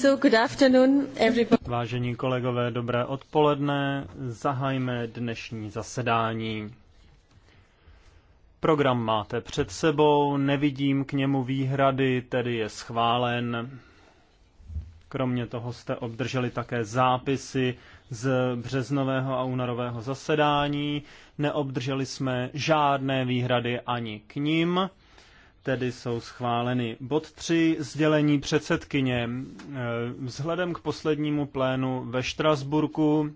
So good afternoon, everybody. Vážení kolegové, dobré odpoledne. Zahajme dnešní zasedání. Program máte před sebou, nevidím k němu výhrady, tedy je schválen. Kromě toho jste obdrželi také zápisy z březnového a únorového zasedání. Neobdrželi jsme žádné výhrady ani k nim tedy jsou schváleny. Bod 3. Sdělení předsedkyně. E, vzhledem k poslednímu plénu ve Štrasburku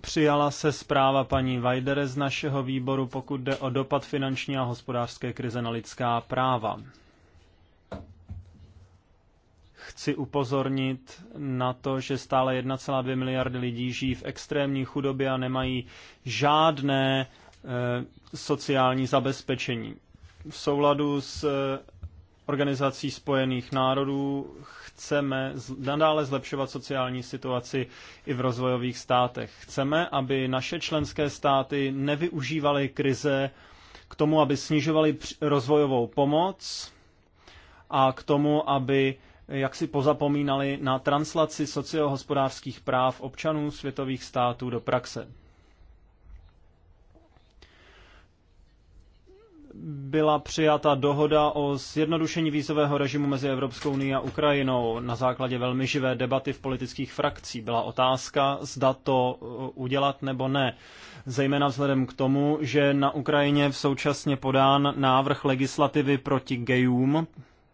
přijala se zpráva paní Vajdere z našeho výboru, pokud jde o dopad finanční a hospodářské krize na lidská práva. Chci upozornit na to, že stále 1,2 miliardy lidí žijí v extrémní chudobě a nemají žádné Eh, sociální zabezpečení. V souladu s eh, Organizací spojených národů chceme nadále zlepšovat sociální situaci i v rozvojových státech. Chceme, aby naše členské státy nevyužívaly krize k tomu, aby snižovaly rozvojovou pomoc a k tomu, aby eh, jak si pozapomínali na translaci sociohospodářských práv občanů světových států do praxe. byla přijata dohoda o zjednodušení vízového režimu mezi Evropskou unii a Ukrajinou na základě velmi živé debaty v politických frakcí. Byla otázka, zda to uh, udělat nebo ne. Zejména vzhledem k tomu, že na Ukrajině v současně podán návrh legislativy proti gejům,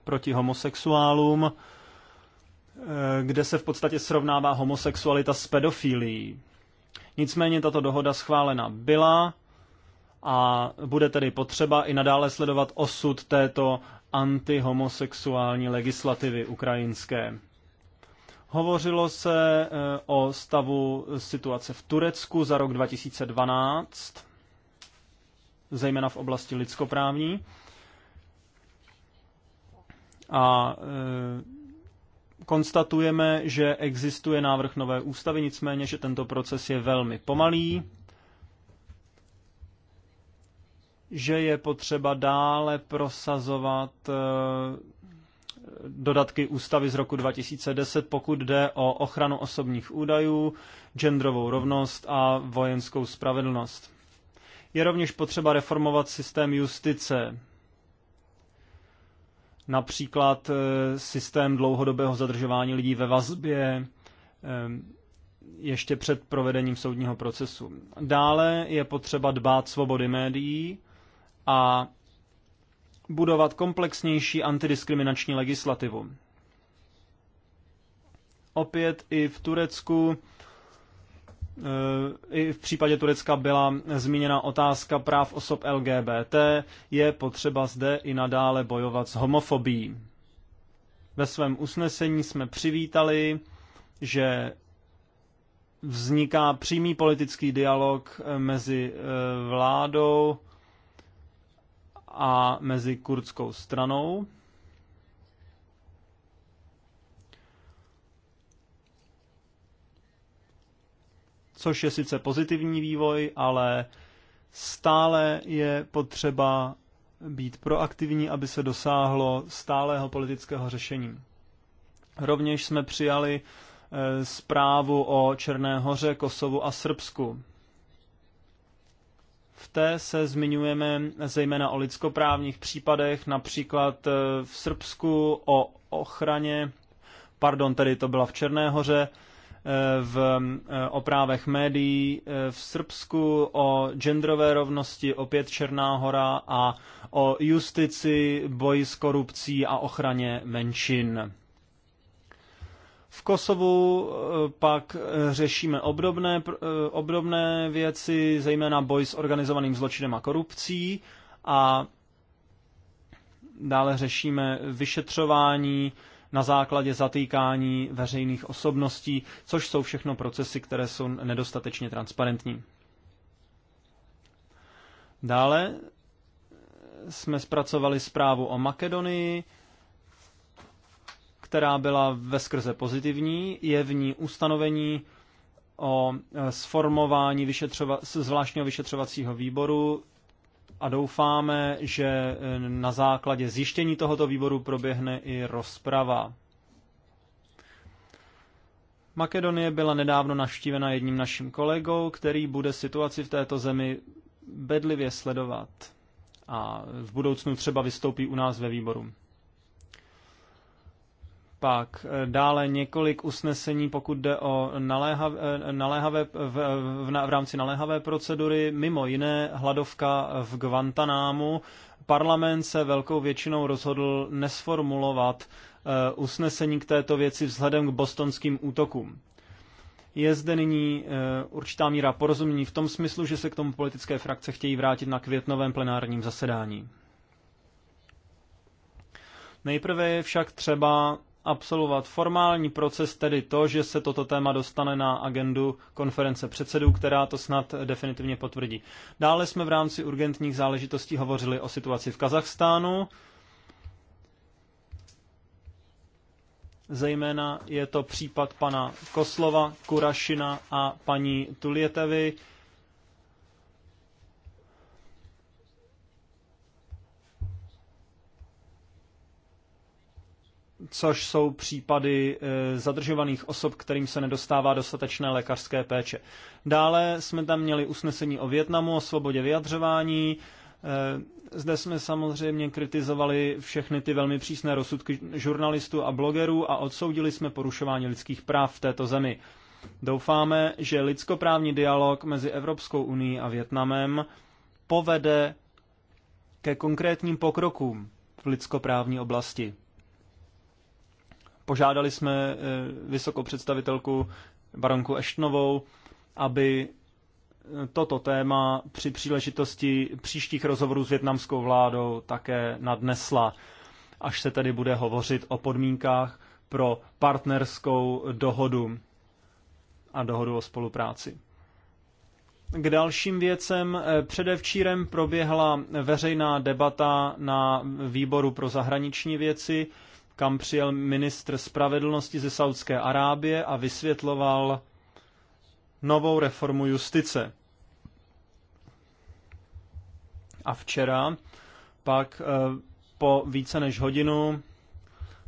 proti homosexuálům, eh, kde se v podstatě srovnává homosexualita s pedofílií. Nicméně tato dohoda schválena byla, a bude tedy potřeba i nadále sledovat osud této antihomosexuální legislativy ukrajinské. Hovořilo se eh, o stavu situace v Turecku za rok 2012, zejména v oblasti lidskoprávní. A eh, konstatujeme, že existuje návrh nové ústavy, nicméně, že tento proces je velmi pomalý že je potřeba dále prosazovat eh, dodatky ústavy z roku 2010, pokud jde o ochranu osobních údajů, genderovou rovnost a vojenskou spravedlnost. Je rovněž potřeba reformovat systém justice, například eh, systém dlouhodobého zadržování lidí ve vazbě eh, ještě před provedením soudního procesu. Dále je potřeba dbát svobody médií, a budovat komplexnější antidiskriminační legislativu. Opět i v Turecku, eh, i v případě Turecka byla zmíněna otázka práv osob LGBT, je potřeba zde i nadále bojovat s homofobií. Ve svém usnesení jsme přivítali, že vzniká přímý politický dialog eh, mezi eh, vládou, a mezi kurdskou stranou. Což je sice pozitivní vývoj, ale stále je potřeba být proaktivní, aby se dosáhlo stálého politického řešení. Rovněž jsme přijali eh, zprávu o Černé hoře, Kosovu a Srbsku. V té se zmiňujeme zejména o lidskoprávních případech, například eh, v Srbsku o ochraně, pardon, tedy to byla v Černé hoře, eh, v, eh, o právech médií v Srbsku, o genderové rovnosti, opět Černá hora a o justici, boji s korupcí a ochraně menšin. V Kosovu eh, pak eh, řešíme obdobné, eh, obdobné věci, zejména boj s organizovaným zločinem a korupcí a dále řešíme vyšetřování na základě zatýkání veřejných osobností, což jsou všechno procesy, které jsou nedostatečně transparentní. Dále jsme zpracovali zprávu o Makedonii, která byla ve skrze pozitivní, je v ní ustanovení o e, sformování vyšetřova- zvláštního vyšetřovacího výboru a doufáme, že e, na základě zjištění tohoto výboru proběhne i rozprava. Makedonie byla nedávno navštívena jedním naším kolegou, který bude situaci v této zemi bedlivě sledovat a v budoucnu třeba vystoupí u nás ve výboru. Pak eh, dále několik usnesení, pokud jde o naléhav, eh, naléhavé, v, v, v, v rámci naléhavé procedury, mimo jiné hladovka v Guantanámu. Parlament se velkou většinou rozhodl nesformulovat uh, usnesení k této věci vzhledem k bostonským útokům. Je zde nyní určitá míra porozumění v tom smyslu, že se k tomu politické frakce chtějí vrátit na květnovém plenárním zasedání. Nejprve je však třeba absolvovat formální proces, tedy to, že se toto téma dostane na agendu konference předsedů, která to snad definitivně potvrdí. Dále jsme v rámci urgentních záležitostí hovořili o situaci v Kazachstánu. Zejména je to případ pana Koslova, Kurašina a paní Tulietevy. což jsou případy eh, zadržovaných osob, kterým se nedostává dostatečné lékařské péče. Dále jsme tam měli usnesení o Větnamu, o svobodě vyjadřování. Eh, zde jsme samozřejmě kritizovali všechny ty velmi přísné rozsudky žurnalistů a blogerů a odsoudili jsme porušování lidských práv v této zemi. Doufáme, že lidskoprávní dialog mezi Evropskou unii a Větnamem povede ke konkrétním pokrokům v lidskoprávní oblasti. Požádali jsme eh, vysokou představitelku baronku Eštnovou, aby eh, toto téma při příležitosti příštích rozhovorů s větnamskou vládou také nadnesla, až se tedy bude hovořit o podmínkách pro partnerskou dohodu a dohodu o spolupráci. K dalším věcem eh, předevčírem proběhla veřejná debata na výboru pro zahraniční věci, kam přijel ministr spravedlnosti ze Saudské Arábie a vysvětloval novou reformu justice. A včera pak eh, po více než hodinu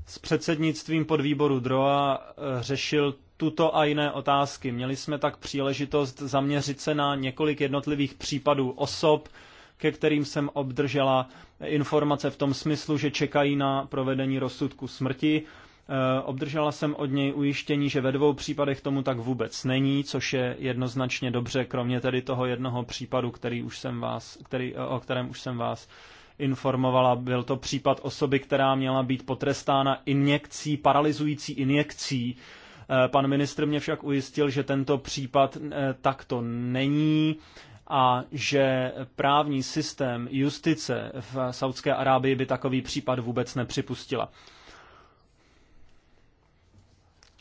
s předsednictvím výboru DROA eh, řešil tuto a jiné otázky. Měli jsme tak příležitost zaměřit se na několik jednotlivých případů osob, ke kterým jsem obdržela informace v tom smyslu, že čekají na provedení rozsudku smrti. E, obdržela jsem od něj ujištění, že ve dvou případech tomu tak vůbec není, což je jednoznačně dobře, kromě tedy toho jednoho případu, který už jsem vás, který, e, o kterém už jsem vás informovala. Byl to případ osoby, která měla být potrestána injekcí, paralizující injekcí. E, pan ministr mě však ujistil, že tento případ takto není, a že právní systém justice v Saudské Arábii by takový případ vůbec nepřipustila.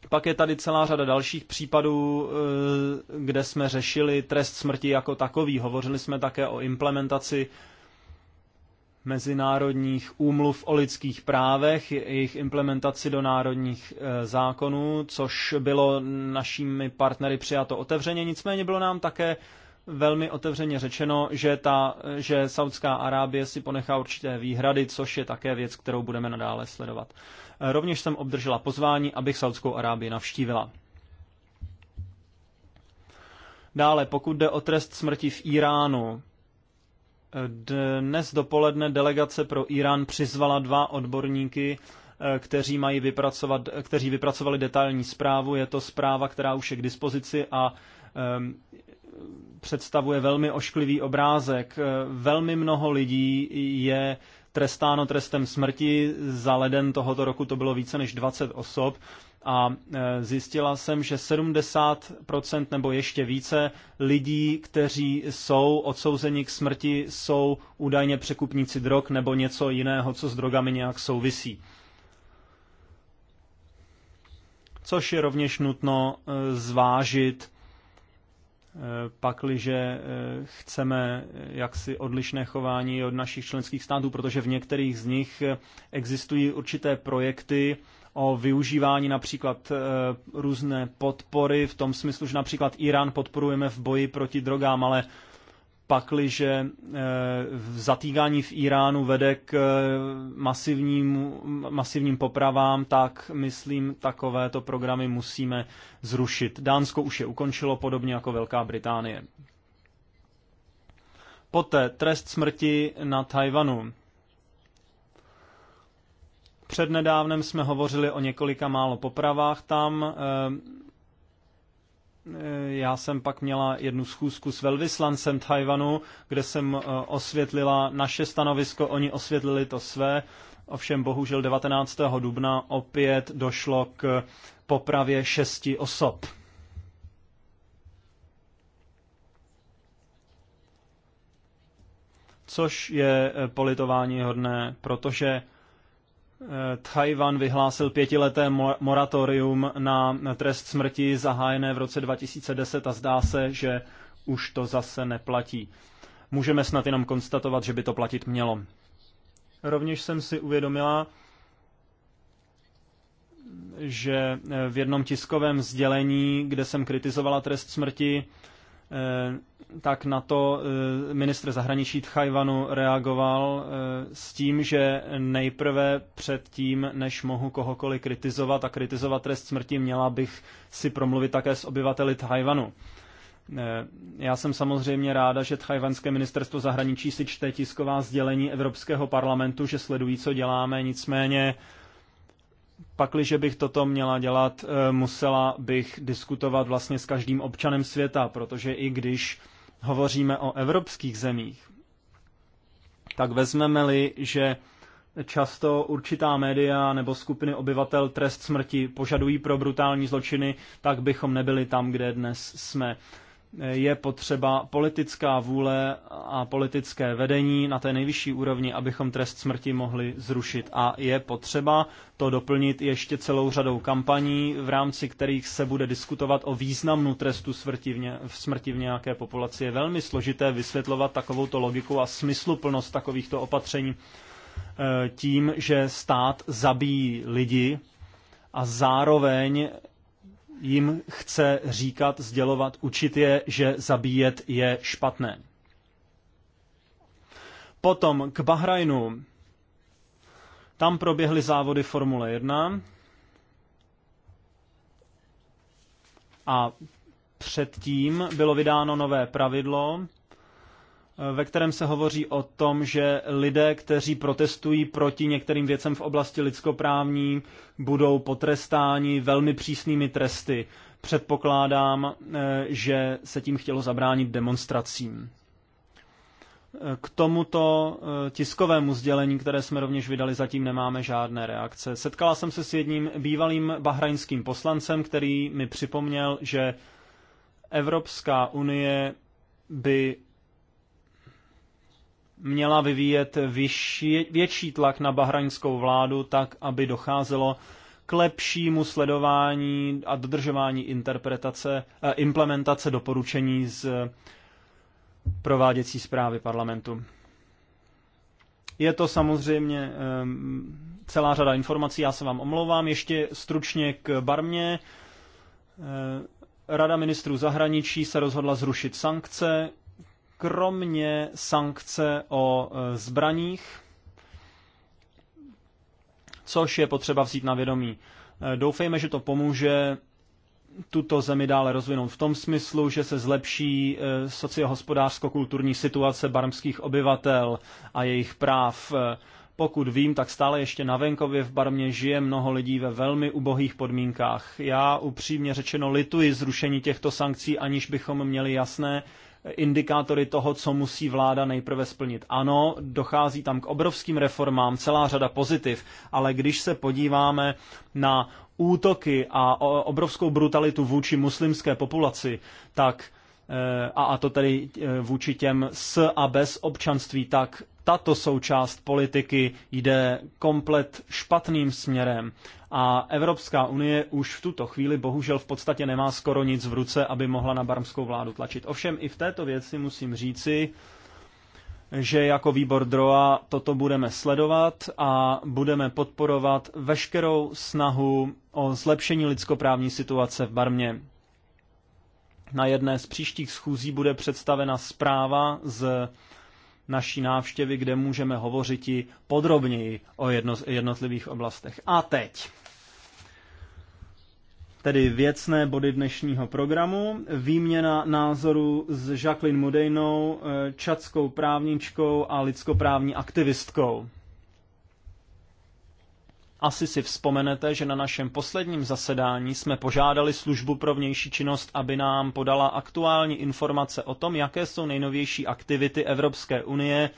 Pak je tady celá řada dalších případů, eh, kde jsme řešili trest smrti jako takový. Hovořili jsme také o implementaci mezinárodních úmluv o lidských právech, jejich implementaci do národních eh, zákonů, což bylo našimi partnery přijato otevřeně. Nicméně bylo nám také velmi otevřeně řečeno, že, ta, že Saudská Arábie si ponechá určité výhrady, což je také věc, kterou budeme nadále sledovat. Rovněž jsem obdržela pozvání, abych Saudskou Arábii navštívila. Dále, pokud jde o trest smrti v Iránu, dnes dopoledne delegace pro Irán přizvala dva odborníky, kteří, mají vypracovat, kteří vypracovali detailní zprávu. Je to zpráva, která už je k dispozici a představuje velmi ošklivý obrázek. Eh, velmi mnoho lidí je trestáno trestem smrti. Za leden tohoto roku to bylo více než 20 osob a eh, zjistila jsem, že 70% nebo ještě více lidí, kteří jsou odsouzeni k smrti, jsou údajně překupníci drog nebo něco jiného, co s drogami nějak souvisí. Což je rovněž nutno eh, zvážit Eh, pakliže eh, chceme eh, jaksi odlišné chování od našich členských států, protože v některých z nich existují určité projekty o využívání například různé podpory, v tom smyslu, že například Irán podporujeme v boji proti drogám, ale pakliže eh, zatýkání v Iránu vede k eh, masivním, masivním popravám, tak myslím, takovéto programy musíme zrušit. Dánsko už je ukončilo, podobně jako Velká Británie. Poté trest smrti na Tajvanu. Přednedávnem jsme hovořili o několika málo popravách tam. Eh, Eh, já jsem pak měla jednu schůzku s velvyslancem Tajvanu, kde jsem eh, osvětlila naše stanovisko, oni osvětlili to své. Ovšem bohužel 19. dubna opět došlo k popravě šesti osob. Což je eh, politování hodné, protože Eh, Tajvan vyhlásil pětileté moratorium na trest smrti zahájené v roce 2010 a zdá se, že už to zase neplatí. Můžeme snad jenom konstatovat, že by to platit mělo. Rovněž jsem si uvědomila, že v jednom tiskovém sdělení, kde jsem kritizovala trest smrti, Eh, tak na to eh, ministr zahraničí Tchajvanu reagoval eh, s tím, že nejprve před tím, než mohu kohokoliv kritizovat a kritizovat trest smrti, měla bych si promluvit také s obyvateli Tchajvanu. Já jsem samozřejmě ráda, že tchajvanské ministerstvo zahraničí si čte tisková sdělení Evropského parlamentu, že sledují, co děláme, nicméně pakliže bych toto měla dělat, eh, musela bych diskutovat vlastně s každým občanem světa, protože i když hovoříme o evropských zemích, tak vezmeme-li, že často určitá média nebo skupiny obyvatel trest smrti požadují pro brutální zločiny, tak bychom nebyli tam, kde dnes jsme je potřeba politická vůle a politické vedení na té nejvyšší úrovni, abychom trest smrti mohli zrušit. A je potřeba to doplnit ještě celou řadou kampaní, v rámci kterých se bude diskutovat o významnu trestu smrti v, ně, v smrti v nějaké populaci. Je velmi složité vysvětlovat takovouto logiku a smysluplnost takovýchto opatření eh, tím, že stát zabíjí lidi a zároveň jim chce říkat, sdělovat, učit je, že zabíjet je špatné. Potom k Bahrajnu. Tam proběhly závody Formule 1 a předtím bylo vydáno nové pravidlo, ve kterém se hovoří o tom, že lidé, kteří protestují proti některým věcem v oblasti lidskoprávní, budou potrestáni velmi přísnými tresty. Předpokládám, eh, že se tím chtělo zabránit demonstracím. Eh, k tomuto eh, tiskovému sdělení, které jsme rovněž vydali, zatím nemáme žádné reakce. Setkala jsem se s jedním bývalým bahrajnským poslancem, který mi připomněl, že Evropská unie by měla vyvíjet vyšší, větší tlak na bahraňskou vládu, tak aby docházelo k lepšímu sledování a dodržování interpretace, eh, implementace doporučení z prováděcí zprávy parlamentu. Je to samozřejmě ehm, celá řada informací, já se vám omlouvám. Ještě stručně k Barmě. Eh, Rada ministrů zahraničí se rozhodla zrušit sankce, kromě sankce o e, zbraních, což je potřeba vzít na vědomí. E, doufejme, že to pomůže tuto zemi dále rozvinout v tom smyslu, že se zlepší e, sociohospodářsko-kulturní situace barmských obyvatel a jejich práv. Pokud vím, tak stále ještě na venkově v Barmě žije mnoho lidí ve velmi ubohých podmínkách. Já upřímně řečeno lituji zrušení těchto sankcí, aniž bychom měli jasné, indikátory toho, co musí vláda nejprve splnit. Ano, dochází tam k obrovským reformám, celá řada pozitiv, ale když se podíváme na útoky a obrovskou brutalitu vůči muslimské populaci, tak Eh, a, a to tedy eh, vůči těm s a bez občanství, tak tato součást politiky jde komplet špatným směrem a Evropská unie už v tuto chvíli bohužel v podstatě nemá skoro nic v ruce, aby mohla na barmskou vládu tlačit. Ovšem i v této věci musím říci, že jako výbor DROA toto budeme sledovat a budeme podporovat veškerou snahu o zlepšení lidskoprávní situace v Barmě. Na jedné z příštích schůzí bude představena zpráva z naší návštěvy, kde můžeme hovořit i podrobněji o jedno, jednotlivých oblastech. A teď. Tedy věcné body dnešního programu. Výměna názoru s Jacqueline Mudejnou, eh, čadskou právničkou a lidskoprávní aktivistkou. Asi si vzpomenete, že na našem posledním zasedání jsme požádali službu pro vnější činnost, aby nám podala aktuální informace o tom, jaké jsou nejnovější aktivity Evropské unie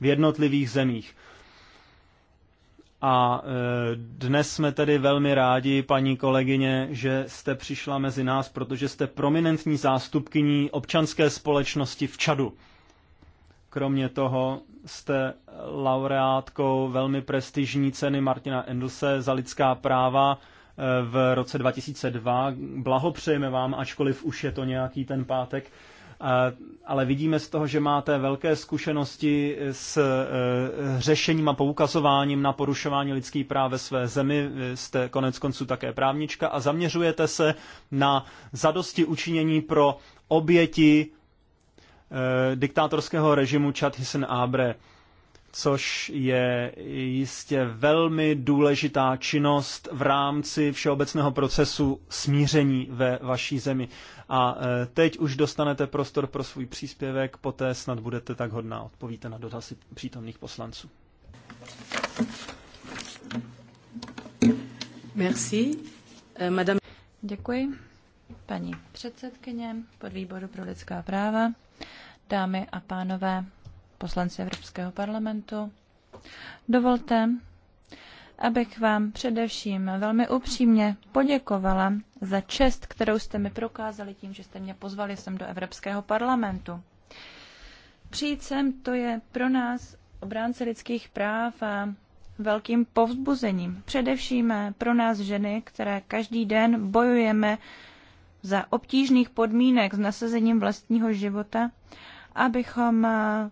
v jednotlivých zemích. A e, dnes jsme tedy velmi rádi, paní kolegyně, že jste přišla mezi nás, protože jste prominentní zástupkyní občanské společnosti v Čadu. Kromě toho jste laureátkou velmi prestižní ceny Martina Endelse za lidská práva eh, v roce 2002. Blahopřejeme vám, ačkoliv už je to nějaký ten pátek. Eh, ale vidíme z toho, že máte velké zkušenosti s eh, řešením a poukazováním na porušování lidských práv ve své zemi. Jste konec konců také právnička a zaměřujete se na zadosti učinění pro oběti Eh, diktátorského režimu Chad Hissen Abre, což je jistě velmi důležitá činnost v rámci všeobecného procesu smíření ve vaší zemi. A eh, teď už dostanete prostor pro svůj příspěvek, poté snad budete tak hodná, odpovíte na dotazy přítomných poslanců. Merci. Eh, madame... Děkuji. Paní předsedkyně podvýboru pro lidská práva dámy a pánové, poslanci Evropského parlamentu. Dovolte, abych vám především velmi upřímně poděkovala za čest, kterou jste mi prokázali tím, že jste mě pozvali sem do Evropského parlamentu. Přijít sem to je pro nás, obránce lidských práv, a velkým povzbuzením. Především pro nás ženy, které každý den bojujeme za obtížných podmínek s nasazením vlastního života abychom eh,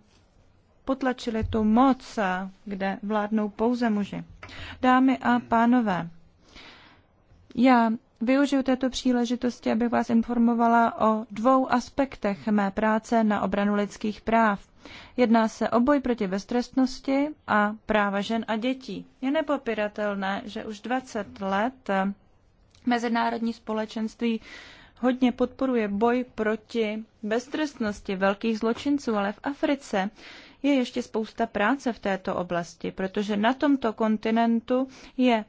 potlačili tu moc, eh, kde vládnou pouze muži. Dámy a pánové, já využiju této příležitosti, abych vás informovala o dvou aspektech mé práce na obranu lidských práv. Jedná se o boj proti beztrestnosti a práva žen a dětí. Je nepopiratelné, že už 20 let eh, mezinárodní společenství hodně podporuje boj proti beztrestnosti velkých zločinců, ale v Africe je ještě spousta práce v této oblasti, protože na tomto kontinentu je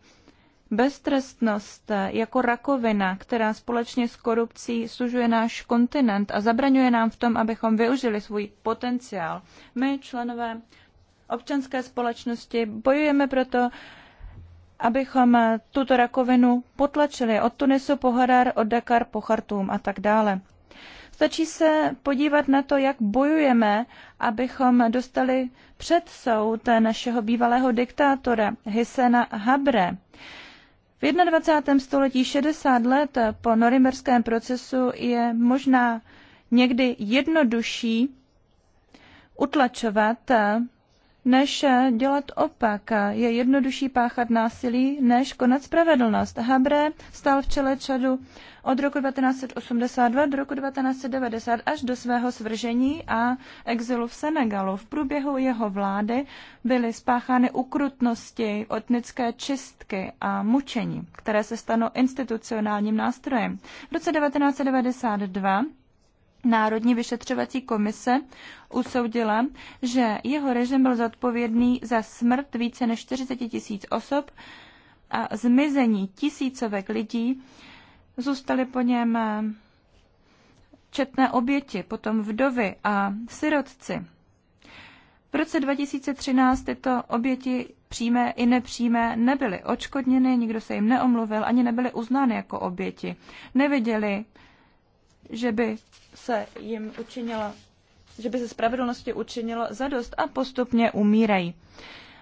beztrestnost eh, jako rakovina, která společně s korupcí sužuje náš kontinent a zabraňuje nám v tom, abychom využili svůj potenciál. My, členové občanské společnosti, bojujeme proto, abychom eh, tuto rakovinu potlačili od Tunisu po Harar, od Dakar po Chartum a tak dále. Stačí se podívat na to, jak bojujeme, abychom dostali před soud našeho bývalého diktátora Hysena Habre. V 21. století 60 let po norimberském procesu je možná někdy jednodušší utlačovat eh, než dělat opak. Je jednodušší páchat násilí, než konat spravedlnost. Habré stál v čele Čadu od roku 1982 do roku 1990 až do svého svržení a exilu v Senegalu. V průběhu jeho vlády byly spáchány ukrutnosti, etnické čistky a mučení, které se stanou institucionálním nástrojem. V roce 1992 Národní vyšetřovací komise usoudila, že jeho režim byl zodpovědný za smrt více než 40 tisíc osob a zmizení tisícovek lidí. Zůstaly po něm eh, četné oběti, potom vdovy a sirotci. V roce 2013 tyto oběti přímé i nepřímé nebyly očkodněny, nikdo se jim neomluvil, ani nebyly uznány jako oběti. Neviděli že by se jim učinilo, že by se spravedlnosti učinilo zadost a postupně umírají.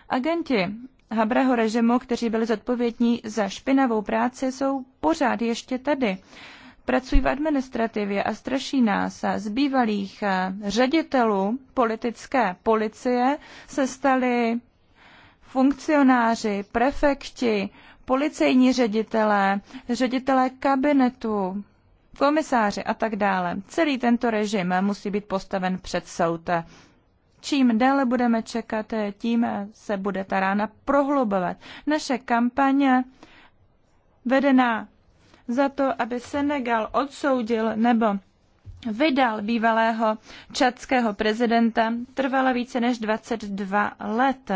Agenti Habraho režimu, kteří byli zodpovědní za špinavou práci, jsou pořád ještě tady. Pracují v administrativě a straší nás. Z bývalých eh, ředitelů politické policie se stali funkcionáři, prefekti, policejní ředitelé, ředitelé kabinetu, komisáři a tak dále. Celý tento režim musí být postaven před soud. Čím déle budeme čekat, tím se bude ta rána prohlubovat. Naše kampaně vedená za to, aby Senegal odsoudil nebo vydal bývalého čadského prezidenta, trvala více než 22 let.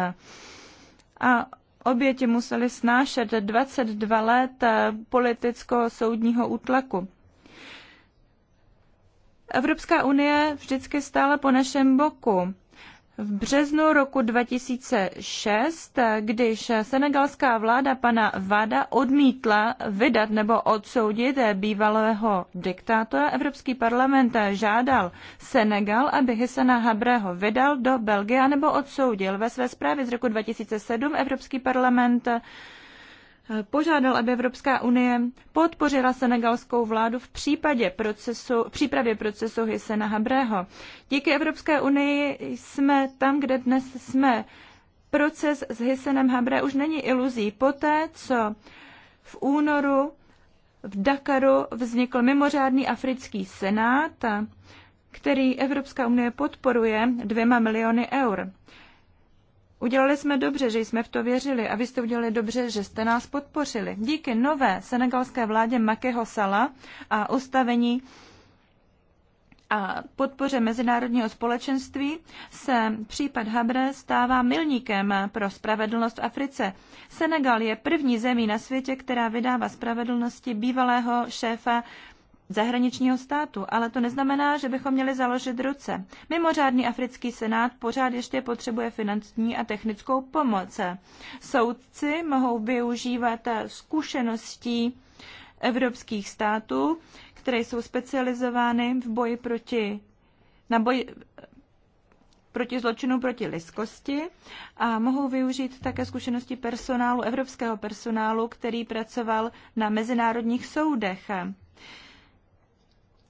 A oběti museli snášet 22 let politicko-soudního útlaku. Evropská unie vždycky stála po našem boku. V březnu roku 2006, když senegalská vláda pana Vada odmítla vydat nebo odsoudit bývalého diktátora, Evropský parlament žádal Senegal, aby Hisana Habreho vydal do Belgie nebo odsoudil. Ve své zprávě z roku 2007 Evropský parlament požádal, aby Evropská unie podpořila senegalskou vládu v, případě procesu, v přípravě procesu Hysena Habrého. Díky Evropské unii jsme tam, kde dnes jsme. Proces s Hysenem Habré už není iluzí. Poté, co v únoru v Dakaru vznikl mimořádný africký senát, který Evropská unie podporuje dvěma miliony eur. Udělali jsme dobře, že jsme v to věřili a vy jste udělali dobře, že jste nás podpořili. Díky nové senegalské vládě Makeho Sala a ustavení a podpoře mezinárodního společenství se případ Habre stává milníkem pro spravedlnost v Africe. Senegal je první zemí na světě, která vydává spravedlnosti bývalého šéfa zahraničního státu, ale to neznamená, že bychom měli založit ruce. Mimořádný africký senát pořád ještě potřebuje finanční a technickou pomoc. Soudci mohou využívat zkušeností evropských států, které jsou specializovány v boji proti, na boji proti zločinu proti lidskosti a mohou využít také zkušenosti personálu, evropského personálu, který pracoval na mezinárodních soudech.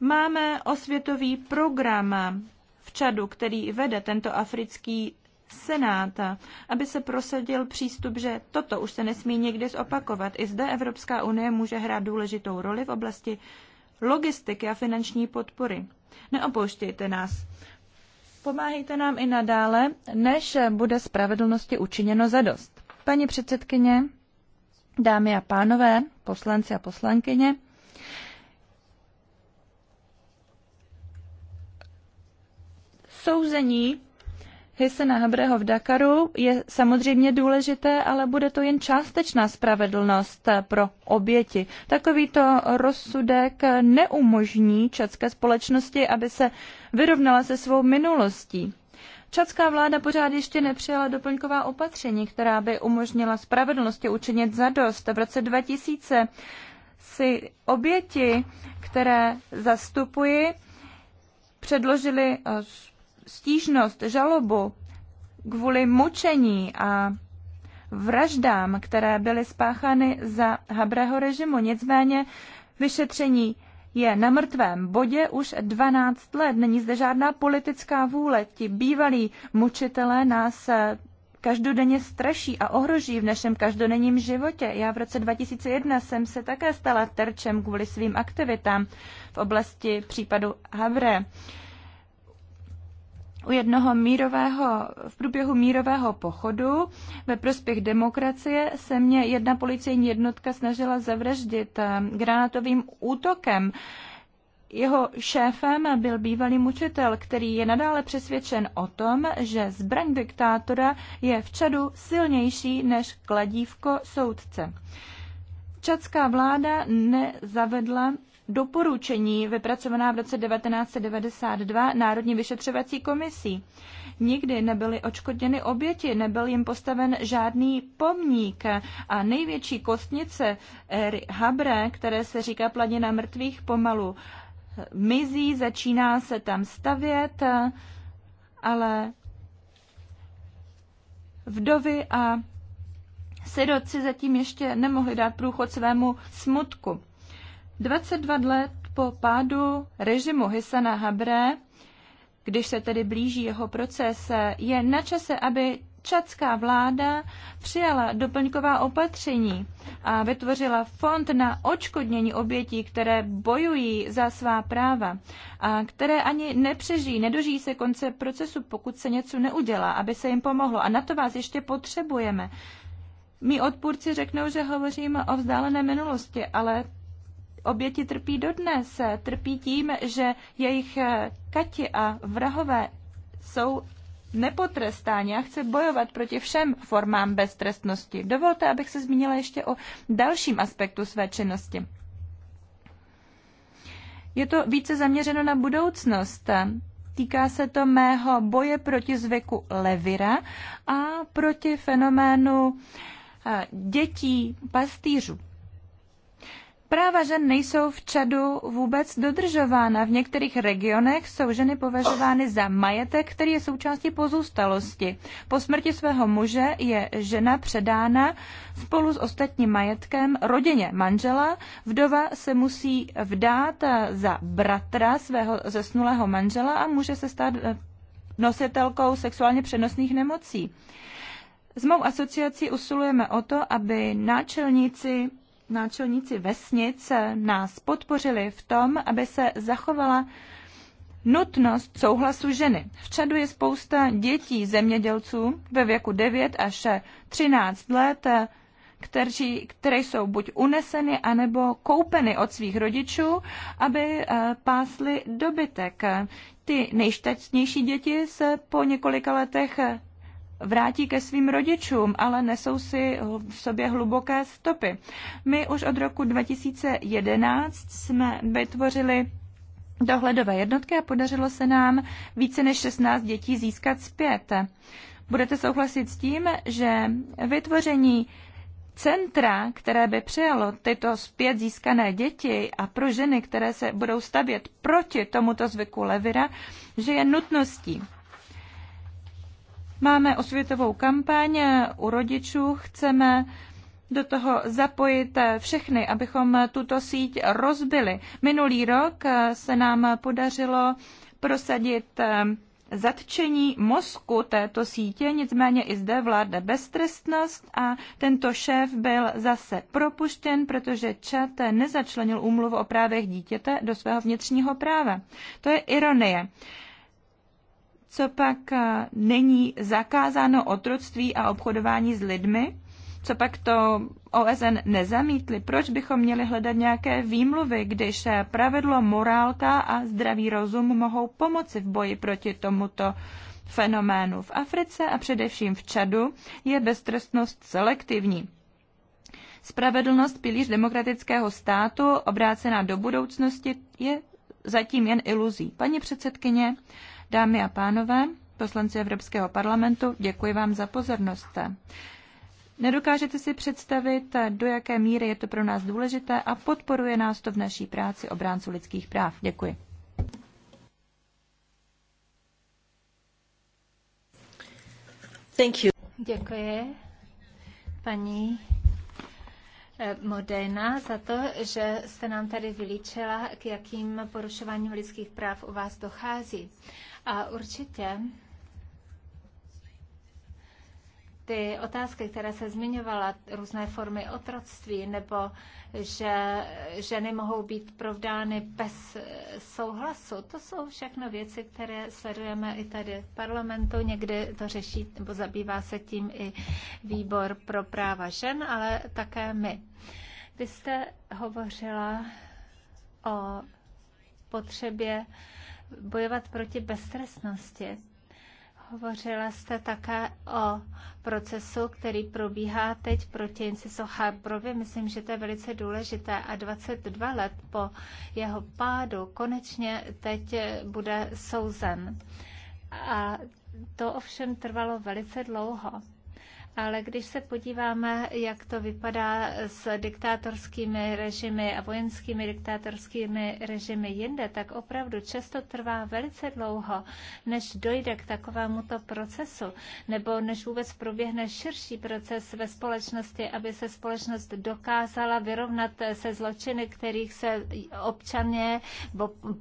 Máme osvětový program v Čadu, který vede tento africký senát, aby se prosadil přístup, že toto už se nesmí nikdy zopakovat. I zde Evropská unie může hrát důležitou roli v oblasti logistiky a finanční podpory. Neopouštějte nás. Pomáhejte nám i nadále, než bude spravedlnosti učiněno za dost. Paní předsedkyně, dámy a pánové, poslanci a poslankyně, Odsouzení Hysena Habreho v Dakaru je samozřejmě důležité, ale bude to jen částečná spravedlnost pro oběti. Takovýto rozsudek neumožní čadské společnosti, aby se vyrovnala se svou minulostí. Čadská vláda pořád ještě nepřijala doplňková opatření, která by umožnila spravedlnosti učinit zadost. V roce 2000 si oběti, které zastupuji, předložili eh, stížnost, žalobu kvůli mučení a vraždám, které byly spáchány za Habrého režimu. Nicméně vyšetření je na mrtvém bodě už 12 let. Není zde žádná politická vůle. Ti bývalí mučitelé nás každodenně straší a ohroží v našem každodenním životě. Já v roce 2001 jsem se také stala terčem kvůli svým aktivitám v oblasti případu Havre u jednoho mírového, v průběhu mírového pochodu ve prospěch demokracie se mě jedna policejní jednotka snažila zavraždit eh, granátovým útokem. Jeho šéfem byl bývalý mučitel, který je nadále přesvědčen o tom, že zbraň diktátora je v Čadu silnější než kladívko soudce. Čadská vláda nezavedla doporučení vypracovaná v roce 1992 Národní vyšetřovací komisí. Nikdy nebyly očkodněny oběti, nebyl jim postaven žádný pomník a největší kostnice éry Habre, které se říká planina mrtvých, pomalu mizí, začíná se tam stavět, ale vdovy a sedoci zatím ještě nemohli dát průchod svému smutku. 22 let po pádu režimu Hisana Habre, když se tedy blíží jeho proces, je na čase, aby čadská vláda přijala doplňková opatření a vytvořila fond na očkodnění obětí, které bojují za svá práva a které ani nepřežijí, nedožijí se konce procesu, pokud se něco neudělá, aby se jim pomohlo. A na to vás ještě potřebujeme. Mí odpůrci řeknou, že hovoříme o vzdálené minulosti, ale oběti trpí dodnes. Trpí tím, že jejich kati a vrahové jsou nepotrestáni a chce bojovat proti všem formám beztrestnosti. Dovolte, abych se zmínila ještě o dalším aspektu své činnosti. Je to více zaměřeno na budoucnost. Týká se to mého boje proti zvyku levira a proti fenoménu eh, dětí pastýřů. Práva žen nejsou v Čadu vůbec dodržována. V některých regionech jsou ženy považovány za majetek, který je součástí pozůstalosti. Po smrti svého muže je žena předána spolu s ostatním majetkem rodině manžela. Vdova se musí vdát za bratra svého zesnulého manžela a může se stát eh, nositelkou sexuálně přenosných nemocí. S mou asociací usilujeme o to, aby náčelníci náčelníci vesnic nás podpořili v tom, aby se zachovala nutnost souhlasu ženy. V Čadu je spousta dětí zemědělců ve věku 9 až 13 let, kteří, které jsou buď uneseny, anebo koupeny od svých rodičů, aby eh, pásly dobytek. Ty nejštatnější děti se po několika letech vrátí ke svým rodičům, ale nesou si v sobě hluboké stopy. My už od roku 2011 jsme vytvořili dohledové jednotky a podařilo se nám více než 16 dětí získat zpět. Budete souhlasit s tím, že vytvoření centra, které by přijalo tyto zpět získané děti a pro ženy, které se budou stavět proti tomuto zvyku levira, že je nutností. Máme osvětovou kampaň u rodičů, chceme do toho zapojit všechny, abychom tuto síť rozbili. Minulý rok se nám podařilo prosadit eh, zatčení mozku této sítě, nicméně i zde vládne beztrestnost a tento šéf byl zase propuštěn, protože čat nezačlenil úmluvu o právech dítěte do svého vnitřního práva. To je ironie co pak eh, není zakázáno otroctví a obchodování s lidmi? Co pak to OSN nezamítli? Proč bychom měli hledat nějaké výmluvy, když eh, pravidlo morálka a zdravý rozum mohou pomoci v boji proti tomuto fenoménu? V Africe a především v Čadu je beztrestnost selektivní. Spravedlnost pilíř demokratického státu obrácená do budoucnosti je zatím jen iluzí. Paní předsedkyně, Dámy a pánové, poslanci Evropského parlamentu, děkuji vám za pozornost. Nedokážete si představit, do jaké míry je to pro nás důležité a podporuje nás to v naší práci obránců lidských práv. Děkuji. Thank you. Děkuji, paní eh, Modena za to, že jste nám tady vylíčila, k jakým porušováním lidských práv u vás dochází. A určitě ty otázky, které se zmiňovala, různé formy otroctví nebo že ženy mohou být provdány bez eh, souhlasu. To jsou všechno věci, které sledujeme i tady v parlamentu. Někdy to řeší nebo zabývá se tím i výbor pro práva žen, ale také my. Vy jste hovořila o potřebě bojovat proti beztrestnosti. Hovořila jste také o procesu, který probíhá teď proti Inciso Harbrovi. Myslím, že to je velice důležité a 22 let po jeho pádu konečně teď bude souzen. A to ovšem trvalo velice dlouho. Ale když se podíváme, jak to vypadá s diktátorskými režimy a vojenskými diktátorskými režimy jinde, tak opravdu často trvá velice dlouho, než dojde k takovémuto procesu, nebo než vůbec proběhne širší proces ve společnosti, aby se společnost dokázala vyrovnat se zločiny, kterých se občané,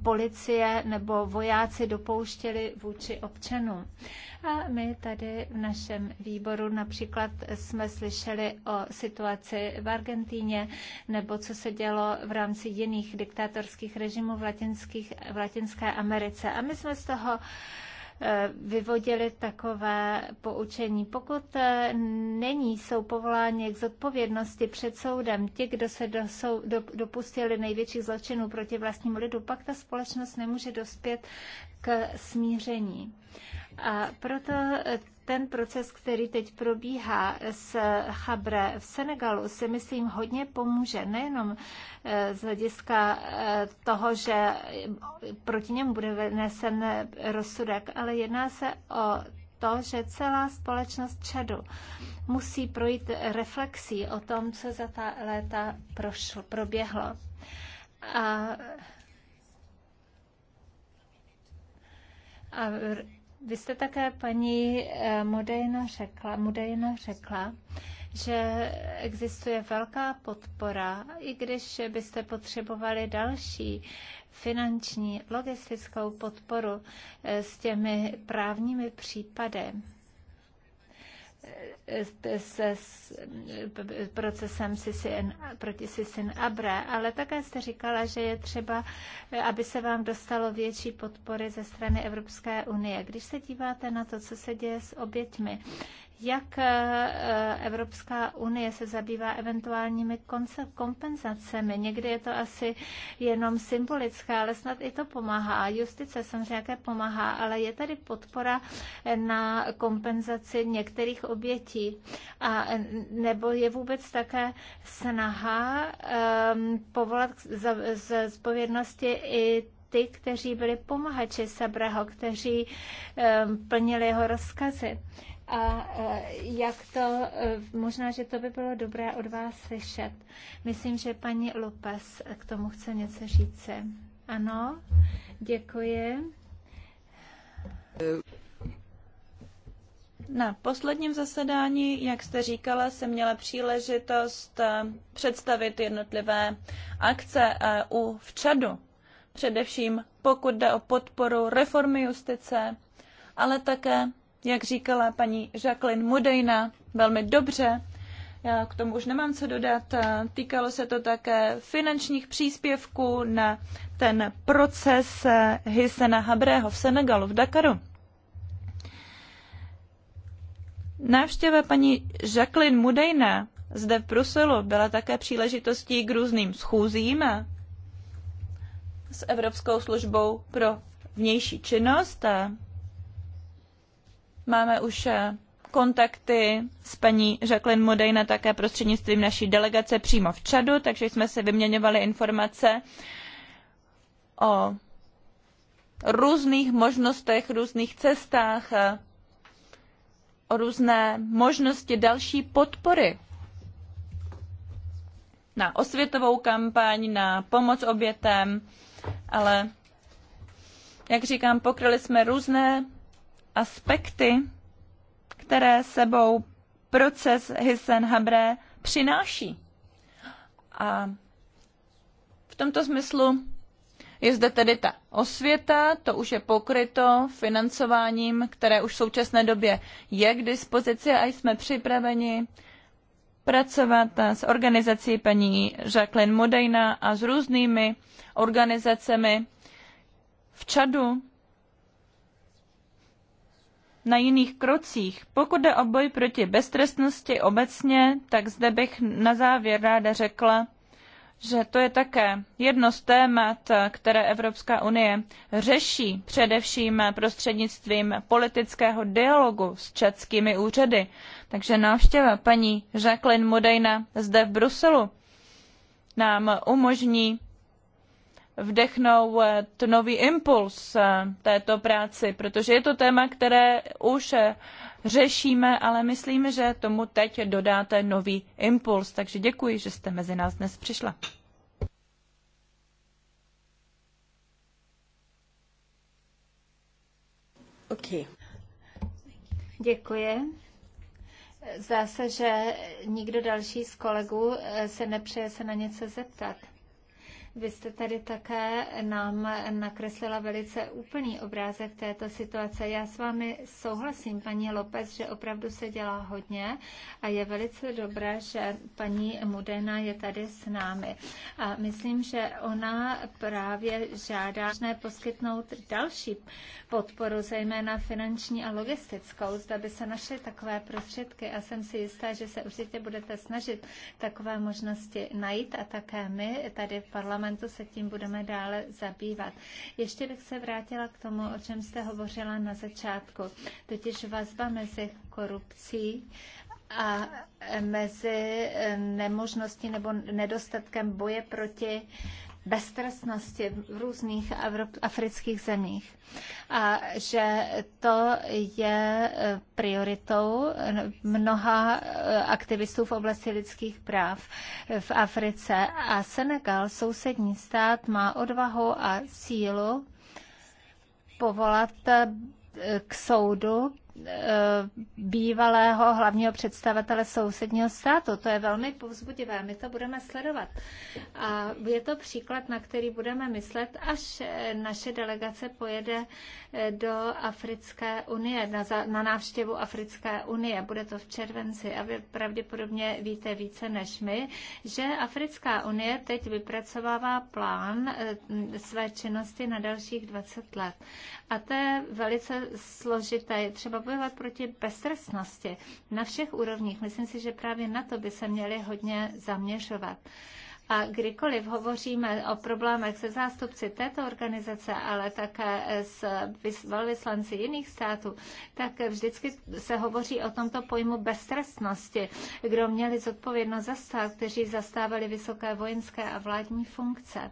policie nebo vojáci dopouštěli vůči občanům. A my tady v našem výboru například jsme slyšeli o situaci v Argentíně nebo co se dělo v rámci jiných diktátorských režimů v, latinských, v Latinské Americe. A my jsme z toho e, vyvodili takové poučení. Pokud e, není, jsou povoláni k zodpovědnosti před soudem ti, kdo se do, jsou, do, dopustili největších zločinů proti vlastnímu lidu, pak ta společnost nemůže dospět k smíření. A proto ten proces, který teď probíhá s Chabre v Senegalu, si myslím hodně pomůže. Nejenom e, z hlediska e, toho, že proti němu bude vynesen rozsudek, ale jedná se o to, že celá společnost Čadu musí projít reflexí o tom, co za ta léta prošlo, proběhlo. A, a vy jste také, paní eh, Modejna, řekla, Modejna řekla, že existuje velká podpora, i když byste potřebovali další finanční, logistickou podporu eh, s těmi právními případy se s procesem Sisin, proti Sisin Abra, ale také jste říkala, že je třeba, aby se vám dostalo větší podpory ze strany Evropské unie. Když se díváte na to, co se děje s oběťmi, jak eh, eh, Evropská unie se zabývá eventuálními kompenzacemi. Někdy je to asi jenom symbolické, ale snad i to pomáhá. Justice samozřejmě jaké pomáhá, ale je tady podpora eh, na kompenzaci některých obětí. A nebo je vůbec také snaha um, povolat z zpovědnosti i ty, kteří byli pomahači Sabraho, kteří um, plnili jeho rozkazy a eh, jak to, eh, možná, že to by bylo dobré od vás slyšet. Myslím, že paní Lopez k tomu chce něco říct. Ano, děkuji. Na posledním zasedání, jak jste říkala, jsem měla příležitost eh, představit jednotlivé akce EU v Čadu. Především pokud jde o podporu reformy justice, ale také jak říkala paní Jacqueline Mudejna velmi dobře, já k tomu už nemám co dodat. Týkalo se to také finančních příspěvků na ten proces Hysena Habrého v Senegalu, v Dakaru. Návštěva paní Jacqueline Mudejna zde v Bruselu byla také příležitostí k různým schůzím s Evropskou službou pro vnější činnost Máme už eh, kontakty s paní Jacqueline Modejna také prostřednictvím naší delegace přímo v Čadu, takže jsme si vyměňovali informace o různých možnostech, různých cestách, eh, o různé možnosti další podpory na osvětovou kampaň, na pomoc obětem, ale jak říkám, pokryli jsme různé aspekty, které sebou proces Hysen-Habré přináší. A v tomto smyslu je zde tedy ta osvěta, to už je pokryto financováním, které už v současné době je k dispozici a jsme připraveni pracovat s organizací paní Jacqueline Modejna a s různými organizacemi v Čadu, na jiných krocích. Pokud jde o boj proti beztrestnosti obecně, tak zde bych na závěr ráda řekla, že to je také jedno z témat, které Evropská unie řeší především prostřednictvím politického dialogu s českými úřady. Takže návštěva paní Jacqueline Modejna zde v Bruselu nám umožní Vdechnou vdechnout nový impuls eh, této práci, protože je to téma, které už eh, řešíme, ale myslím, že tomu teď dodáte nový impuls. Takže děkuji, že jste mezi nás dnes přišla. Okay. Děkuji. Zdá se, že nikdo další z kolegů eh, se nepřeje se na něco zeptat. Vy jste tady také nám nakreslila velice úplný obrázek této situace. Já s vámi souhlasím, paní López, že opravdu se dělá hodně a je velice dobré, že paní Mudena je tady s námi. A myslím, že ona právě žádá poskytnout další podporu, zejména finanční a logistickou, zda by se našly takové prostředky a jsem si jistá, že se určitě budete snažit takové možnosti najít a také my tady v parlamentu parlamentu se tím budeme dále zabývat. Ještě bych se vrátila k tomu, o čem jste hovořila na začátku, totiž vazba mezi korupcí a e, mezi e, nemožností nebo nedostatkem boje proti beztrestnosti v různých afrických zemích. A že to je e, prioritou mnoha e, aktivistů v oblasti lidských práv v Africe. A Senegal, sousední stát, má odvahu a sílu povolat e, k soudu Eh, bývalého hlavního představitele sousedního státu. To je velmi povzbudivé, my to budeme sledovat. A je to příklad, na který budeme myslet, až eh, naše delegace pojede eh, do Africké unie, na, za, na návštěvu Africké unie. Bude to v červenci a vy pravděpodobně víte více než my, že Africká unie teď vypracovává plán své činnosti na dalších 20 let. A to je velice složité. Je třeba bojovat proti beztrestnosti na všech úrovních. Myslím si, že právě na to by se měli hodně zaměřovat. A kdykoliv hovoříme o problémech se zástupci této organizace, ale také s velvyslanci jiných států, tak vždycky se hovoří o tomto pojmu beztrestnosti, kdo měli zodpovědnost za stát, kteří zastávali vysoké vojenské a vládní funkce.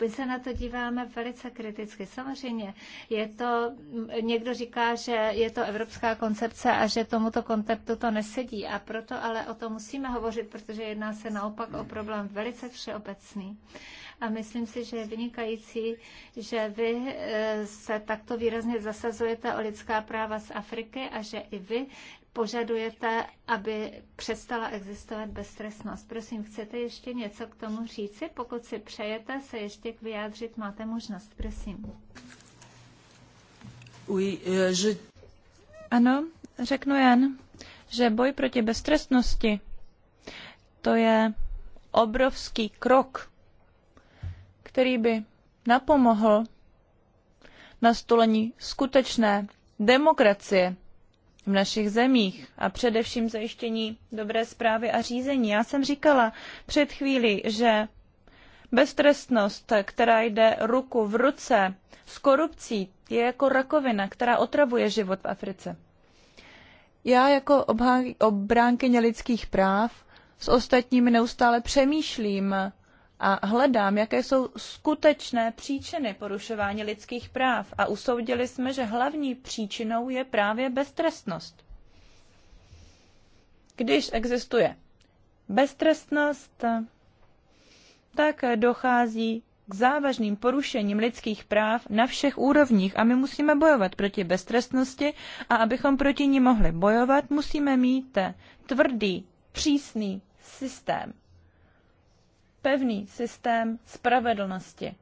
My se na to díváme velice kriticky. Samozřejmě je to, někdo říká, že je to evropská koncepce a že tomuto konceptu to nesedí a proto ale o tom musíme hovořit, protože jedná se naopak o problém velice všeobecný. A myslím si, že je vynikající, že vy eh, se takto výrazně zasazujete o lidská práva z Afriky a že i vy požadujete, aby přestala existovat beztresnost. Prosím, chcete ještě něco k tomu říci? Pokud si přejete se ještě k vyjádřit, máte možnost. Prosím. Oui, eh, je... Ano, řeknu jen, že boj proti beztrestnosti to je obrovský krok, který by napomohl nastolení skutečné demokracie v našich zemích a především zajištění dobré zprávy a řízení. Já jsem říkala před chvílí, že beztrestnost, která jde ruku v ruce s korupcí, je jako rakovina, která otravuje život v Africe. Já jako obránkyně lidských práv s ostatními neustále přemýšlím a hledám, jaké jsou skutečné příčiny porušování lidských práv a usoudili jsme, že hlavní příčinou je právě beztrestnost. Když existuje beztrestnost, tak dochází k závažným porušením lidských práv na všech úrovních a my musíme bojovat proti beztrestnosti a abychom proti ní mohli bojovat, musíme mít tvrdý přísný systém, pevný systém spravedlnosti,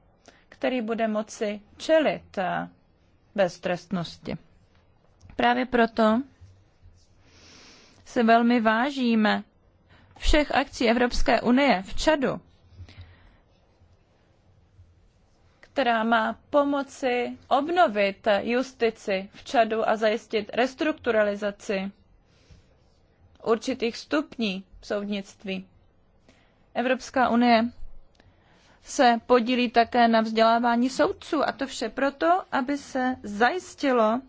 který bude moci čelit eh, beztrestnosti. Právě proto se velmi vážíme všech akcí Evropské unie v Čadu, která má pomoci obnovit justici v Čadu a zajistit restrukturalizaci určitých stupní v soudnictví. Evropská unie se podílí také na vzdělávání soudců a to vše proto, aby se zajistilo,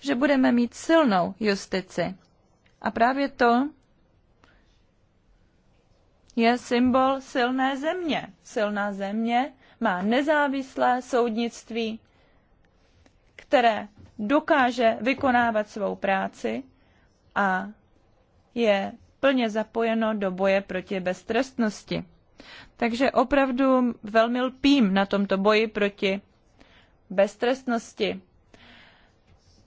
že budeme mít silnou justici. A právě to je symbol silné země. Silná země má nezávislé soudnictví, které dokáže vykonávat svou práci a je plně zapojeno do boje proti beztrestnosti. Takže opravdu velmi lpím na tomto boji proti beztrestnosti.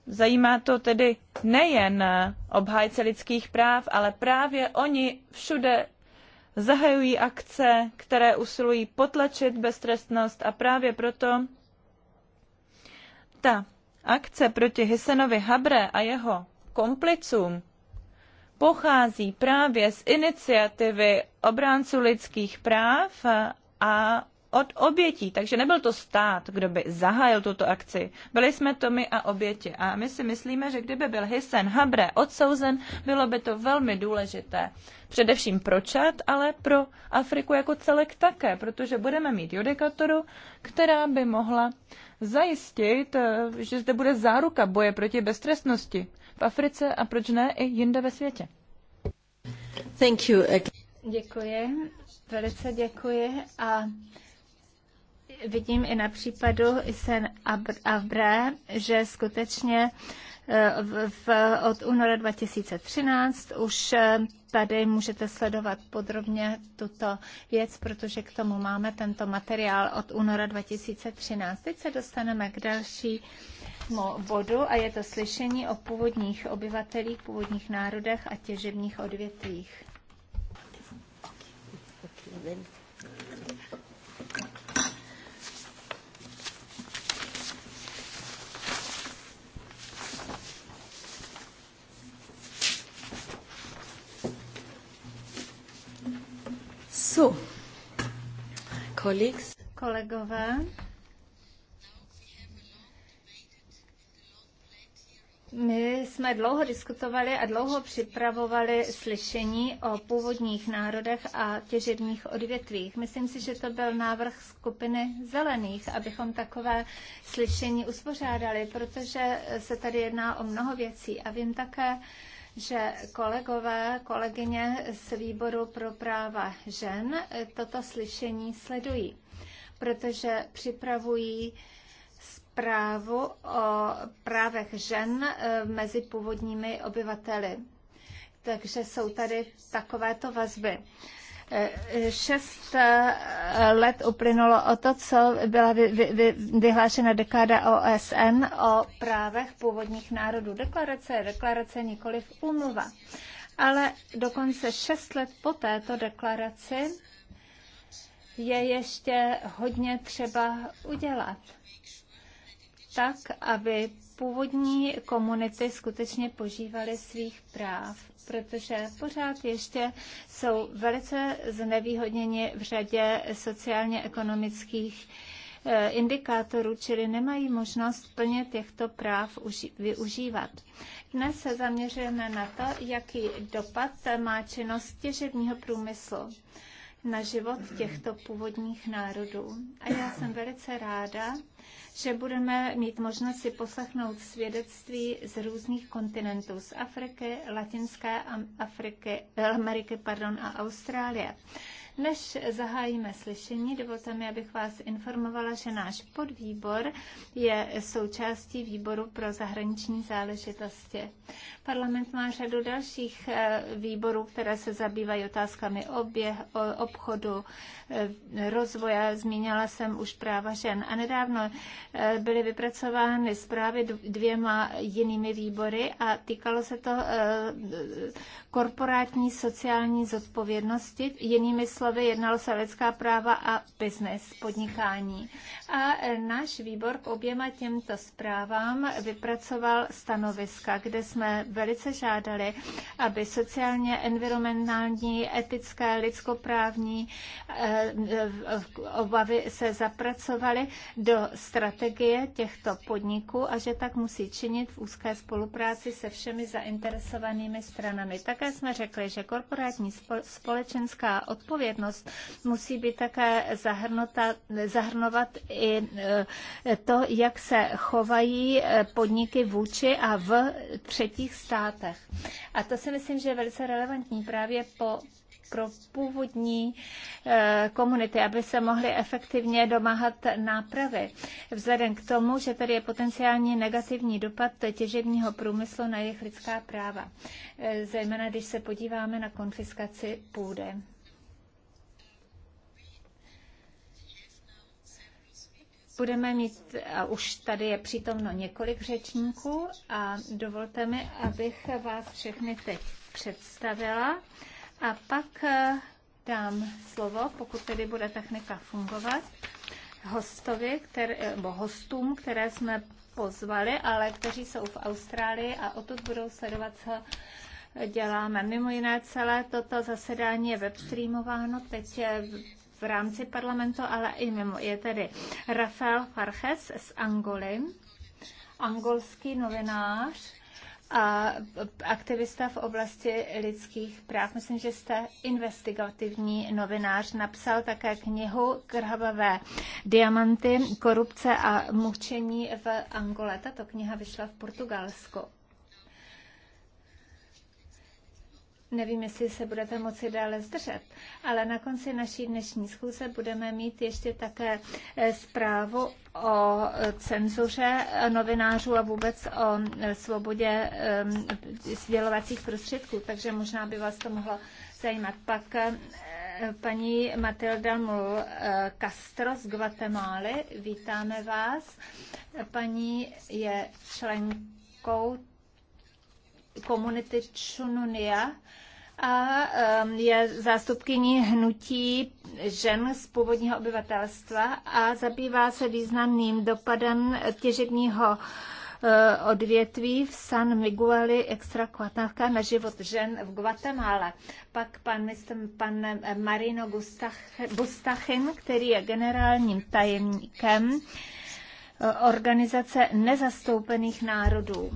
Zajímá to tedy nejen obhájce lidských práv, ale právě oni všude zahajují akce, které usilují potlačit beztrestnost a právě proto ta akce proti Hisenovi Habre a jeho komplicům pochází právě z iniciativy obránců lidských práv a od obětí. Takže nebyl to stát, kdo by zahájil tuto akci. Byli jsme to my a oběti. A my si myslíme, že kdyby byl Hysen Habre odsouzen, bylo by to velmi důležité. Především pro Čad, ale pro Afriku jako celek také, protože budeme mít judikatoru, která by mohla zajistit, eh, že zde bude záruka boje proti beztrestnosti v Africe a proč ne i jinde ve světě. Thank you. Děkuji, velice děkuji a vidím i na případu Isen Abre, že skutečně eh, v, v, od února 2013 už eh, tady můžete sledovat podrobně tuto věc, protože k tomu máme tento materiál od února 2013. Teď se dostaneme k další bodu a je to slyšení o původních obyvatelích, původních národech a těžebních odvětvích. So, colleagues. Kolegové, My jsme dlouho diskutovali a dlouho připravovali slyšení o původních národech a těžebních odvětvích. Myslím si, že to byl návrh skupiny zelených, abychom takové slyšení uspořádali, protože se tady jedná o mnoho věcí. A vím také, že kolegové, kolegyně z výboru pro práva žen toto slyšení sledují, protože připravují právu o právech žen e, mezi původními obyvateli. Takže jsou tady takovéto vazby. E, šest e, let uplynulo o to, co byla vy, vy, vy, vyhlášena dekáda OSN o právech původních národů. Deklarace je deklarace, nikoli v úmluva. Ale dokonce šest let po této deklaraci je ještě hodně třeba udělat tak, aby původní komunity skutečně požívaly svých práv, protože pořád ještě jsou velice znevýhodněni v řadě sociálně-ekonomických eh, indikátorů, čili nemají možnost plně těchto práv využívat. Dnes se zaměřujeme na to, jaký dopad má činnost těžebního průmyslu na život těchto původních národů. A já jsem velice ráda, že budeme mít možnost si poslechnout svědectví z různých kontinentů, z Afriky, Latinské Afriky, eh, Ameriky pardon, a Austrálie. Než zahájíme slyšení, dovolte mi, abych vás informovala, že náš podvýbor je součástí výboru pro zahraniční záležitosti. Parlament má řadu dalších eh, výborů, které se zabývají otázkami oběh, obchodu, eh, rozvoje. Zmínila jsem už práva žen. A nedávno eh, byly vypracovány zprávy dvěma jinými výbory a týkalo se to korporátní sociální zodpovědnosti, jinými slovy slovy, jednalo se lidská práva a biznes, podnikání. A náš výbor k oběma těmto zprávám vypracoval stanoviska, kde jsme velice žádali, aby sociálně, environmentální, etické, lidskoprávní eh, obavy se zapracovaly do strategie těchto podniků a že tak musí činit v úzké spolupráci se všemi zainteresovanými stranami. Také jsme řekli, že korporátní společenská odpověď odpovědnost musí být také zahrnovat i e, to, jak se chovají e, podniky vůči a v třetích státech. A to si myslím, že je velice relevantní právě po pro původní e, komunity, aby se mohly efektivně domáhat nápravy. Vzhledem k tomu, že tady je potenciální negativní dopad těžebního průmyslu na jejich lidská práva, zejména když se podíváme na konfiskaci půdy. budeme mít, a už tady je přítomno několik řečníků a dovolte mi, abych vás všechny teď představila a pak eh, dám slovo, pokud tedy bude technika fungovat, hostovi, který, eh, nebo hostům, které jsme pozvali, ale kteří jsou v Austrálii a odtud budou sledovat, co děláme. Mimo jiné celé toto zasedání je webstreamováno, teď je v rámci parlamentu, ale i mimo. Je tedy Rafael Farches z Angoly, angolský novinář a aktivista v oblasti lidských práv. Myslím, že jste investigativní novinář. Napsal také knihu Krhavavé diamanty, korupce a mučení v Angole. Tato kniha vyšla v Portugalsku. nevím, jestli se budete moci dále zdržet, ale na konci naší dnešní schůze budeme mít ještě také eh, zprávu o eh, cenzuře novinářů a vůbec o eh, svobodě sdělovacích prostředků, takže možná by vás to mohlo zajímat. Pak paní Matilda Mul Castro z Guatemaly, vítáme vás. Paní je členkou komunity Čununia a um, je zástupkyní hnutí žen z původního obyvatelstva a zabývá se významným dopadem těžebního uh, odvětví v San Migueli extra Quatnaca na život žen v Guatemala. Pak pan, myslím, pan eh, Marino Bustachin, který je generálním tajemníkem eh, organizace nezastoupených národů.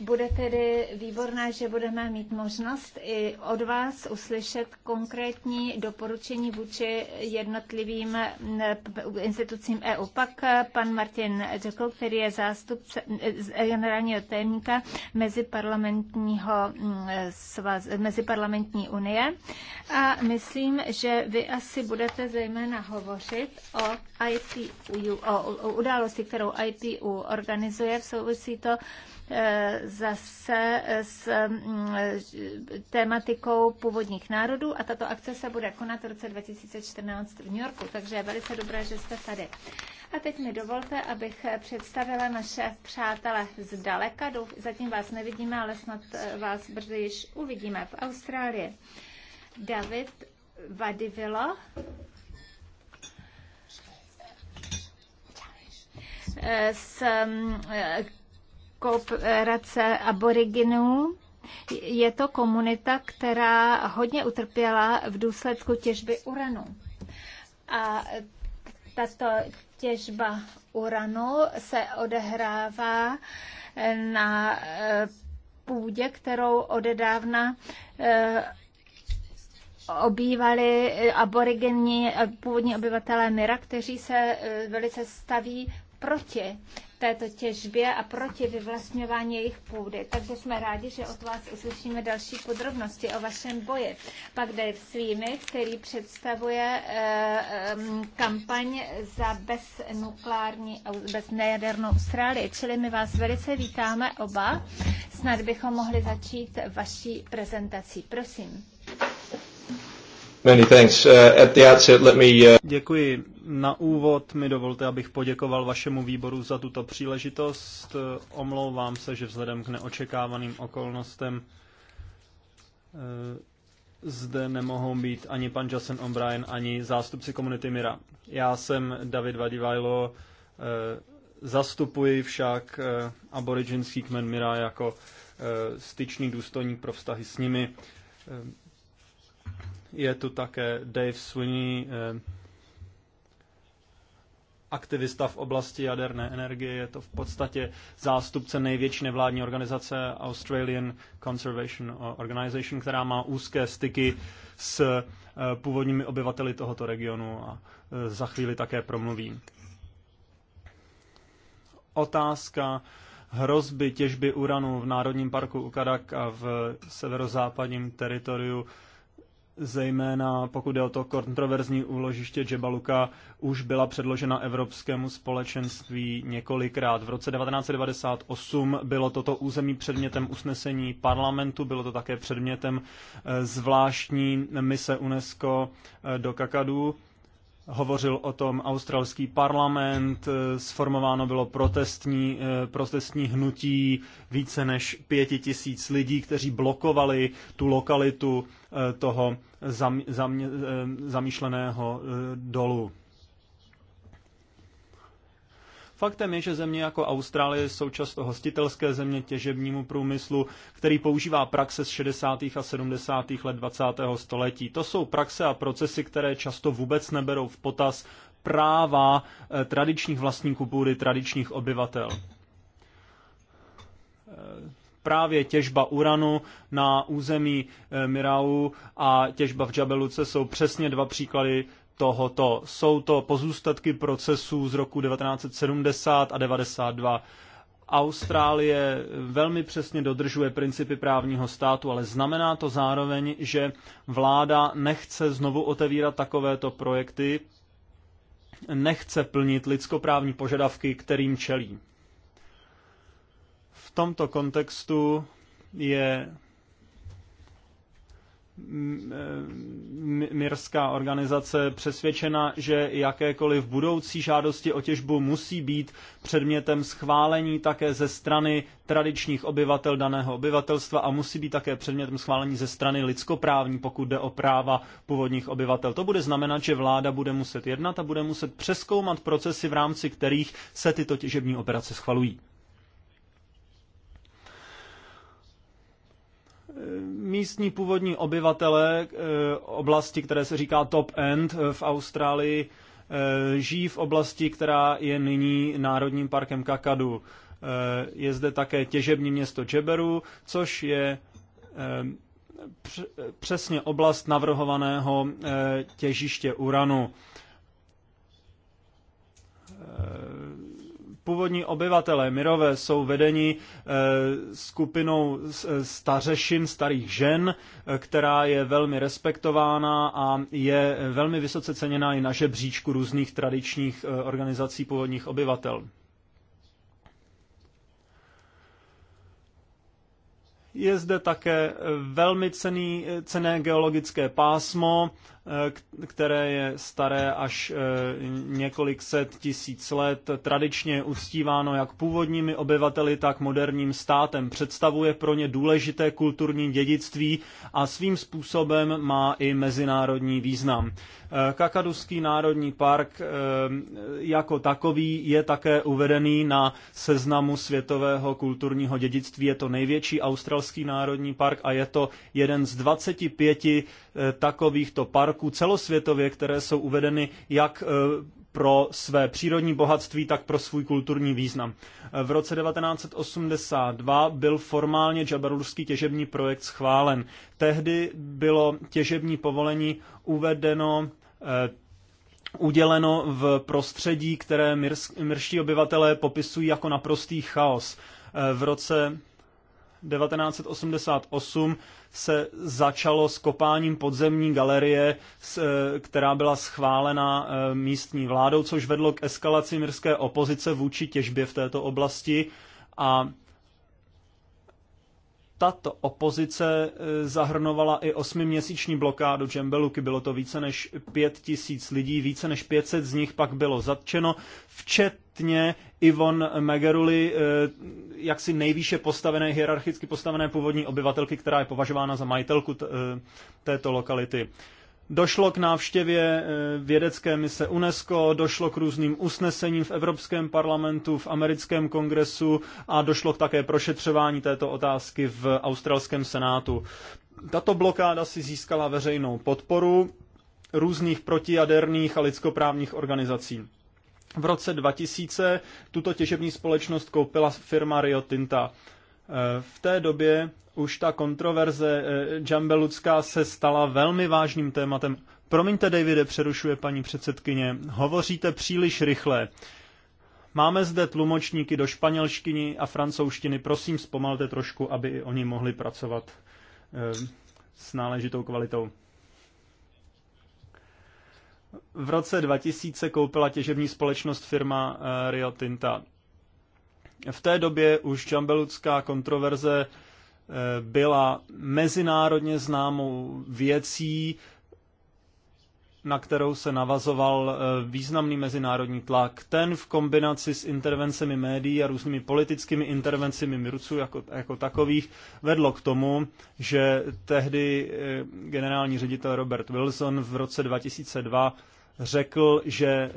Bude tedy výborné, že budeme mít možnost i od vás uslyšet konkrétní doporučení vůči jednotlivým eh, institucím EU. Pak eh, pan Martin Řekl, který je zástupce eh, generálního tajemníka Meziparlamentního mm, svaz, Meziparlamentní unie. A myslím, že vy asi budete zejména hovořit o IPU, o, o události, kterou IPU organizuje. V souvisí to zase s mm, tématikou původních národů a tato akce se bude konat v roce 2014 v New Yorku, takže je velice dobré, že jste tady. A teď mi dovolte, abych představila naše přátele z daleka. Zatím vás nevidíme, ale snad eh, vás brzy již uvidíme v Austrálii. David Vadivilo. Eh, s eh, kooperace aboriginů. Je to komunita, která hodně utrpěla v důsledku těžby uranu. A tato těžba uranu se odehrává na eh, půdě, kterou odedávna eh, obývali aborigenní eh, původní obyvatelé Mira, kteří se velice staví proti této těžbě a proti vyvlastňování jejich půdy. Takže jsme rádi, že od vás uslyšíme další podrobnosti o vašem boji. Pak Dave svými, který představuje eh, kampaň za beznukleární, beznejadernou Austrálii. Čili my vás velice vítáme oba. Snad bychom mohli začít vaší prezentací. Prosím. Many thanks. Eh, at the outset, let me, eh, Děkuji. Na úvod mi dovolte, abych poděkoval vašemu výboru za tuto příležitost. Omlouvám se, že vzhledem k neočekávaným okolnostem eh, zde nemohou být ani pan Jason O'Brien, ani zástupci komunity Mira. Já jsem David Vadivajlo, eh, zastupuji však eh, aboriginský kmen Mira jako styčný důstojník pro vztahy s nimi. Je tu také Dave Sweeney, aktivista v oblasti jaderné energie, je to v podstatě zástupce největší nevládní organizace Australian Conservation Organization, která má úzké styky s eh, původními obyvateli tohoto regionu a eh, za chvíli také promluvím. Otázka hrozby těžby uranu v Národním parku Ukadak a v severozápadním teritoriu zejména pokud je o to kontroverzní úložiště Džebaluka, už byla předložena Evropskému společenství několikrát. V roce 1998 bylo toto území předmětem usnesení parlamentu, bylo to také předmětem eh, zvláštní mise UNESCO eh, do Kakadu Hovořil o tom australský parlament, eh, sformováno bylo protestní, eh, protestní hnutí více než pěti tisíc lidí, kteří blokovali tu lokalitu eh, toho zamýšleného dolu. Faktem je, že země jako Austrálie jsou často hostitelské země těžebnímu průmyslu, který používá praxe z 60. a 70. let 20. století. To jsou praxe a procesy, které často vůbec neberou v potaz práva eh, tradičních vlastníků půdy, tradičních obyvatel eh, právě těžba uranu na území eh, Mirau a těžba v Džabeluce jsou přesně dva příklady tohoto. Jsou to pozůstatky procesů z roku 1970 a 92. Austrálie velmi přesně dodržuje principy právního státu, ale znamená to zároveň, že vláda nechce znovu otevírat takovéto projekty, nechce plnit lidskoprávní požadavky, kterým čelí. V tomto kontextu je mirská organizace přesvědčena, že jakékoliv budoucí žádosti o těžbu musí být předmětem schválení také ze strany tradičních obyvatel daného obyvatelstva a musí být také předmětem schválení ze strany lidskoprávní, pokud jde o práva původních obyvatel. To bude znamenat, že vláda bude muset jednat a bude muset přeskoumat procesy, v rámci kterých se tyto těžební operace schvalují. místní původní obyvatele eh, oblasti, které se říká Top End eh, v Austrálii, eh, žijí v oblasti, která je nyní národním parkem Kakadu. Je zde také těžební město Džeberu, což je přesně oblast navrhovaného těžiště uranu původní obyvatelé Mirové jsou vedeni eh, skupinou eh, stařešin, starých žen, eh, která je velmi respektována a je velmi vysoce ceněná i na žebříčku různých tradičních organizací původních obyvatel. Je zde také velmi cený, cené geologické pásmo, Eh, které je staré až eh, několik set tisíc let, tradičně uctíváno jak původními obyvateli, tak moderním státem. Představuje pro ně důležité kulturní dědictví a svým způsobem má i mezinárodní význam. Eh, Kakaduský národní park jako takový je také uvedený na seznamu světového kulturního dědictví. Je to největší australský národní park a je to jeden z 25 takovýchto parků, parků celosvětově, které jsou uvedeny jak eh, pro své přírodní bohatství, tak pro svůj kulturní význam. Eh, v roce 1982 byl formálně Džabarurský těžební projekt schválen. Tehdy bylo těžební povolení uvedeno eh, uděleno v prostředí, které mirští obyvatelé popisují jako naprostý chaos. V roce 1988 se začalo s kopáním podzemní galerie, eh, která byla schválena eh, místní vládou, což vedlo k eskalaci mírské opozice vůči těžbě v této oblasti a tato opozice eh, zahrnovala i osmiměsíční blokádu Džembeluky. Bylo to více než pět tisíc lidí, více než 500 z nich pak bylo zatčeno, včetně Ivon Megeruli, eh, jaksi nejvýše postavené, hierarchicky postavené původní obyvatelky, která je považována za majitelku eh, této lokality. Došlo k návštěvě eh, vědecké mise UNESCO, došlo k různým usnesením v Evropském parlamentu, v americkém kongresu a došlo k také prošetřování této otázky v australském senátu. Tato blokáda si získala veřejnou podporu různých protijaderných a lidskoprávních organizací. V roce 2000 tuto těžební společnost koupila firma Rio Tinta. Eh, v té době už ta kontroverze eh, Džambeludská se stala velmi vážným tématem. Promiňte, Davide, přerušuje paní předsedkyně, hovoříte příliš rychle. Máme zde tlumočníky do španělštiny a francouzštiny, prosím zpomalte trošku, aby i oni mohli pracovat eh, s náležitou kvalitou. V roce 2000 koupila těžební společnost firma Rio Tinta v té době už džambeludská kontroverze eh, byla mezinárodně známou věcí, na kterou se navazoval eh, významný mezinárodní tlak. Ten v kombinaci s intervencemi médií a různými politickými intervencemi Mirců jako, jako takových vedlo k tomu, že tehdy eh, generální ředitel Robert Wilson v roce 2002 řekl, že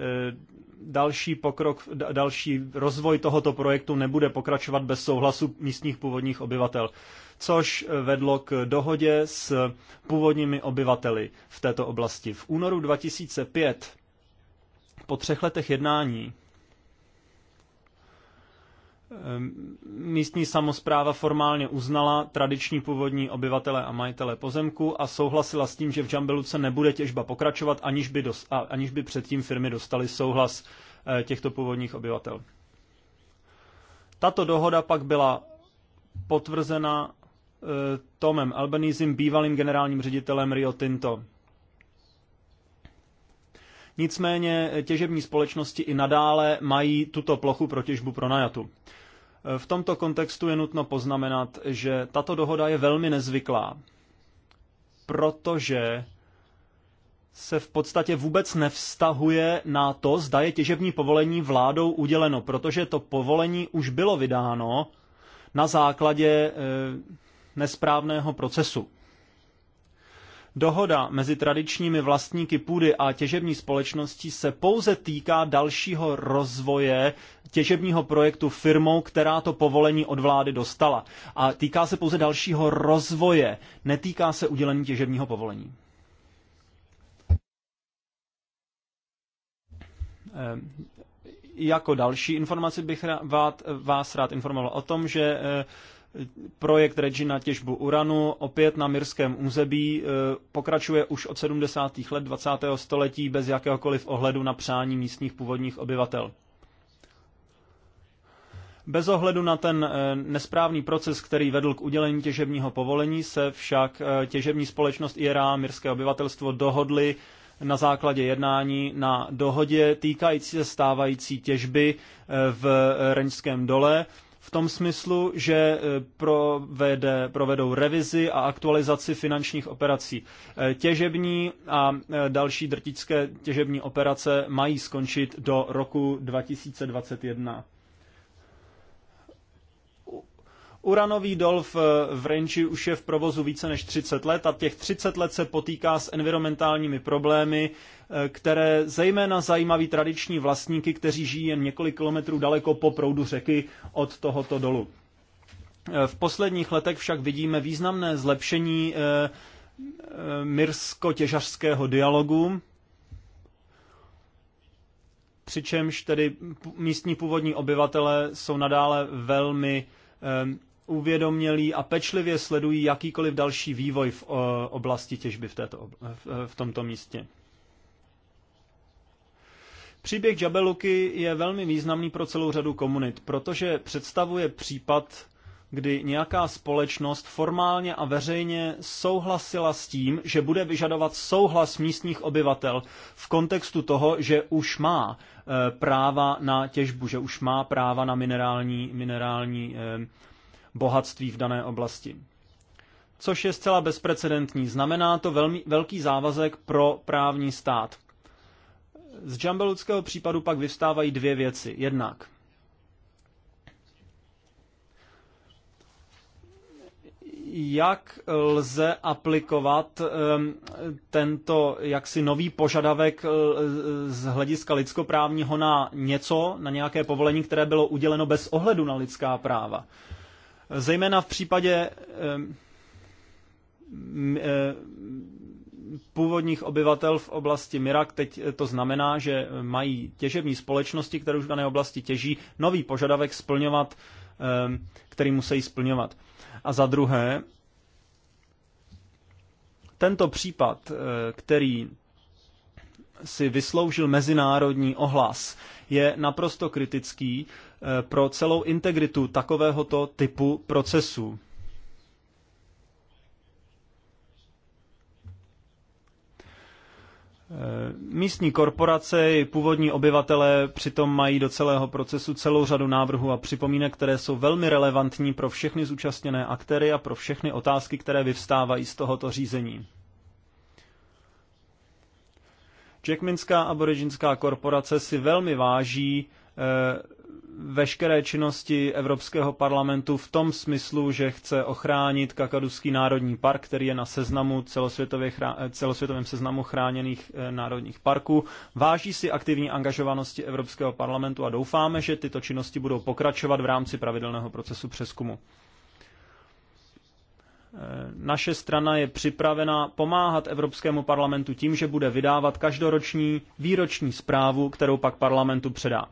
další pokrok, další rozvoj tohoto projektu nebude pokračovat bez souhlasu místních původních obyvatel, což eh, vedlo k dohodě s původními obyvateli v této oblasti. V únoru 2005 po třech letech jednání Ehm, místní samozpráva formálně uznala tradiční původní obyvatele a majitele pozemku a souhlasila s tím, že v Džambeluce nebude těžba pokračovat, aniž by, dos- a, aniž by předtím firmy dostaly souhlas eh, těchto původních obyvatel. Tato dohoda pak byla potvrzena eh, Tomem Albanizem, bývalým generálním ředitelem Rio Tinto. Nicméně eh, těžební společnosti i nadále mají tuto plochu pro těžbu pronajatu. Eh, v tomto kontextu je nutno poznamenat, že tato dohoda je velmi nezvyklá, protože se v podstatě vůbec nevztahuje na to, zda je těžební povolení vládou uděleno, protože to povolení už bylo vydáno na základě e, nesprávného procesu. Dohoda mezi tradičními vlastníky půdy a těžební společností se pouze týká dalšího rozvoje těžebního projektu firmou, která to povolení od vlády dostala. A týká se pouze dalšího rozvoje, netýká se udělení těžebního povolení. Ehm, jako další informaci bych vás rád informoval o tom, že eh, Projekt Regina těžbu uranu opět na Mirském území eh, pokračuje už od 70. let 20. století bez jakéhokoliv ohledu na přání místních původních obyvatel. Bez ohledu na ten eh, nesprávný proces, který vedl k udělení těžebního povolení, se však eh, těžební společnost IRA a mirské obyvatelstvo dohodli na základě jednání na dohodě týkající se stávající těžby v Reňském dole v tom smyslu, že e, provede, provedou revizi a aktualizaci finančních operací. E, těžební a e, další drtické těžební operace mají skončit do roku 2021. Uranový dol v, v Renči už je v provozu více než 30 let a těch 30 let se potýká s environmentálními problémy, eh, které zejména zajímaví tradiční vlastníky, kteří žijí jen několik kilometrů daleko po proudu řeky od tohoto dolu. Eh, v posledních letech však vidíme významné zlepšení eh, mirsko-těžařského dialogu, přičemž tedy místní původní obyvatele jsou nadále velmi uvědomělí a pečlivě sledují jakýkoliv další vývoj v oblasti těžby v, této, v tomto místě. Příběh Jabeluky je velmi významný pro celou řadu komunit, protože představuje případ, kdy nějaká společnost formálně a veřejně souhlasila s tím, že bude vyžadovat souhlas místních obyvatel v kontextu toho, že už má e, práva na těžbu, že už má práva na minerální, minerální e, bohatství v dané oblasti. Což je zcela bezprecedentní. Znamená to velmi, velký závazek pro právní stát. Z džambeludského případu pak vyvstávají dvě věci. Jednak jak lze aplikovat ehm, tento jaksi nový požadavek eh, z hlediska lidskoprávního na něco, na nějaké povolení, které bylo uděleno bez ohledu na lidská práva. Zejména v případě e, původních obyvatel v oblasti Mirak, teď to znamená, že mají těžební společnosti, které už v dané oblasti těží, nový požadavek splňovat, který musí splňovat. A za druhé, tento případ, e, který si vysloužil mezinárodní ohlas, je naprosto kritický, Eh, pro celou integritu takovéhoto typu procesu. Eh, místní korporace i původní obyvatelé přitom mají do celého procesu celou řadu návrhů a připomínek, které jsou velmi relevantní pro všechny zúčastněné aktéry a pro všechny otázky, které vyvstávají z tohoto řízení. Jackminská aboriginská korporace si velmi váží eh, veškeré činnosti Evropského parlamentu v tom smyslu, že chce ochránit Kakaduský národní park, který je na seznamu celosvětově eh, celosvětovém seznamu chráněných eh, národních parků. Váží si aktivní angažovanosti Evropského parlamentu a doufáme, že tyto činnosti budou pokračovat v rámci pravidelného procesu přeskumu. Eh, naše strana je připravena pomáhat Evropskému parlamentu tím, že bude vydávat každoroční výroční zprávu, kterou pak parlamentu předá.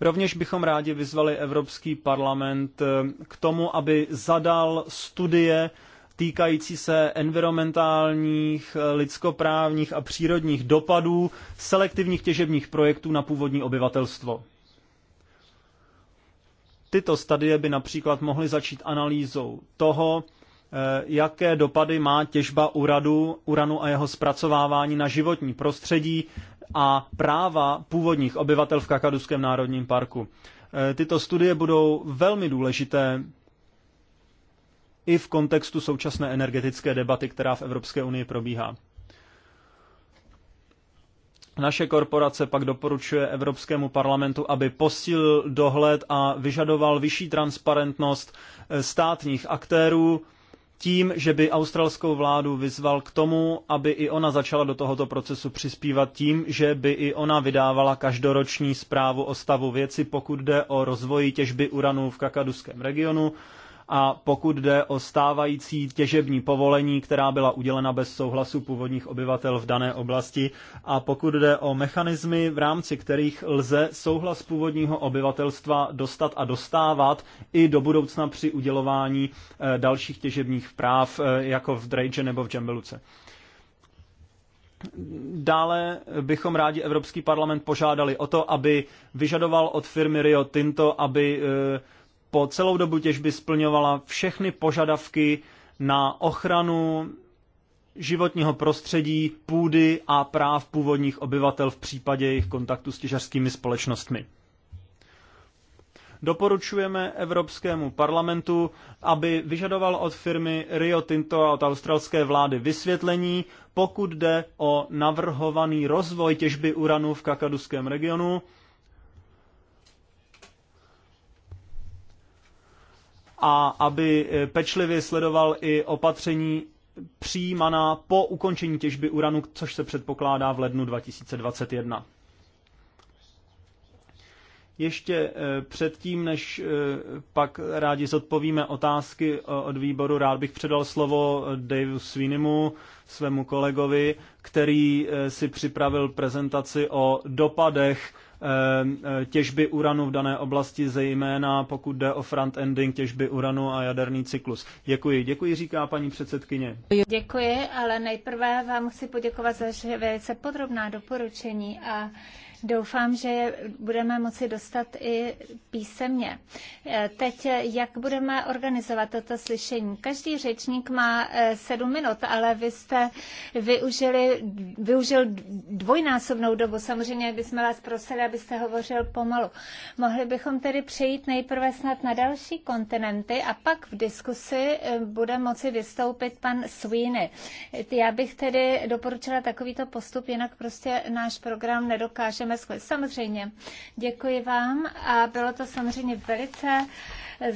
Rovněž bychom rádi vyzvali Evropský parlament eh, k tomu, aby zadal studie týkající se environmentálních, eh, lidskoprávních a přírodních dopadů selektivních těžebních projektů na původní obyvatelstvo. Tyto studie by například mohly začít analýzou toho, eh, jaké dopady má těžba uradu, uranu a jeho zpracovávání na životní prostředí, a práva původních obyvatel v Kakaduském národním parku. E, tyto studie budou velmi důležité i v kontextu současné energetické debaty, která v Evropské unii probíhá. Naše korporace pak doporučuje Evropskému parlamentu, aby posílil dohled a vyžadoval vyšší transparentnost e, státních aktérů, tím, že by australskou vládu vyzval k tomu, aby i ona začala do tohoto procesu přispívat tím, že by i ona vydávala každoroční zprávu o stavu věci, pokud jde o rozvoji těžby uranu v kakaduském regionu a pokud jde o stávající těžební povolení, která byla udělena bez souhlasu původních obyvatel v dané oblasti a pokud jde o mechanismy, v rámci kterých lze souhlas původního obyvatelstva dostat a dostávat i do budoucna při udělování eh, dalších těžebních práv, eh, jako v Drejče nebo v Džembeluce. Dále bychom rádi Evropský parlament požádali o to, aby vyžadoval od firmy Rio Tinto, aby e, po celou dobu těžby splňovala všechny požadavky na ochranu životního prostředí, půdy a práv původních obyvatel v případě jejich kontaktu s těžařskými společnostmi. Doporučujeme Evropskému parlamentu, aby vyžadoval od firmy Rio Tinto a od australské vlády vysvětlení, pokud jde o navrhovaný rozvoj těžby uranu v kakaduském regionu, a aby eh, pečlivě sledoval i opatření přijímaná po ukončení těžby uranu, což se předpokládá v lednu 2021. Ještě eh, předtím, než eh, pak rádi zodpovíme otázky od výboru, rád bych předal slovo Daveu Svinimu, svému kolegovi, který si připravil prezentaci o dopadech Eh, eh, těžby uranu v dané oblasti, zejména pokud jde o front-ending těžby uranu a jaderný cyklus. Děkuji, děkuji, říká paní předsedkyně. Děkuji, ale nejprve vám musím poděkovat za velice podrobná doporučení a Doufám, že je budeme moci dostat i písemně. E, teď, e, jak budeme organizovat toto slyšení? Každý řečník má e, sedm minut, ale vy jste využili, využil dvojnásobnou dobu. Samozřejmě bychom vás prosili, abyste hovořil pomalu. Mohli bychom tedy přejít nejprve snad na další kontinenty a pak v diskusi bude moci vystoupit pan Sweeney. Já bych tedy doporučila takovýto postup, jinak prostě náš program nedokážeme Německu. Samozřejmě, děkuji vám a bylo to samozřejmě velice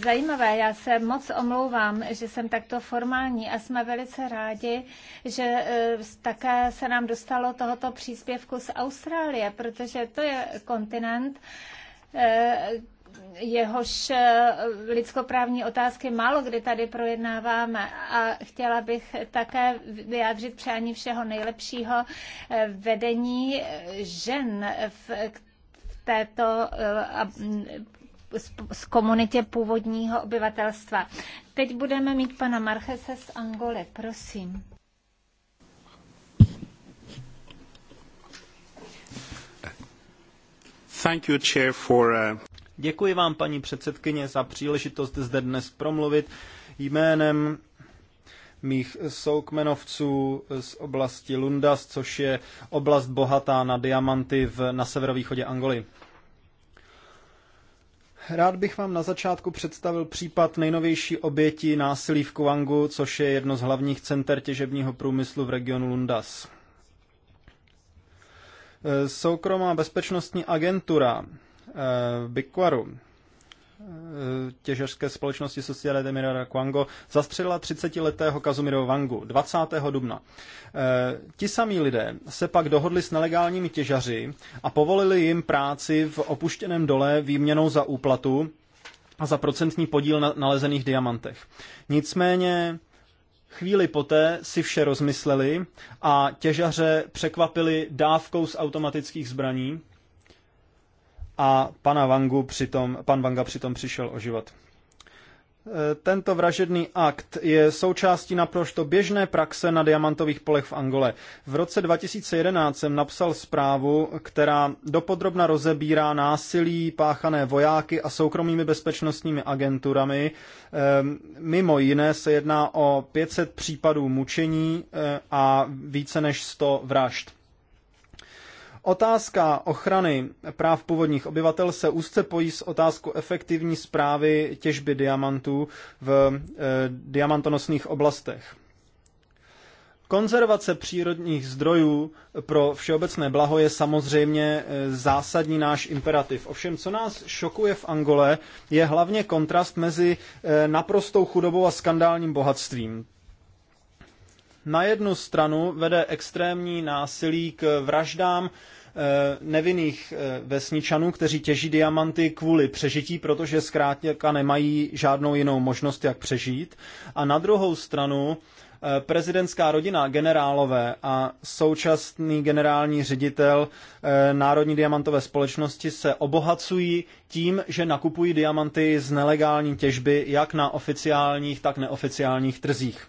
zajímavé. Já se moc omlouvám, že jsem takto formální a jsme velice rádi, že eh, také se nám dostalo tohoto příspěvku z Austrálie, protože to je kontinent, eh, jehož eh, lidskoprávní otázky málo kdy tady projednáváme a chtěla bych také vyjádřit přání všeho nejlepšího eh, vedení eh, žen v této z komunitě původního obyvatelstva. Teď budeme mít pana Marchese z Angoly, prosím. Thank you, chair, for, uh... Děkuji vám, paní předsedkyně, za příležitost zde dnes promluvit jménem mých soukmenovců z oblasti Lundas, což je oblast bohatá na diamanty v, na severovýchodě Angoly. Rád bych vám na začátku představil případ nejnovější oběti násilí v Kuangu, což je jedno z hlavních center těžebního průmyslu v regionu Lundas. Soukromá bezpečnostní agentura Eh, Bikwaru eh, těžařské společnosti Sociale de Minera Quango zastřelila 30-letého Kazumiro Wangu 20. dubna. E, ti samí lidé se pak dohodli s nelegálními těžaři a povolili jim práci v opuštěném dole výměnou za úplatu a za procentní podíl na nalezených diamantech. Nicméně Chvíli poté si vše rozmysleli a těžaře překvapili dávkou z automatických zbraní, a pana Wangu přitom, pan Vanga přitom přišel o život. E, tento vražedný akt je součástí naprosto běžné praxe na diamantových polech v Angole. V roce 2011 jsem napsal zprávu, která dopodrobna rozebírá násilí páchané vojáky a soukromými bezpečnostními agenturami. E, mimo jiné se jedná o 500 případů mučení e, a více než 100 vražd. Otázka ochrany práv původních obyvatel se úzce pojí s otázkou efektivní zprávy těžby diamantů v eh, diamantonosných oblastech. Konzervace přírodních zdrojů pro všeobecné blaho je samozřejmě eh, zásadní náš imperativ. Ovšem, co nás šokuje v Angole, je hlavně kontrast mezi eh, naprostou chudobou a skandálním bohatstvím. Na jednu stranu vede extrémní násilí k vraždám eh, nevinných eh, vesničanů, kteří těží diamanty kvůli přežití, protože zkrátka nemají žádnou jinou možnost, jak přežít. A na druhou stranu eh, prezidentská rodina, generálové a současný generální ředitel Národní diamantové společnosti se obohacují tím, že nakupují diamanty z nelegální těžby jak na oficiálních, tak neoficiálních trzích.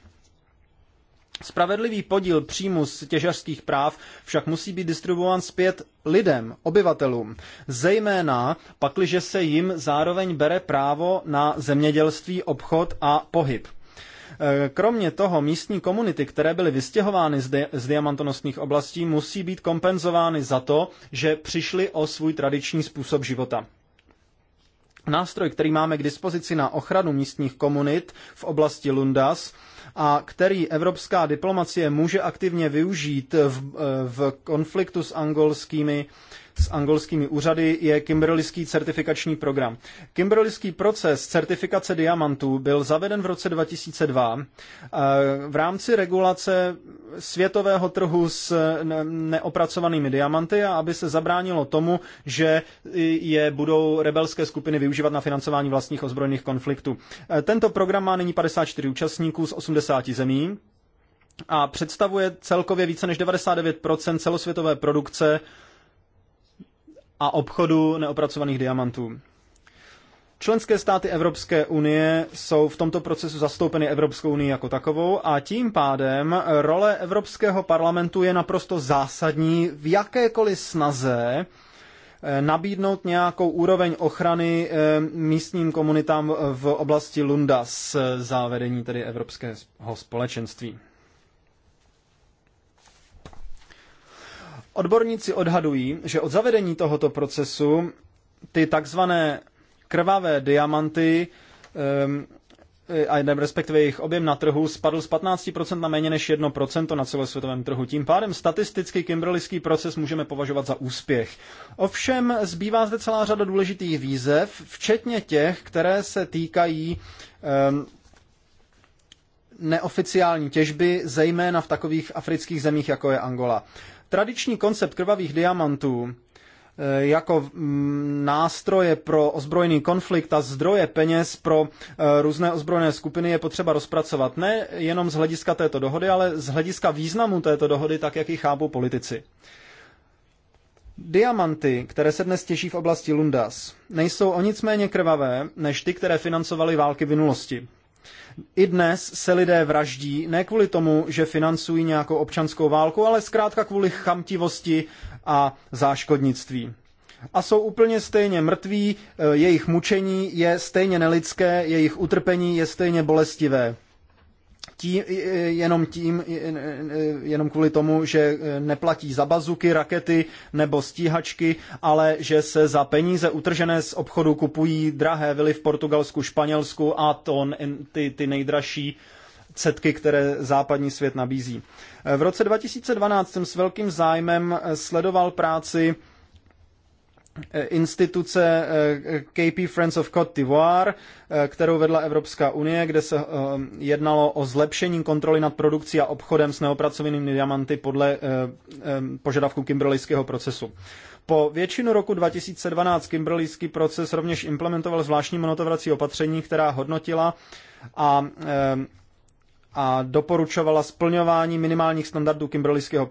Spravedlivý podíl příjmu z těžařských práv však musí být distribuován zpět lidem, obyvatelům, zejména pakliže se jim zároveň bere právo na zemědělství, obchod a pohyb. E, kromě toho místní komunity, které byly vystěhovány z, di- z diamantonosných oblastí, musí být kompenzovány za to, že přišly o svůj tradiční způsob života. Nástroj, který máme k dispozici na ochranu místních komunit v oblasti Lundas, a který evropská diplomacie může aktivně využít v, v konfliktu s angolskými s angolskými úřady, je Kimberlyský certifikační program. Kimberlyský proces certifikace diamantů byl zaveden v roce 2002 eh, v rámci regulace světového trhu s neopracovanými diamanty a aby se zabránilo tomu, že je budou rebelské skupiny využívat na financování vlastních ozbrojených konfliktů. Eh, tento program má nyní 54 účastníků z 80 zemí a představuje celkově více než 99 celosvětové produkce a obchodu neopracovaných diamantů. Členské státy Evropské unie jsou v tomto procesu zastoupeny Evropskou unii jako takovou a tím pádem role Evropského parlamentu je naprosto zásadní v jakékoliv snaze eh, nabídnout nějakou úroveň ochrany eh, místním komunitám v oblasti Lundas za vedení tedy Evropského společenství. Odborníci odhadují, že od zavedení tohoto procesu ty takzvané krvavé diamanty ehm, a respektive jejich objem na trhu spadl z 15% na méně než 1% na celosvětovém trhu. Tím pádem statisticky kimberlický proces můžeme považovat za úspěch. Ovšem zbývá zde celá řada důležitých výzev, včetně těch, které se týkají um, neoficiální těžby, zejména v takových afrických zemích, jako je Angola. Tradiční koncept krvavých diamantů eh, jako mm, nástroje pro ozbrojený konflikt a zdroje peněz pro eh, různé ozbrojené skupiny je potřeba rozpracovat. Ne jenom z hlediska této dohody, ale z hlediska významu této dohody, tak jak ji chápou politici. Diamanty, které se dnes těží v oblasti Lundas, nejsou o nic méně krvavé než ty, které financovaly války v minulosti. I dnes se lidé vraždí ne kvůli tomu, že financují nějakou občanskou válku, ale zkrátka kvůli chamtivosti a záškodnictví. A jsou úplně stejně mrtví, eh, jejich mučení je stejně nelidské, jejich utrpení je stejně bolestivé tím, eh, jenom tím, eh, eh, jenom kvůli tomu, že neplatí za bazuky, rakety nebo stíhačky, ale že se za peníze utržené z obchodu kupují drahé vily v Portugalsku, Španělsku a to ty, ty nejdražší cetky, které západní svět nabízí. V roce 2012 jsem s velkým zájmem sledoval práci Eh, instituce eh, KP Friends of Cote d'Ivoire, eh, kterou vedla Evropská unie, kde se jednalo o zlepšení kontroly nad produkcí a obchodem s neopracovanými diamanty podle požadavku kimberlejského procesu. Po většinu roku 2012 kimberlejský proces rovněž implementoval zvláštní monotovrací opatření, která hodnotila a a doporučovala splňování minimálních standardů kimberleyského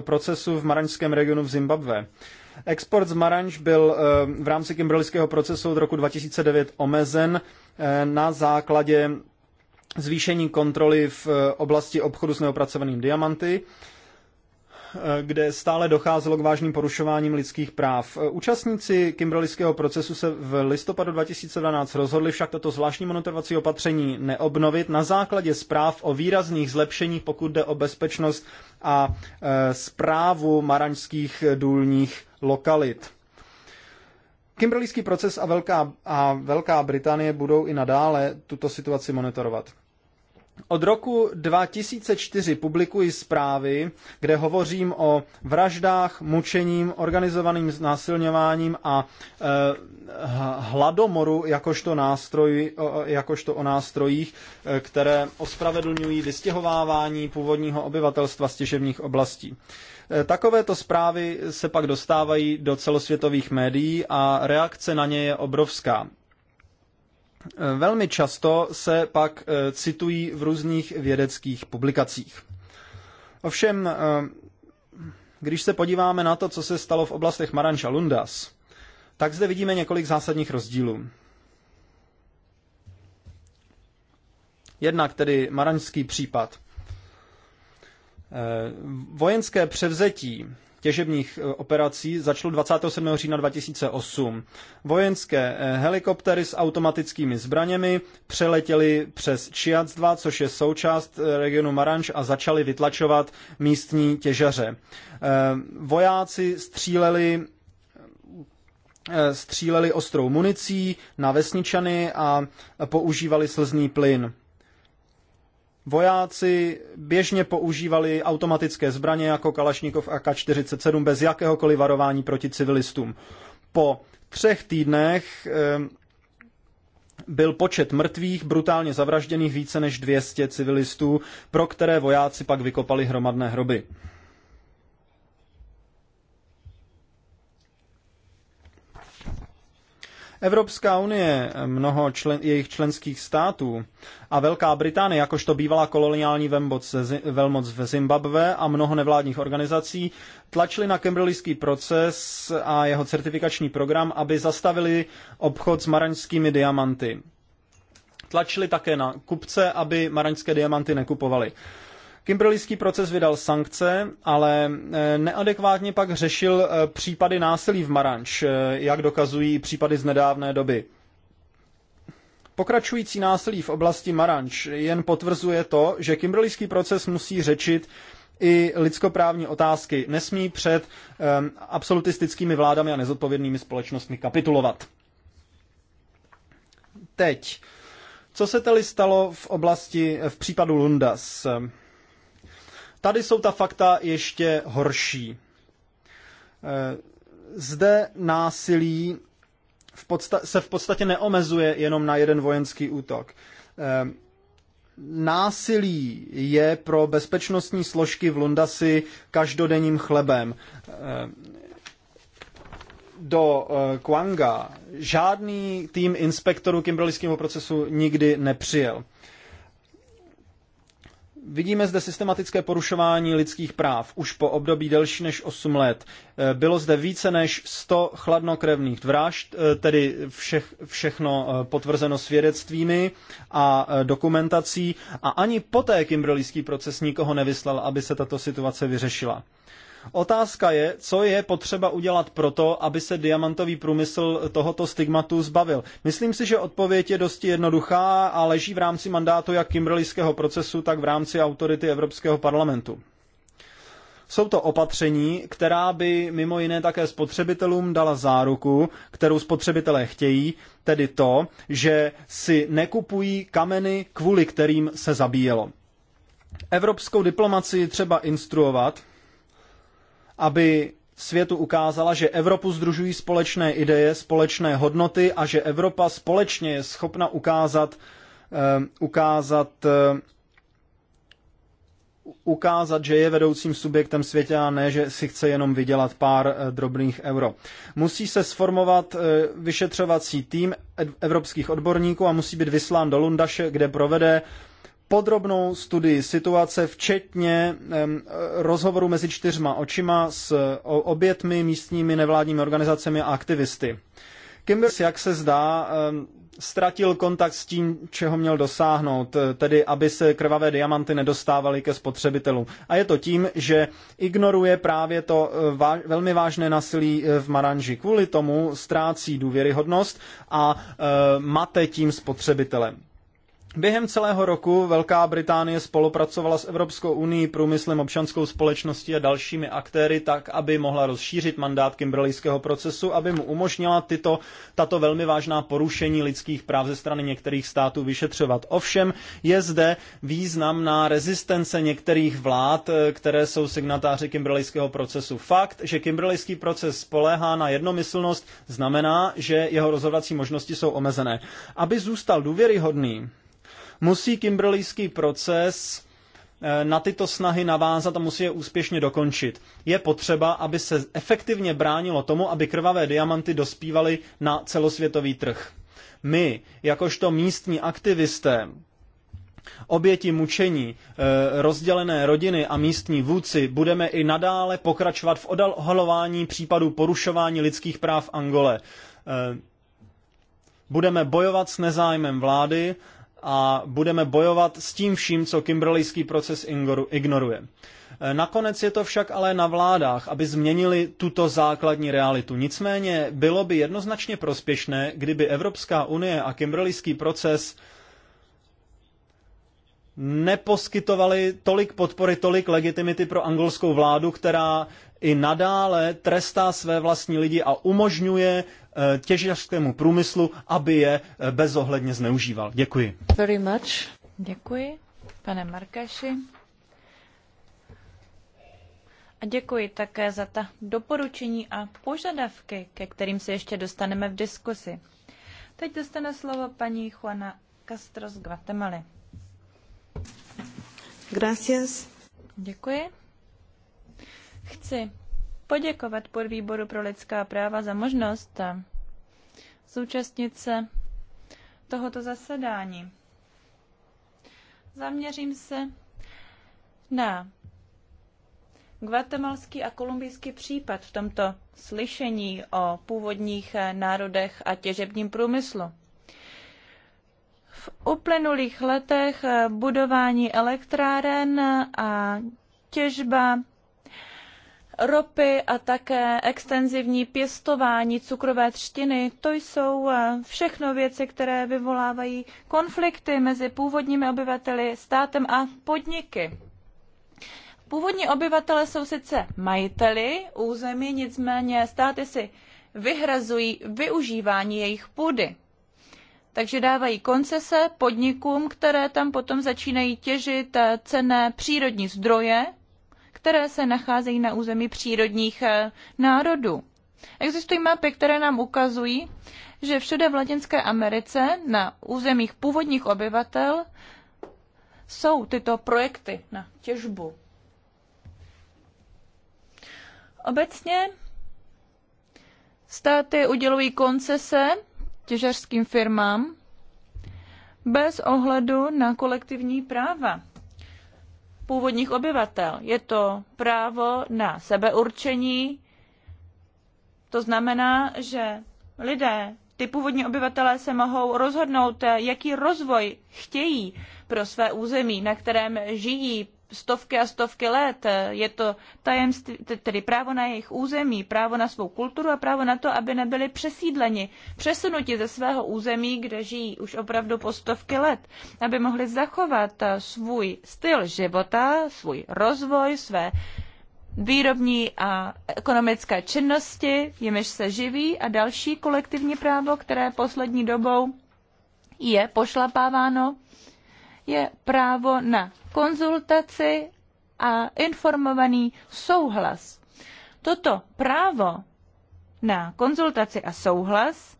procesu v maraňském regionu v Zimbabwe. Export z Maranž byl eh, v rámci kimberlického procesu od roku 2009 omezen eh, na základě zvýšení kontroly v eh, oblasti obchodu s neopracovaným diamanty, kde stále docházelo k vážným porušováním lidských práv. Účastníci kimberlického procesu se v listopadu 2012 rozhodli však toto zvláštní monitorovací opatření neobnovit na základě zpráv o výrazných zlepšeních, pokud jde o bezpečnost a zprávu maraňských důlních lokalit. Kimberlíský proces a Velká, a Velká Británie budou i nadále tuto situaci monitorovat. Od roku 2004 publikuji zprávy, kde hovořím o vraždách, mučením, organizovaným znásilňováním a e, hladomoru jakožto, nástroj, jakožto o nástrojích, eh, které ospravedlňují vystěhovávání původního obyvatelstva z těžebních oblastí. Eh, takovéto zprávy se pak dostávají do celosvětových médií a reakce na ně je obrovská. Eh, velmi často se pak eh, citují v různých vědeckých publikacích. Ovšem, když se podíváme na to, co se stalo v oblastech a Lundas, tak zde vidíme několik zásadních rozdílů. Jednak tedy marančský případ. Eh, vojenské převzetí těžebních eh, operací začalo 27. října 2008. Vojenské eh, helikoptery s automatickými zbraněmi přeletěly přes Čiac-2, což je součást regionu Maranč a začaly vytlačovat místní těžaře. Vojáci stříleli stříleli ostrou municí na vesničany a používali slzný plyn. Vojáci běžně používali automatické zbraně jako Kalašnikov AK-47 bez jakéhokoliv varování proti civilistům. Po třech týdnech eh, byl počet mrtvých brutálně zavražděných více než 200 civilistů, pro které vojáci pak vykopali hromadné hroby. Evropská unie, mnoho člen, jejich členských států a Velká Británie, jakožto bývalá koloniální velmoc, velmoc v Zimbabwe a mnoho nevládních organizací, tlačili na kembrilijský proces a jeho certifikační program, aby zastavili obchod s maraňskými diamanty. Tlačili také na kupce, aby maraňské diamanty nekupovali. Kimberlyský proces vydal sankce, ale e, neadekvátně pak řešil e, případy násilí v Maranč, e, jak dokazují případy z nedávné doby. Pokračující násilí v oblasti Maranč jen potvrzuje to, že Kimberlyský proces musí řečit i lidskoprávní otázky. Nesmí před um, absolutistickými vládami a nezodpovědnými společnostmi kapitulovat. Teď, co se tedy stalo v oblasti, v případu Lundas? Tady jsou ta fakta ještě horší. Eh, zde násilí v podsta- se v podstatě neomezuje jenom na jeden vojenský útok. Eh, násilí je pro bezpečnostní složky v Lundasi každodenním chlebem. Eh, do Kwanga žádný tým inspektorů kimberlického procesu nikdy nepřijel. Vidíme zde systematické porušování lidských práv už po období delší než 8 let. Eh, bylo zde více než 100 chladnokrevných vražd, eh, tedy všech, všechno eh, potvrzeno svědectvími a dokumentací a ani poté kimberlíský proces nikoho nevyslal, aby se tato situace vyřešila. Otázka je, co je potřeba udělat proto, aby se diamantový průmysl tohoto stigmatu zbavil. Myslím si, že odpověď je dosti jednoduchá a leží v rámci mandátu jak Kimberlyského procesu, tak v rámci autority Evropského parlamentu. Jsou to opatření, která by mimo jiné také spotřebitelům dala záruku, kterou spotřebitelé chtějí, tedy to, že si nekupují kameny, kvůli kterým se zabíjelo. Evropskou diplomacii třeba instruovat, aby světu ukázala, že Evropu združují společné ideje, společné hodnoty a že Evropa společně je schopna ukázat, eh, ukázat, eh, ukázat, že je vedoucím subjektem světa a ne, že si chce jenom vydělat pár eh, drobných euro. Musí se sformovat vyšetřovací tým evropských odborníků a musí být vyslán do Lundaše, kde provede podrobnou studii situace, včetně rozhovoru mezi čtyřma očima s obětmi, místními nevládními organizacemi a aktivisty. Kimbers, jak se zdá, ztratil kontakt s tím, čeho měl dosáhnout, tedy aby se krvavé diamanty nedostávaly ke spotřebitelům. A je to tím, že ignoruje právě to e, váž, velmi vážné nasilí e, v Maranži. Kvůli tomu ztrácí důvěryhodnost a e, mate tím spotřebitelem. Během celého roku Velká Británie spolupracovala s Evropskou unii, průmyslem, občanskou společností a dalšími aktéry tak, aby mohla rozšířit mandát kimberleyského procesu, aby mu umožnila tyto, tato velmi vážná porušení lidských práv ze strany některých států vyšetřovat. Ovšem je zde významná rezistence některých vlád, které jsou signatáři kimberleyského procesu. Fakt, že kimberleyský proces spoléhá na jednomyslnost, znamená, že jeho rozhodovací možnosti jsou omezené. Aby zůstal důvěryhodný, Musí kimberleyský proces eh, na tyto snahy navázat a musí je úspěšně dokončit. Je potřeba, aby se efektivně bránilo tomu, aby krvavé diamanty dospívaly na celosvětový trh. My, jakožto místní aktivisté, oběti mučení, eh, rozdělené rodiny a místní vůdci, budeme i nadále pokračovat v odhalování případů porušování lidských práv Angole. Eh, budeme bojovat s nezájmem vlády a budeme bojovat s tím vším, co kimberleyský proces ignoruje. E, nakonec je to však ale na vládách, aby změnili tuto základní realitu. Nicméně bylo by jednoznačně prospěšné, kdyby Evropská unie a kimberleyský proces neposkytovali tolik podpory, tolik legitimity pro angolskou vládu, která i nadále trestá své vlastní lidi a umožňuje Eh, těžařskému průmyslu, aby je eh, bezohledně zneužíval. Děkuji. Very much. Děkuji, pane Markaši. A děkuji také za ta doporučení a požadavky, ke kterým se ještě dostaneme v diskusi. Teď dostane slovo paní Juana Castro z Guatemaly. Gracias. Děkuji. Chci poděkovat podvýboru pro lidská práva za možnost eh, zúčastnit se tohoto zasedání. Zaměřím se na guatemalský a kolumbijský případ v tomto slyšení o původních eh, národech a těžebním průmyslu. V uplynulých letech eh, budování elektráren a těžba ropy a také extenzivní pěstování cukrové třtiny. To jsou eh, všechno věci, které vyvolávají konflikty mezi původními obyvateli, státem a podniky. Původní obyvatele jsou sice majiteli území, nicméně státy si vyhrazují využívání jejich půdy. Takže dávají koncese podnikům, které tam potom začínají těžit eh, cenné přírodní zdroje, které se nacházejí na území přírodních eh, národů. Existují mapy, které nám ukazují, že všude v Latinské Americe na územích původních obyvatel jsou tyto projekty na těžbu. Obecně státy udělují koncese těžařským firmám bez ohledu na kolektivní práva původních obyvatel. Je to právo na sebeurčení. To znamená, že lidé, ty původní obyvatelé se mohou rozhodnout, jaký rozvoj chtějí pro své území, na kterém žijí, stovky a stovky let. Je to tajemství, tedy právo na jejich území, právo na svou kulturu a právo na to, aby nebyli přesídleni, přesunuti ze svého území, kde žijí už opravdu po stovky let, aby mohli zachovat svůj styl života, svůj rozvoj, své výrobní a ekonomické činnosti, jimiž se živí a další kolektivní právo, které poslední dobou je pošlapáváno je právo na konzultaci a informovaný souhlas. Toto právo na konzultaci a souhlas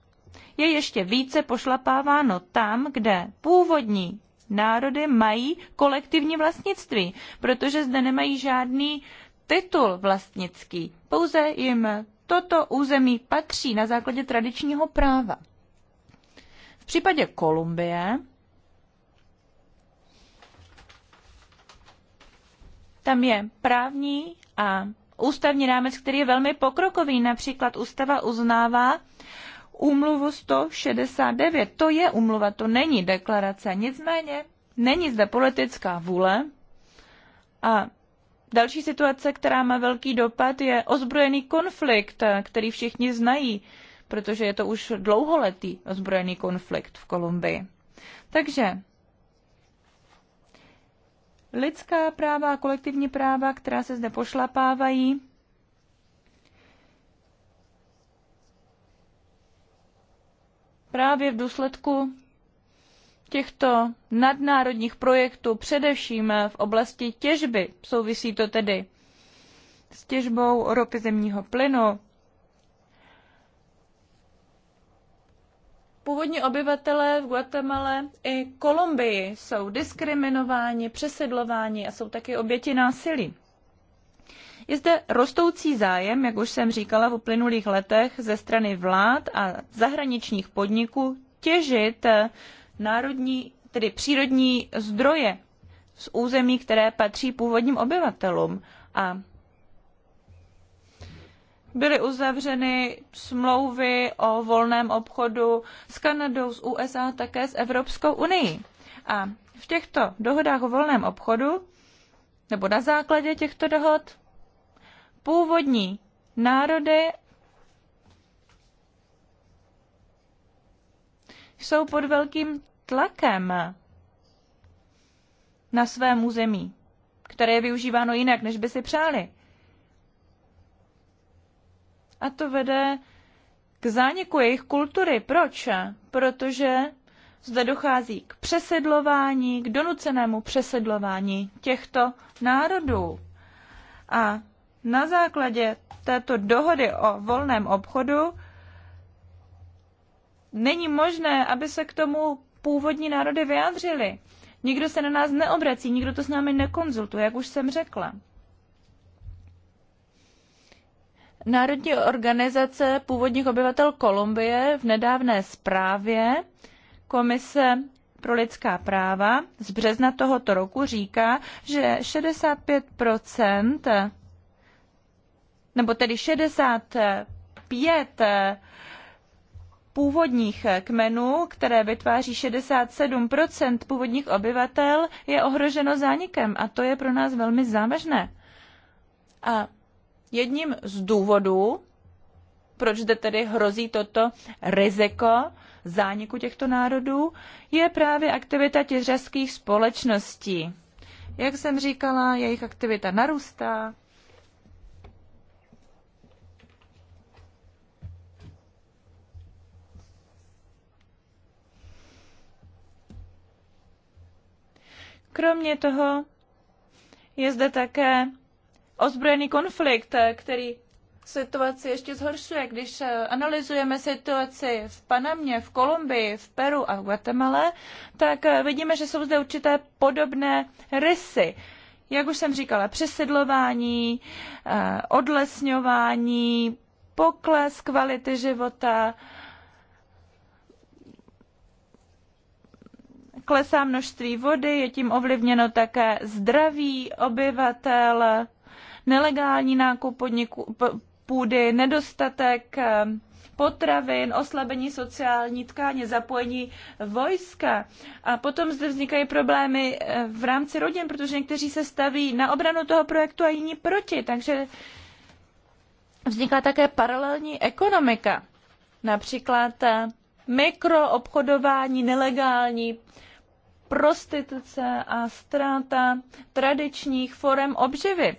je ještě více pošlapáváno tam, kde původní národy mají kolektivní vlastnictví, protože zde nemají žádný titul vlastnický. Pouze jim toto území patří na základě tradičního práva. V případě Kolumbie Tam je právní a ústavní rámec, který je velmi pokrokový. Například ústava uznává úmluvu 169. To je úmluva, to není deklarace. Nicméně není zde politická vůle a Další situace, která má velký dopad, je ozbrojený konflikt, který všichni znají, protože je to už dlouholetý ozbrojený konflikt v Kolumbii. Takže lidská práva a kolektivní práva, která se zde pošlapávají. Právě v důsledku těchto nadnárodních projektů, především v oblasti těžby, souvisí to tedy s těžbou ropy zemního plynu, Původní obyvatelé v Guatemala i Kolumbii jsou diskriminováni, přesedlováni a jsou taky oběti násilí. Je zde rostoucí zájem, jak už jsem říkala, v uplynulých letech ze strany vlád a zahraničních podniků těžit eh, národní, tedy přírodní zdroje z území, které patří původním obyvatelům. A byly uzavřeny smlouvy o volném obchodu s Kanadou, s USA, také s Evropskou unii. A v těchto dohodách o volném obchodu, nebo na základě těchto dohod, původní národy jsou pod velkým tlakem na svém území, které je využíváno jinak, než by si přáli. A to vede k zániku jejich kultury. Proč? Protože zde dochází k přesedlování, k donucenému přesedlování těchto národů. A na základě této dohody o volném obchodu není možné, aby se k tomu původní národy vyjádřili. Nikdo se na nás neobrací, nikdo to s námi nekonzultuje, jak už jsem řekla. Národní organizace původních obyvatel Kolumbie v nedávné zprávě Komise pro lidská práva z března tohoto roku říká, že 65 nebo tedy 65 původních kmenů, které vytváří 67 původních obyvatel, je ohroženo zánikem a to je pro nás velmi závažné. A jedním z důvodů, proč zde tedy hrozí toto riziko zániku těchto národů, je právě aktivita těžařských společností. Jak jsem říkala, jejich aktivita narůstá. Kromě toho je zde také ozbrojený konflikt, eh, který situaci ještě zhoršuje. Když eh, analyzujeme situaci v Panamě, v Kolumbii, v Peru a v Guatemala, tak eh, vidíme, že jsou zde určité podobné rysy. Jak už jsem říkala, přesedlování, odlesňování, pokles kvality života, klesá množství vody, je tím ovlivněno také zdraví obyvatel, nelegální nákup podniku, půdy, nedostatek eh, potravin, oslabení sociální tkáně, zapojení vojska. A potom zde vznikají problémy eh, v rámci rodin, protože někteří se staví na obranu toho projektu a jiní proti. Takže vzniká také paralelní ekonomika. Například eh, mikroobchodování nelegální, prostituce a ztráta tradičních forem obživy.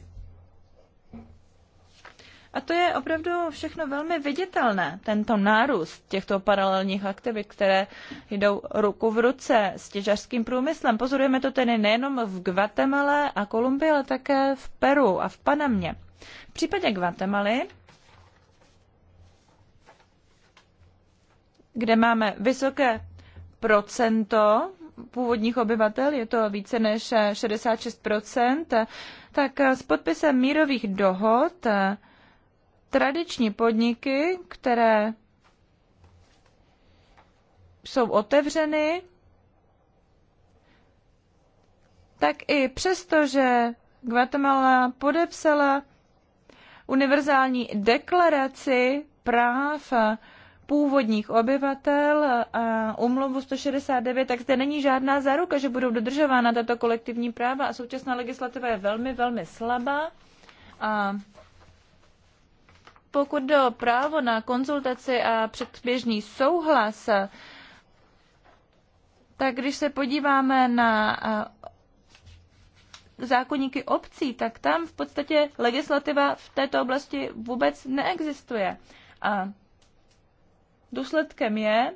A to je opravdu všechno velmi viditelné, tento nárůst těchto paralelních aktivit, které jdou ruku v ruce s těžařským průmyslem. Pozorujeme to tedy nejenom v Guatemala a Kolumbii, ale také v Peru a v Panamě. V případě Guatemaly, kde máme vysoké procento původních obyvatel, je to více než 66%, tak s podpisem mírových dohod tradiční podniky, které jsou otevřeny, tak i přesto, že Guatemala podepsala univerzální deklaraci práv původních obyvatel a umluvu 169, tak zde není žádná záruka, že budou dodržována tato kolektivní práva a současná legislativa je velmi, velmi slabá. A pokud jde o právo na konzultaci a předběžný souhlas, tak když se podíváme na zákonníky obcí, tak tam v podstatě legislativa v této oblasti vůbec neexistuje. A důsledkem je,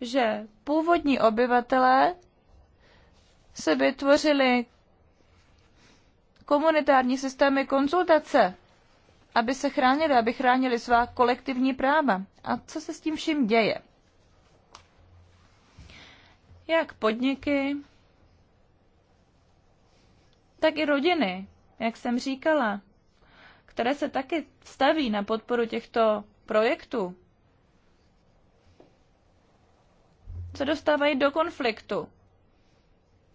že původní obyvatelé se vytvořili komunitární systémy konzultace aby se chránili, aby chránili svá kolektivní práva. A co se s tím vším děje? Jak podniky, tak i rodiny, jak jsem říkala, které se taky staví na podporu těchto projektů, se dostávají do konfliktu.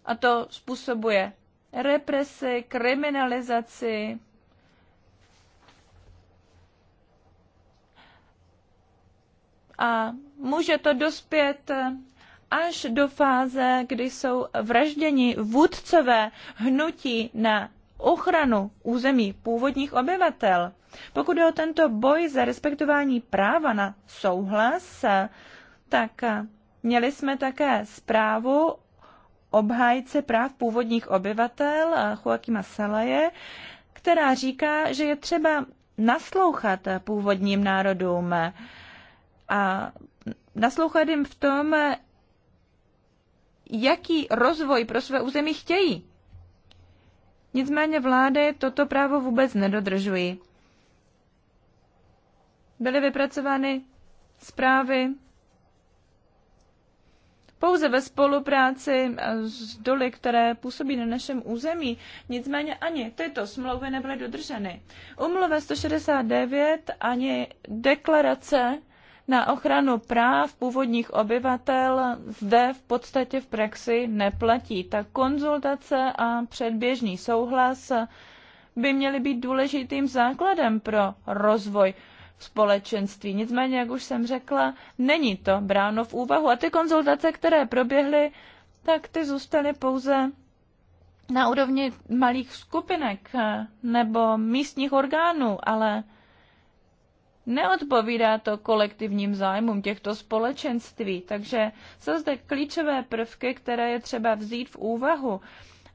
A to způsobuje represi, kriminalizaci, a může to dospět eh, až do fáze, kdy jsou vražděni vůdcové hnutí na ochranu území původních obyvatel. Pokud je o tento boj za respektování práva na souhlas, eh, tak eh, měli jsme také zprávu obhájce práv původních obyvatel Joaquima Salaje, která říká, že je třeba naslouchat původním národům a naslouchat jim v tom, jaký rozvoj pro své území chtějí. Nicméně vlády toto právo vůbec nedodržují. Byly vypracovány zprávy pouze ve spolupráci s doly, které působí na našem území. Nicméně ani tyto smlouvy nebyly dodrženy. Umluva 169 ani deklarace na ochranu práv původních obyvatel zde v podstatě v praxi neplatí. Ta konzultace a předběžný souhlas by měly být důležitým základem pro rozvoj společenství. Nicméně, jak už jsem řekla, není to bráno v úvahu. A ty konzultace, které proběhly, tak ty zůstaly pouze na úrovni malých skupinek nebo místních orgánů, ale Neodpovídá to kolektivním zájmům těchto společenství, takže jsou zde klíčové prvky, které je třeba vzít v úvahu.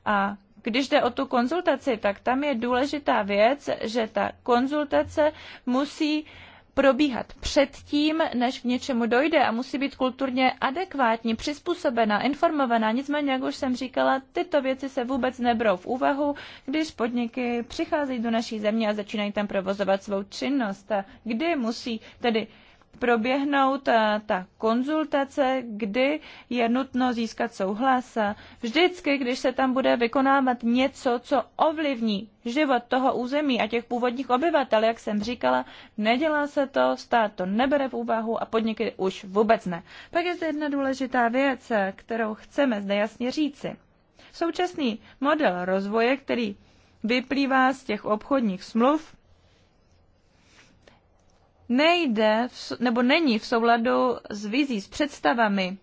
A když jde o tu konzultaci, tak tam je důležitá věc, že ta konzultace musí probíhat předtím, než k něčemu dojde a musí být kulturně adekvátní, přizpůsobená, informovaná. Nicméně, jak už jsem říkala, tyto věci se vůbec nebrou v úvahu, když podniky přicházejí do naší země a začínají tam provozovat svou činnost. a Kdy musí tedy proběhnout eh, ta konzultace, kdy je nutno získat souhlas. Vždycky, když se tam bude vykonávat něco, co ovlivní život toho území a těch původních obyvatel, jak jsem říkala, nedělá se to, stát to nebere v úvahu a podniky už vůbec ne. Pak je zde jedna důležitá věc, eh, kterou chceme zde jasně říci. Současný model rozvoje, který vyplývá z těch obchodních smluv, nejde v, nebo není v souladu s vizí, s představami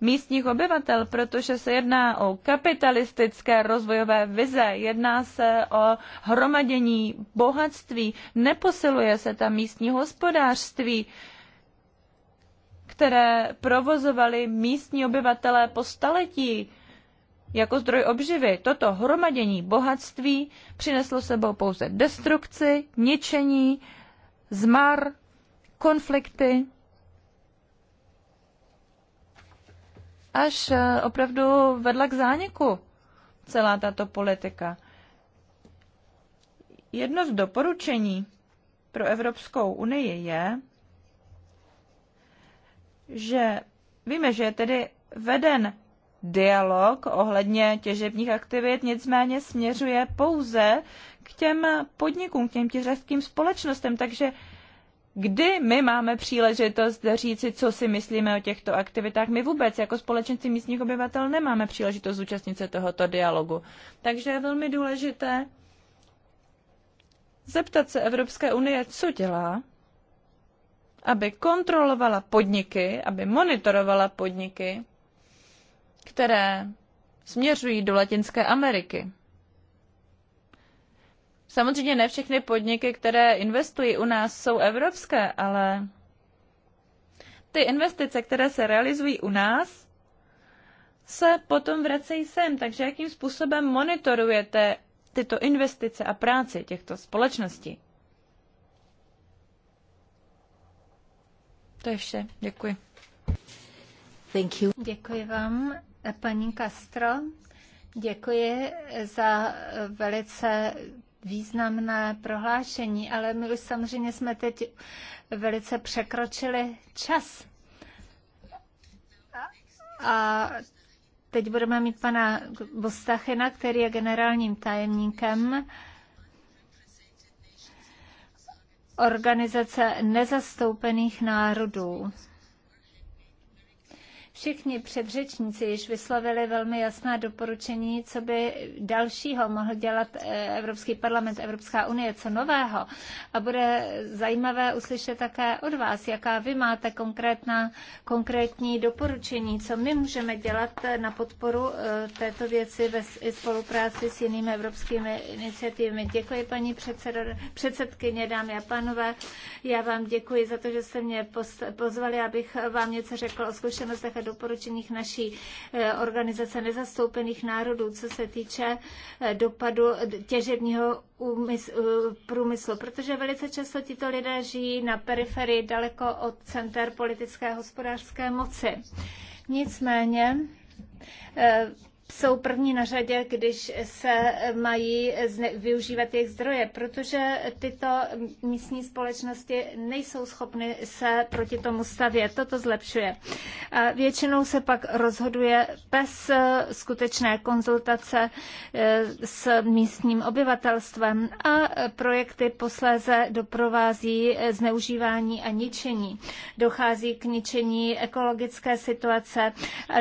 místních obyvatel, protože se jedná o kapitalistické rozvojové vize, jedná se o hromadění bohatství, neposiluje se tam místní hospodářství, které provozovali místní obyvatelé po staletí jako zdroj obživy. Toto hromadění bohatství přineslo sebou pouze destrukci, ničení, zmar, konflikty, až eh, opravdu vedla k zániku celá tato politika. Jedno z doporučení pro Evropskou unii je, že víme, že je tedy veden dialog ohledně těžebních aktivit, nicméně směřuje pouze k těm podnikům, k těm těžebským společnostem, takže kdy my máme příležitost říci, co si myslíme o těchto aktivitách. My vůbec jako společenci místních obyvatel nemáme příležitost zúčastnit se tohoto dialogu. Takže je velmi důležité zeptat se Evropské unie, co dělá, aby kontrolovala podniky, aby monitorovala podniky, které směřují do Latinské Ameriky. Samozřejmě ne všechny podniky, které investují u nás, jsou evropské, ale ty investice, které se realizují u nás, se potom vracejí sem. Takže jakým způsobem monitorujete tyto investice a práci těchto společností? To je vše. Děkuji. Thank you. Děkuji vám, paní Castro. Děkuji za velice významné prohlášení, ale my už samozřejmě jsme teď velice překročili čas. A teď budeme mít pana Bostachina, který je generálním tajemníkem Organizace nezastoupených národů. Všichni předřečníci již vyslovili velmi jasná doporučení, co by dalšího mohl dělat eh, Evropský parlament, Evropská unie, co nového. A bude zajímavé uslyšet také od vás, jaká vy máte konkrétna, konkrétní doporučení, co my můžeme dělat na podporu eh, této věci ve spolupráci s jinými evropskými iniciativami. Děkuji, paní předsedo, předsedkyně, dámy a pánové. Já vám děkuji za to, že jste mě pozvali, abych vám něco řekl o zkušenostech doporučeních naší eh, organizace nezastoupených národů, co se týče eh, dopadu těžebního eh, průmyslu, protože velice často tito lidé žijí na periferii daleko od center politické a hospodářské moci. Nicméně jsou první na řadě, když se mají využívat jejich zdroje, protože tyto místní společnosti nejsou schopny se proti tomu stavět. Toto zlepšuje. A většinou se pak rozhoduje bez eh, skutečné konzultace eh, s místním obyvatelstvem a projekty posléze doprovází eh, zneužívání a ničení. Dochází k ničení ekologické situace,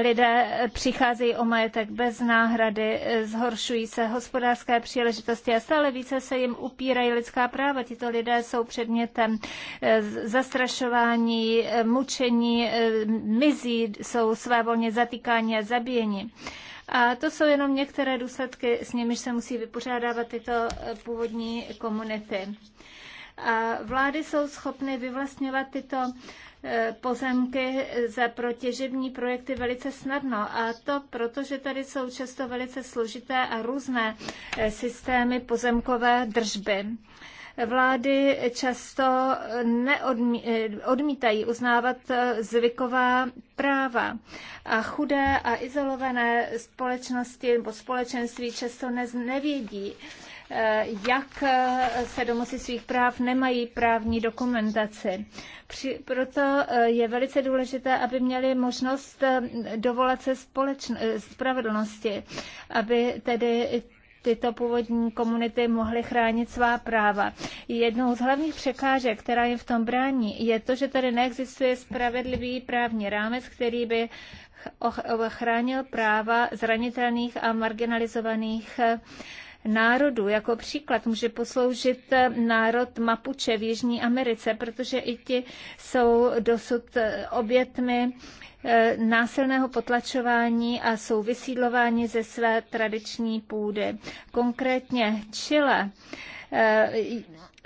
lidé přicházejí o majetek bez náhrady, eh, zhoršují se hospodářské příležitosti a stále více se jim upírají lidská práva. Tito lidé jsou předmětem eh, zastrašování, eh, mučení, mizí, jsou svévolně zatýkáni a zabíjeni. A to jsou jenom některé důsledky, s nimiž se musí vypořádávat tyto původní komunity. A vlády jsou schopny vyvlastňovat tyto E, pozemky za protěžební projekty velice snadno. A to proto, že tady jsou často velice složité a různé e, systémy pozemkové držby vlády často neodmí, e, odmítají uznávat zvyková práva. A chudé a izolované společnosti nebo společenství často nevědí, Eh, jak eh, se domoci svých práv, nemají právní dokumentaci. Při, proto eh, je velice důležité, aby měli možnost dovolat se společn- spravedlnosti, aby tedy tyto původní komunity mohly chránit svá práva. Jednou z hlavních překážek, která jim v tom brání, je to, že tady neexistuje spravedlivý právní rámec, který by chránil práva zranitelných a marginalizovaných uh, národů. Jako příklad může posloužit národ Mapuche v Jižní Americe, protože i ti jsou dosud eh, obětmi eh, násilného potlačování a jsou vysídlováni ze své tradiční půdy. Konkrétně Chile eh,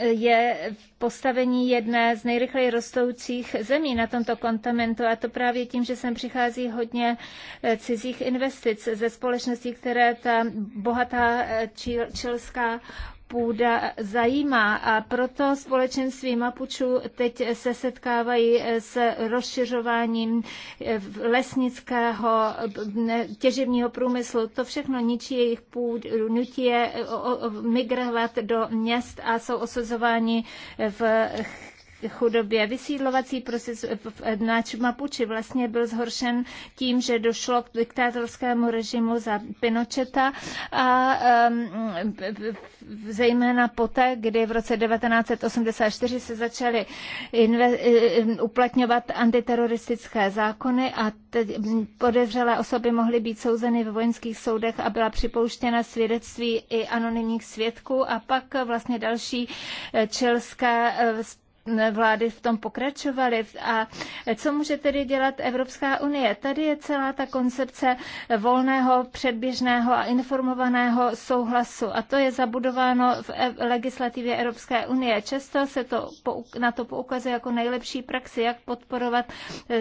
je v postavení jedné z nejrychleji rostoucích zemí na tomto kontinentu a to právě tím, že sem přichází hodně eh, cizích investic ze společností, které ta bohatá eh, čilská půda zajímá a proto společenství Mapučů teď se setkávají s rozšiřováním lesnického těžebního průmyslu. To všechno ničí jejich půdu, nutí je migrovat do měst a jsou osazováni v chudobě. Vysídlovací proces na Mapuči vlastně byl zhoršen tím, že došlo k diktátorskému režimu za Pinocheta a um, zejména poté, kdy v roce 1984 se začaly uplatňovat antiteroristické zákony a teď podezřelé osoby mohly být souzeny ve vojenských soudech a byla připouštěna svědectví i anonymních svědků a pak vlastně další eh, čilské eh, vlády v tom pokračovaly. A co může tedy dělat Evropská unie? Tady je celá ta koncepce volného, předběžného a informovaného souhlasu. A to je zabudováno v e- legislativě Evropské unie. Často se to na to poukazuje jako nejlepší praxi, jak podporovat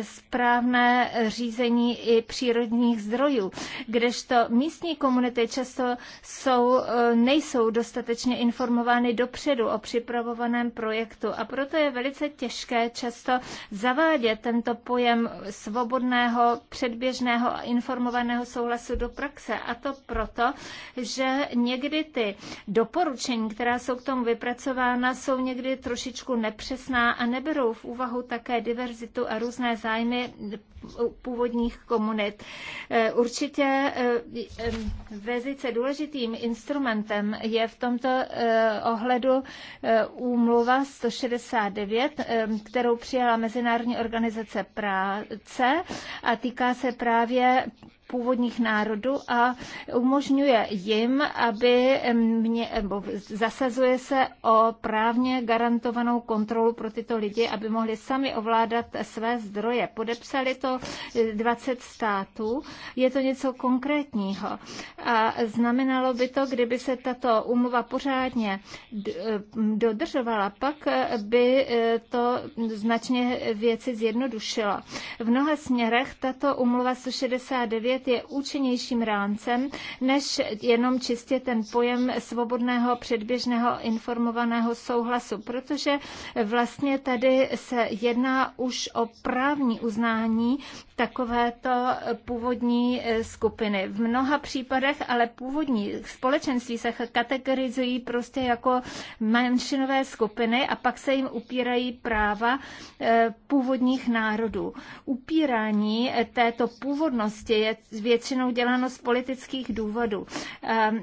správné řízení i přírodních zdrojů, kdežto místní komunity často jsou, e- nejsou dostatečně informovány dopředu o připravovaném projektu. A proto proto je velice těžké často zavádět tento pojem svobodného, předběžného a informovaného souhlasu do praxe. A to proto, že někdy ty doporučení, která jsou k tomu vypracována, jsou někdy trošičku nepřesná a neberou v úvahu také diverzitu a různé zájmy původních komunit. Eh, určitě eh, velice důležitým instrumentem je v tomto eh, ohledu úmluva 169, kterou přijala Mezinárodní organizace práce a týká se právě původních národů a umožňuje jim, aby mě, zasazuje se o právně garantovanou kontrolu pro tyto lidi, aby mohli sami ovládat své zdroje. Podepsali to 20 eh, států. Je to něco konkrétního. A znamenalo by to, kdyby se tato umova pořádně eh, dodržovala, pak eh, by to značně věci zjednodušilo. V mnoha směrech tato umluva 169 Solvit je účinnějším rámcem, než jenom čistě ten pojem svobodného předběžného informovaného souhlasu, protože vlastně tady se jedná už o právní uznání takovéto původní eh, skupiny. V mnoha případech ale původní společenství se kategorizují prostě jako menšinové skupiny a pak se jim upírají práva eh, původních národů. Upírání eh, této původnosti je většinou děláno z politických důvodů, ehm,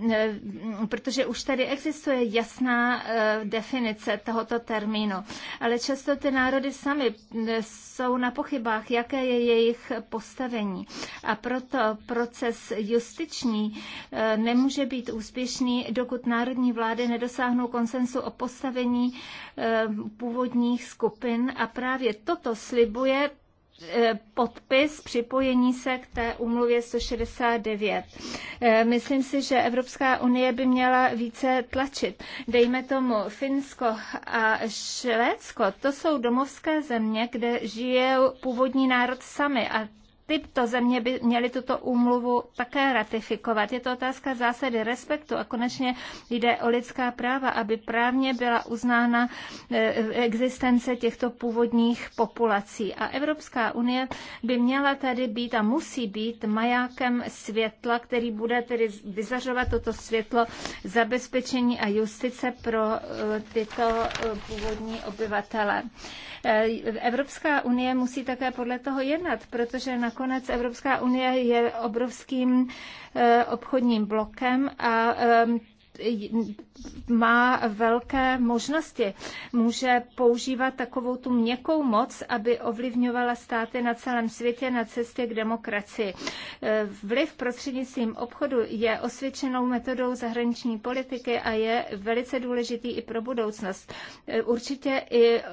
protože už tady existuje jasná definice tohoto termínu. Ale často ty národy sami mm, jsou na pochybách, jaké je jejich jejich postavení. A proto proces justiční eh, nemůže být úspěšný, dokud národní vlády nedosáhnou konsensu o postavení eh, původních skupin. A právě toto slibuje Eh, podpis připojení se k té umluvě 169. Eh, myslím si, že Evropská unie by měla více tlačit. Dejme tomu Finsko a Švédsko, to jsou domovské země, kde žije původní národ sami a tyto země by měly tuto úmluvu také ratifikovat. Je to otázka zásady respektu a konečně jde o lidská práva, aby právně byla uznána eh, existence těchto původních populací. A Evropská unie by měla tady být a musí být majákem světla, který bude tedy vyzařovat toto světlo zabezpečení a justice pro eh, tyto eh, původní obyvatele. Evropská unie musí také podle toho jednat, protože na nakonec Evropská unie je obrovským eh, obchodním blokem a eh, má velké možnosti. Může používat takovou tu měkkou moc, aby ovlivňovala státy na celém světě na cestě k demokracii. Vliv prostřednictvím obchodu je osvědčenou metodou zahraniční politiky a je velice důležitý i pro budoucnost. Určitě i eh,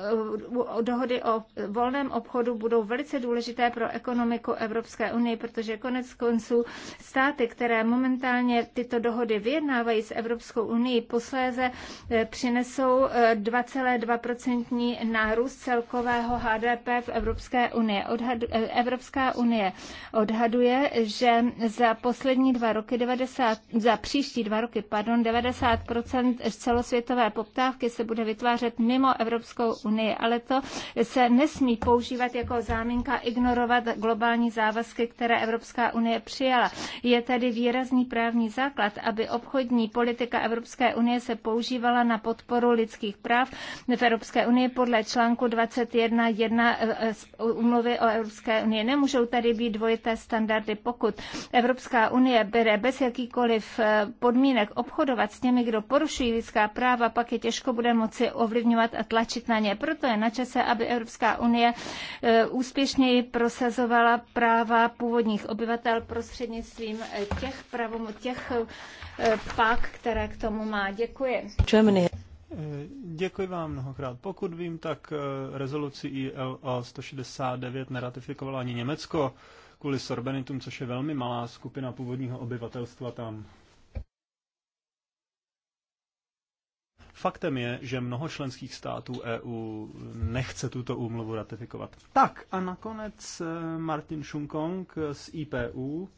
dohody o volném obchodu budou velice důležité pro ekonomiku Evropské unie, protože konec konců státy, které momentálně tyto dohody vyjednávají s Evropskou Evropskou unii posléze eh, přinesou 2,2% eh, nárůst celkového HDP v Evropské unii. Odhad, eh, Evropská unie odhaduje, že za poslední dva roky 90, za příští dva roky, pardon, 90% celosvětové poptávky se bude vytvářet mimo Evropskou unii, ale to se nesmí používat jako záminka ignorovat globální závazky, které Evropská unie přijala. Je tady výrazný právní základ, aby obchodní politika politika Evropské unie se používala na podporu lidských práv v Evropské unii podle článku 21.1 eh, eh, umluvy o Evropské unii. Nemůžou tady být dvojité standardy, pokud Evropská unie bere bez jakýkoliv eh, podmínek obchodovat s těmi, kdo porušují lidská práva, pak je těžko bude moci ovlivňovat a tlačit na ně. Proto je na čase, aby Evropská unie úspěšněji prosazovala práva původních obyvatel prostřednictvím těch, pravomu, těch pak, které které k tomu má. Děkuji. Germany. Děkuji vám mnohokrát. Pokud vím, tak eh, rezoluci ILO 169 neratifikovala ani Německo kvůli sorbenitum, což je velmi malá skupina původního obyvatelstva tam. Faktem je, že mnoho členských států EU nechce tuto úmluvu ratifikovat. Tak a nakonec eh, Martin Šunkong z IPU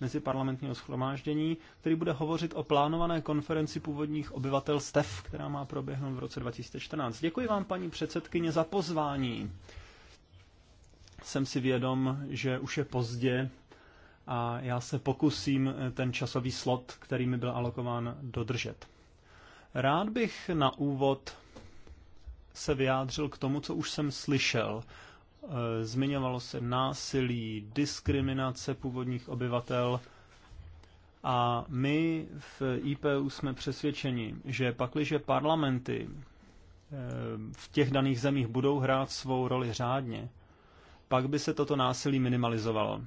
meziparlamentního schromáždění, který bude hovořit o plánované konferenci původních obyvatel STEF, která má proběhnout v roce 2014. Děkuji vám, paní předsedkyně, za pozvání. Jsem si vědom, že už je pozdě a já se pokusím ten časový slot, který mi byl alokován, dodržet. Rád bych na úvod se vyjádřil k tomu, co už jsem slyšel Eh, zmiňovalo se násilí, diskriminace původních obyvatel. A my v IPU jsme přesvědčeni, že pakliže parlamenty eh, v těch daných zemích budou hrát svou roli řádně, pak by se toto násilí minimalizovalo.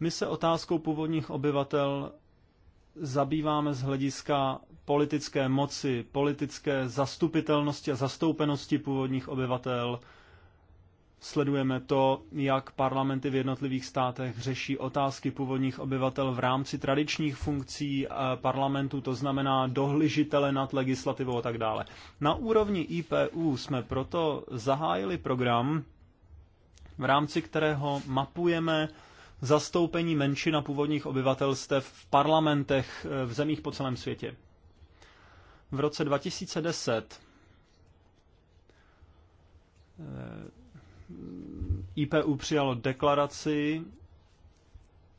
My se otázkou původních obyvatel zabýváme z hlediska politické moci, politické zastupitelnosti a zastoupenosti původních obyvatel. Sledujeme to, jak parlamenty v jednotlivých státech řeší otázky původních obyvatel v rámci tradičních funkcí eh, parlamentu, to znamená dohlížitele nad legislativou a tak dále. Na úrovni IPU jsme proto zahájili program, v rámci kterého mapujeme zastoupení menšina původních obyvatelstev v parlamentech eh, v zemích po celém světě v roce 2010 eh, IPU přijalo deklaraci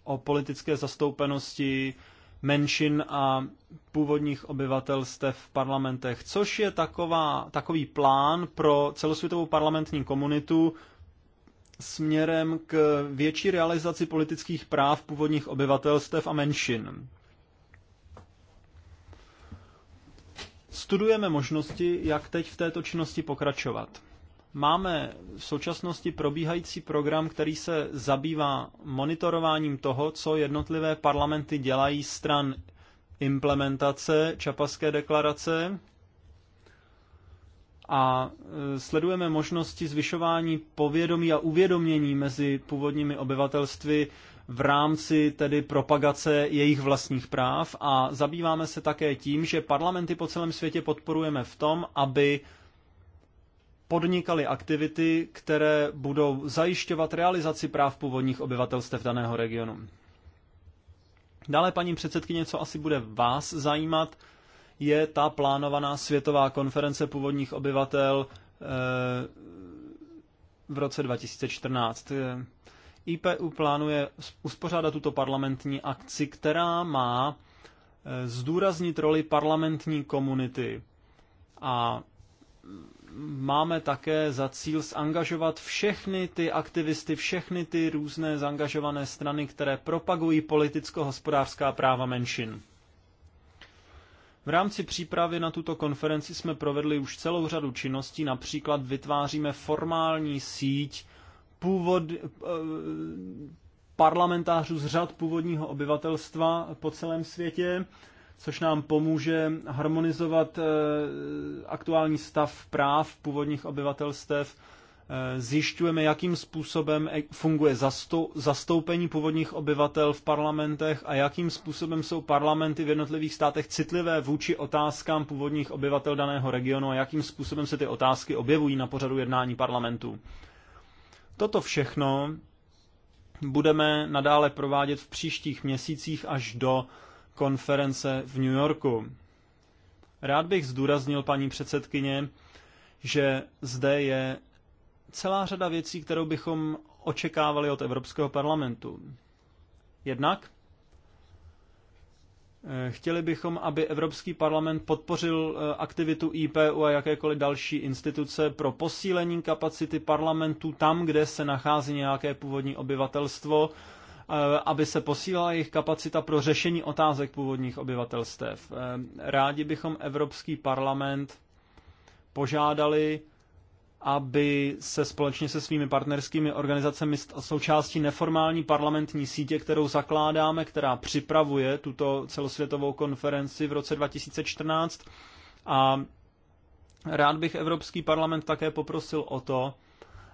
o politické zastoupenosti menšin a původních obyvatelstev v parlamentech, což je taková, takový plán pro celosvětovou parlamentní komunitu směrem k větší realizaci politických práv původních obyvatelstev a menšin. Studujeme možnosti, jak teď v této činnosti pokračovat. Máme v současnosti probíhající program, který se zabývá monitorováním toho, co jednotlivé parlamenty dělají stran implementace Čapaské deklarace a e, sledujeme možnosti zvyšování povědomí a uvědomění mezi původními obyvatelstvy v rámci tedy propagace jejich vlastních práv a zabýváme se také tím, že parlamenty po celém světě podporujeme v tom, aby podnikali aktivity, které budou zajišťovat realizaci práv původních obyvatelstev daného regionu. Dále, paní předsedkyně, co asi bude vás zajímat, je ta plánovaná světová konference původních obyvatel eh, v roce 2014. IPU plánuje uspořádat tuto parlamentní akci, která má eh, zdůraznit roli parlamentní komunity. A mm, máme také za cíl zangažovat všechny ty aktivisty, všechny ty různé zangažované strany, které propagují politicko-hospodářská práva menšin. V rámci přípravy na tuto konferenci jsme provedli už celou řadu činností, například vytváříme formální síť původ, eh, parlamentářů z řad původního obyvatelstva po celém světě, což nám pomůže harmonizovat eh, aktuální stav práv původních obyvatelstev. Eh, zjišťujeme, jakým způsobem e- funguje zastoupení původních obyvatel v parlamentech a jakým způsobem jsou parlamenty v jednotlivých státech citlivé vůči otázkám původních obyvatel daného regionu a jakým způsobem se ty otázky objevují na pořadu jednání parlamentů. Toto všechno budeme nadále provádět v příštích měsících až do konference v New Yorku. Rád bych zdůraznil, paní předsedkyně, že zde je celá řada věcí, kterou bychom očekávali od Evropského parlamentu. Jednak Eh, chtěli bychom, aby Evropský parlament podpořil eh, aktivitu IPU a jakékoliv další instituce pro posílení kapacity parlamentu tam, kde se nachází nějaké původní obyvatelstvo, eh, aby se posílala jejich kapacita pro řešení otázek původních obyvatelstev. Rádi bychom Evropský parlament požádali aby se společně se svými partnerskými organizacemi součástí neformální parlamentní sítě, kterou zakládáme, která připravuje tuto celosvětovou konferenci v roce 2014. A rád bych Evropský parlament také poprosil o to,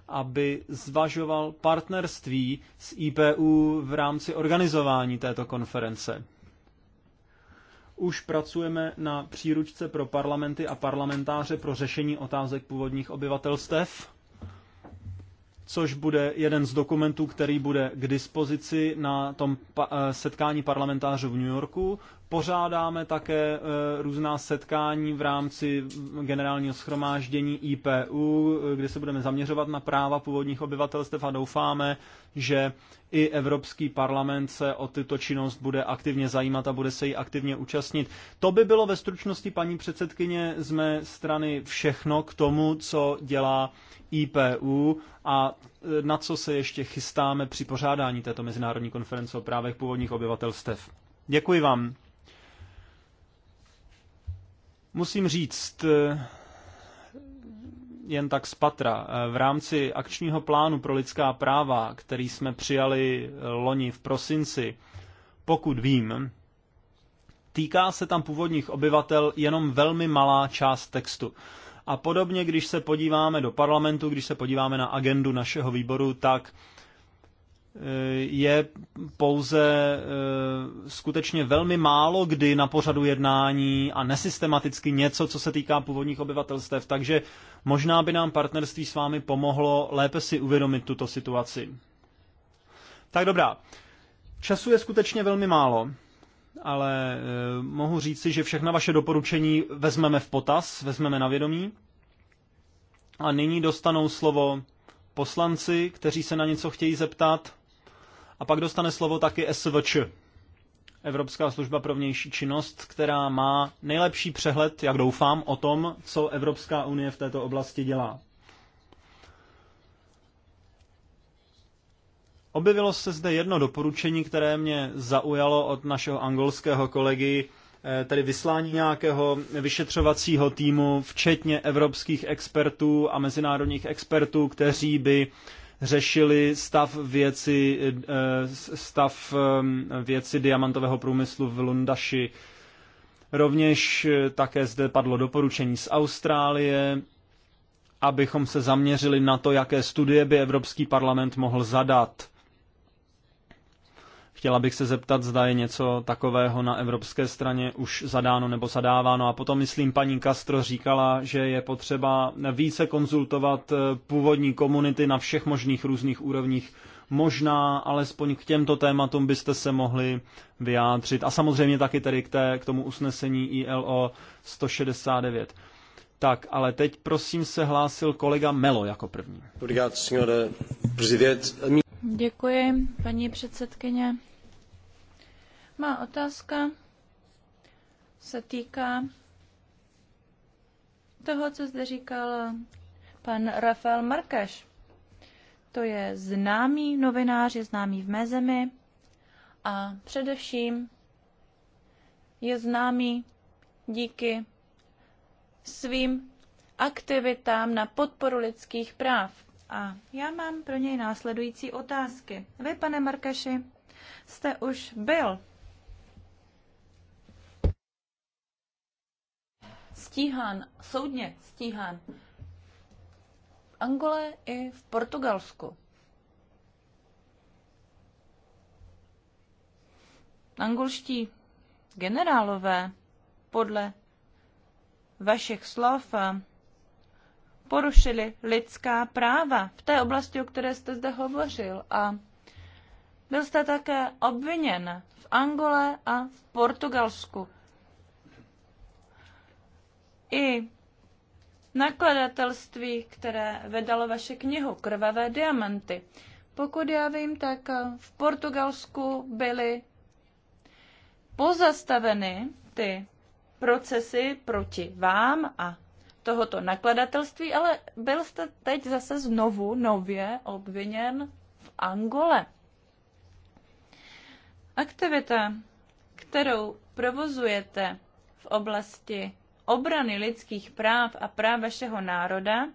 aby zvažoval partnerství s IPU v rámci organizování této konference. Už pracujeme na příručce pro parlamenty a parlamentáře pro řešení otázek původních obyvatelstev, což bude jeden z dokumentů, který bude k dispozici na tom eh, setkání parlamentářů v New Yorku. Pořádáme také eh, různá setkání v rámci generálního schromáždění IPU, eh, kde se budeme zaměřovat na práva původních obyvatelstev a doufáme, že i Evropský parlament se o tyto činnost bude aktivně zajímat a bude se jí aktivně účastnit. To by bylo ve stručnosti, paní předsedkyně, z mé strany všechno k tomu, co dělá IPU a e, na co se ještě chystáme při pořádání této mezinárodní konference o právech původních obyvatelstev. Děkuji vám. Musím říct, e, jen tak spatra eh, V rámci akčního plánu pro lidská práva, který jsme přijali eh, loni v prosinci, pokud vím, týká se tam původních obyvatel jenom velmi malá část textu. A podobně, když se podíváme do parlamentu, když se podíváme na agendu našeho výboru, tak Eh, je pouze eh, skutečně velmi málo kdy na pořadu jednání a nesystematicky něco, co se týká původních obyvatelstev. Takže možná by nám partnerství s vámi pomohlo lépe si uvědomit tuto situaci. Tak dobrá. Času je skutečně velmi málo, ale eh, mohu říci, že všechna vaše doporučení vezmeme v potaz, vezmeme na vědomí. A nyní dostanou slovo poslanci, kteří se na něco chtějí zeptat. A pak dostane slovo taky SVČ, Evropská služba pro vnější činnost, která má nejlepší přehled, jak doufám, o tom, co Evropská unie v této oblasti dělá. Objevilo se zde jedno doporučení, které mě zaujalo od našeho angolského kolegy, eh, tedy vyslání nějakého vyšetřovacího týmu, včetně evropských expertů a mezinárodních expertů, kteří by řešili stav věci, eh, stav ehm, věci diamantového průmyslu v Lundaši. Rovněž eh, také zde padlo doporučení z Austrálie, abychom se zaměřili na to, jaké studie by Evropský parlament mohl zadat Chtěla bych se zeptat, zda je něco takového na evropské straně už zadáno nebo zadáváno. A potom, myslím, paní Castro říkala, že je potřeba více konzultovat eh, původní komunity na všech možných různých úrovních. Možná alespoň k těmto tématům byste se mohli vyjádřit. A samozřejmě taky tedy k, té, k tomu usnesení ILO 169. Tak, ale teď prosím se hlásil kolega Melo jako první. Děkuji, paní předsedkyně. Má otázka se týká toho, co zde říkal pan Rafael Markeš. To je známý novinář, je známý v mé zemi a především je známý díky svým aktivitám na podporu lidských práv. A já mám pro něj následující otázky. Vy, pane Markeši, jste už byl stíhán, soudně stíhán v Angole i v Portugalsku. Angolští generálové podle vašich slov eh, porušili lidská práva v té oblasti, o které jste zde hovořil. A byl jste také obviněn v Angole a v Portugalsku i nakladatelství, které vydalo vaše knihu Krvavé diamanty. Pokud já vím, tak v Portugalsku byly pozastaveny ty procesy proti vám a tohoto nakladatelství, ale byl jste teď zase znovu nově obviněn v Angole. Aktivita, kterou provozujete v oblasti obrany lidských práv a práv vašeho národa,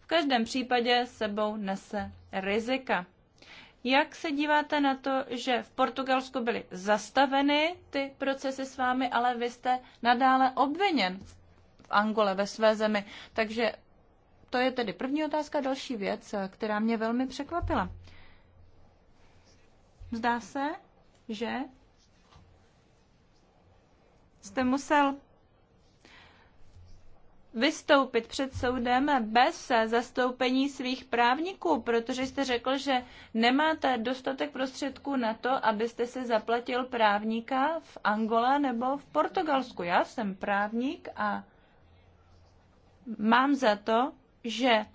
v každém případě sebou nese rizika. Jak se díváte na to, že v Portugalsku byly zastaveny ty procesy s vámi, ale vy jste nadále obviněn v Angole, ve své zemi? Takže to je tedy první otázka, další věc, která mě velmi překvapila. Zdá se, že jste musel vystoupit před soudem bez zastoupení svých právníků, protože jste řekl, že nemáte dostatek prostředků na to, abyste se zaplatil právníka v Angole nebo v Portugalsku. Já jsem právník a mám za to, že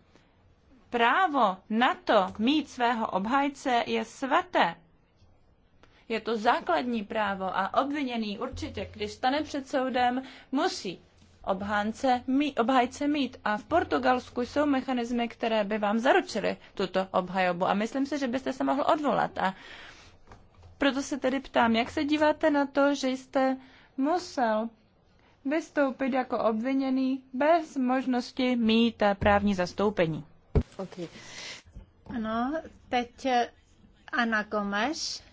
právo na to mít svého obhájce je svaté. Je to základní právo a obviněný určitě, když stane před soudem, musí obhánce, mý, obhájce mít. A v Portugalsku jsou mechanismy, které by vám zaručily tuto obhajobu. A myslím si, že byste se mohl odvolat. A proto se tedy ptám, jak se díváte na to, že jste musel vystoupit jako obviněný bez možnosti mít právní zastoupení. Okay. No, teď Ana Gomes.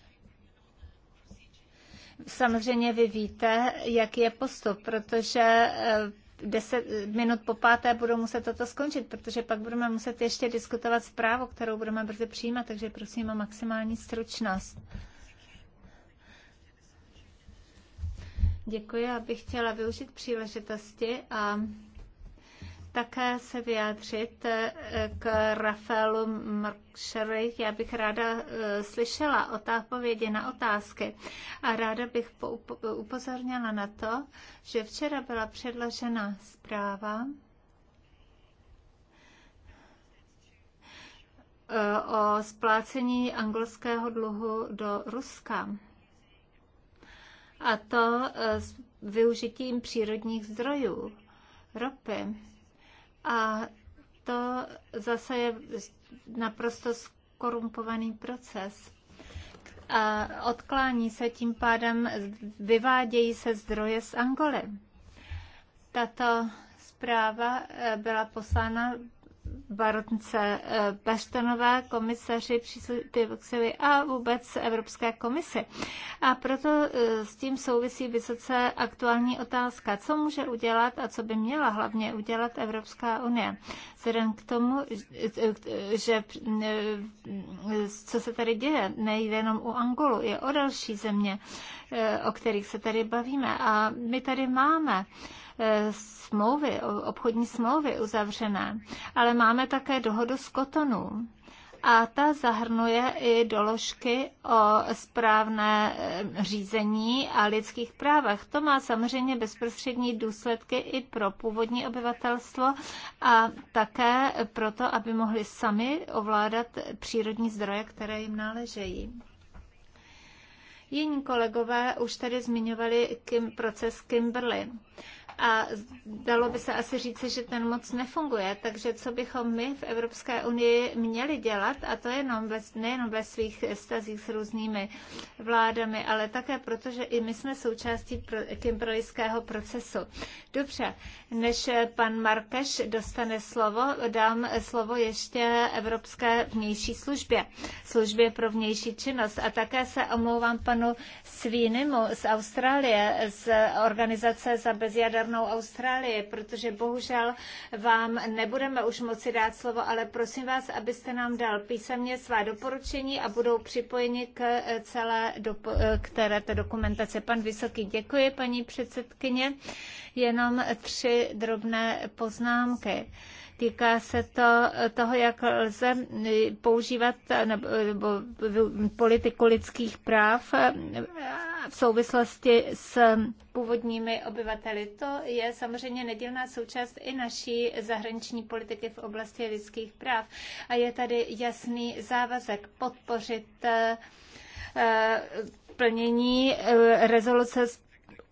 Samozřejmě vy víte, jaký je postup, protože eh, deset minut po páté budu muset toto skončit, protože pak budeme muset ještě diskutovat zprávu, kterou budeme brzy přijímat, takže prosím o maximální stručnost. Děkuji, abych chtěla využít příležitosti a také se vyjádřit eh, k Rafaelu Markšery. Já bych ráda eh, slyšela odpovědi na otázky a ráda bych upozornila na to, že včera byla předložena zpráva eh, o splácení anglického dluhu do Ruska. A to s využitím přírodních zdrojů, ropy. A to zase je naprosto skorumpovaný proces. A odklání se tím pádem, vyvádějí se zdroje z Angoly. Tato zpráva eh, byla poslána baronce Bastonové, eh, komisaři Pivoxovi a vůbec Evropské komise A proto eh, s tím souvisí vysoce aktuální otázka, co může udělat a co by měla hlavně udělat Evropská unie. Vzhledem k tomu, eh, že co se tady děje, nejde jenom u Angolu, je o další země, o kterých se tady bavíme. A my tady máme Eh, smlouvy, obchodní smlouvy uzavřené, ale máme také dohodu s Kotonu a ta zahrnuje i doložky o správné eh, řízení a lidských právech. To má samozřejmě bezprostřední důsledky i pro původní obyvatelstvo a také proto, aby mohli sami ovládat přírodní zdroje, které jim náležejí. Jiní kolegové už tady zmiňovali proces Kimberly a dalo by se asi říci, že ten moc nefunguje. Takže co bychom my v Evropské unii měli dělat, a to jenom ve, nejenom ve svých stazích s různými vládami, ale také proto, že i my jsme součástí pro, kimperlického procesu. Dobře, než pan Markeš dostane slovo, dám slovo ještě Evropské vnější službě, službě pro vnější činnost. A také se omlouvám panu Svínimu z Austrálie, z organizace za bezjadernou Severnou Austrálie, protože bohužel vám nebudeme už moci dát slovo, ale prosím vás, abyste nám dal písemně svá doporučení a budou připojeni k eh, celé dopo- eh, k této dokumentace. Pan Vysoký, děkuji, paní předsedkyně. Jenom tři drobné poznámky. Týká se to eh, toho, jak lze používat nebo, nebo, politiku lidských práv v souvislosti s původními obyvateli. To je samozřejmě nedílná součást i naší zahraniční politiky v oblasti lidských práv. A je tady jasný závazek podpořit eh, eh, plnění eh, rezoluce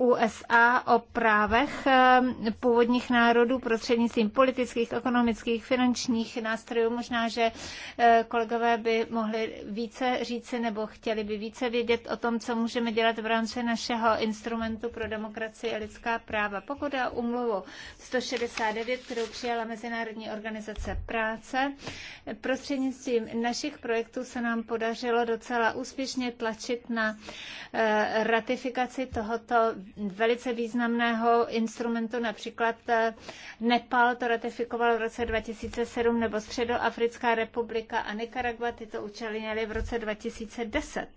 USA o právech eh, původních národů prostřednictvím politických, ekonomických, finančních nástrojů. Možná, že eh, kolegové by mohli více říci nebo chtěli by více vědět o tom, co můžeme dělat v rámci našeho instrumentu pro demokracii a lidská práva. Pokud je o umluvu 169, kterou přijala Mezinárodní organizace práce, prostřednictvím našich projektů se nám podařilo docela úspěšně tlačit na eh, ratifikaci tohoto velice významného instrumentu, například eh, Nepal to ratifikoval v roce 2007 nebo Středoafrická republika a Nicaragua tyto to učinili v roce 2010.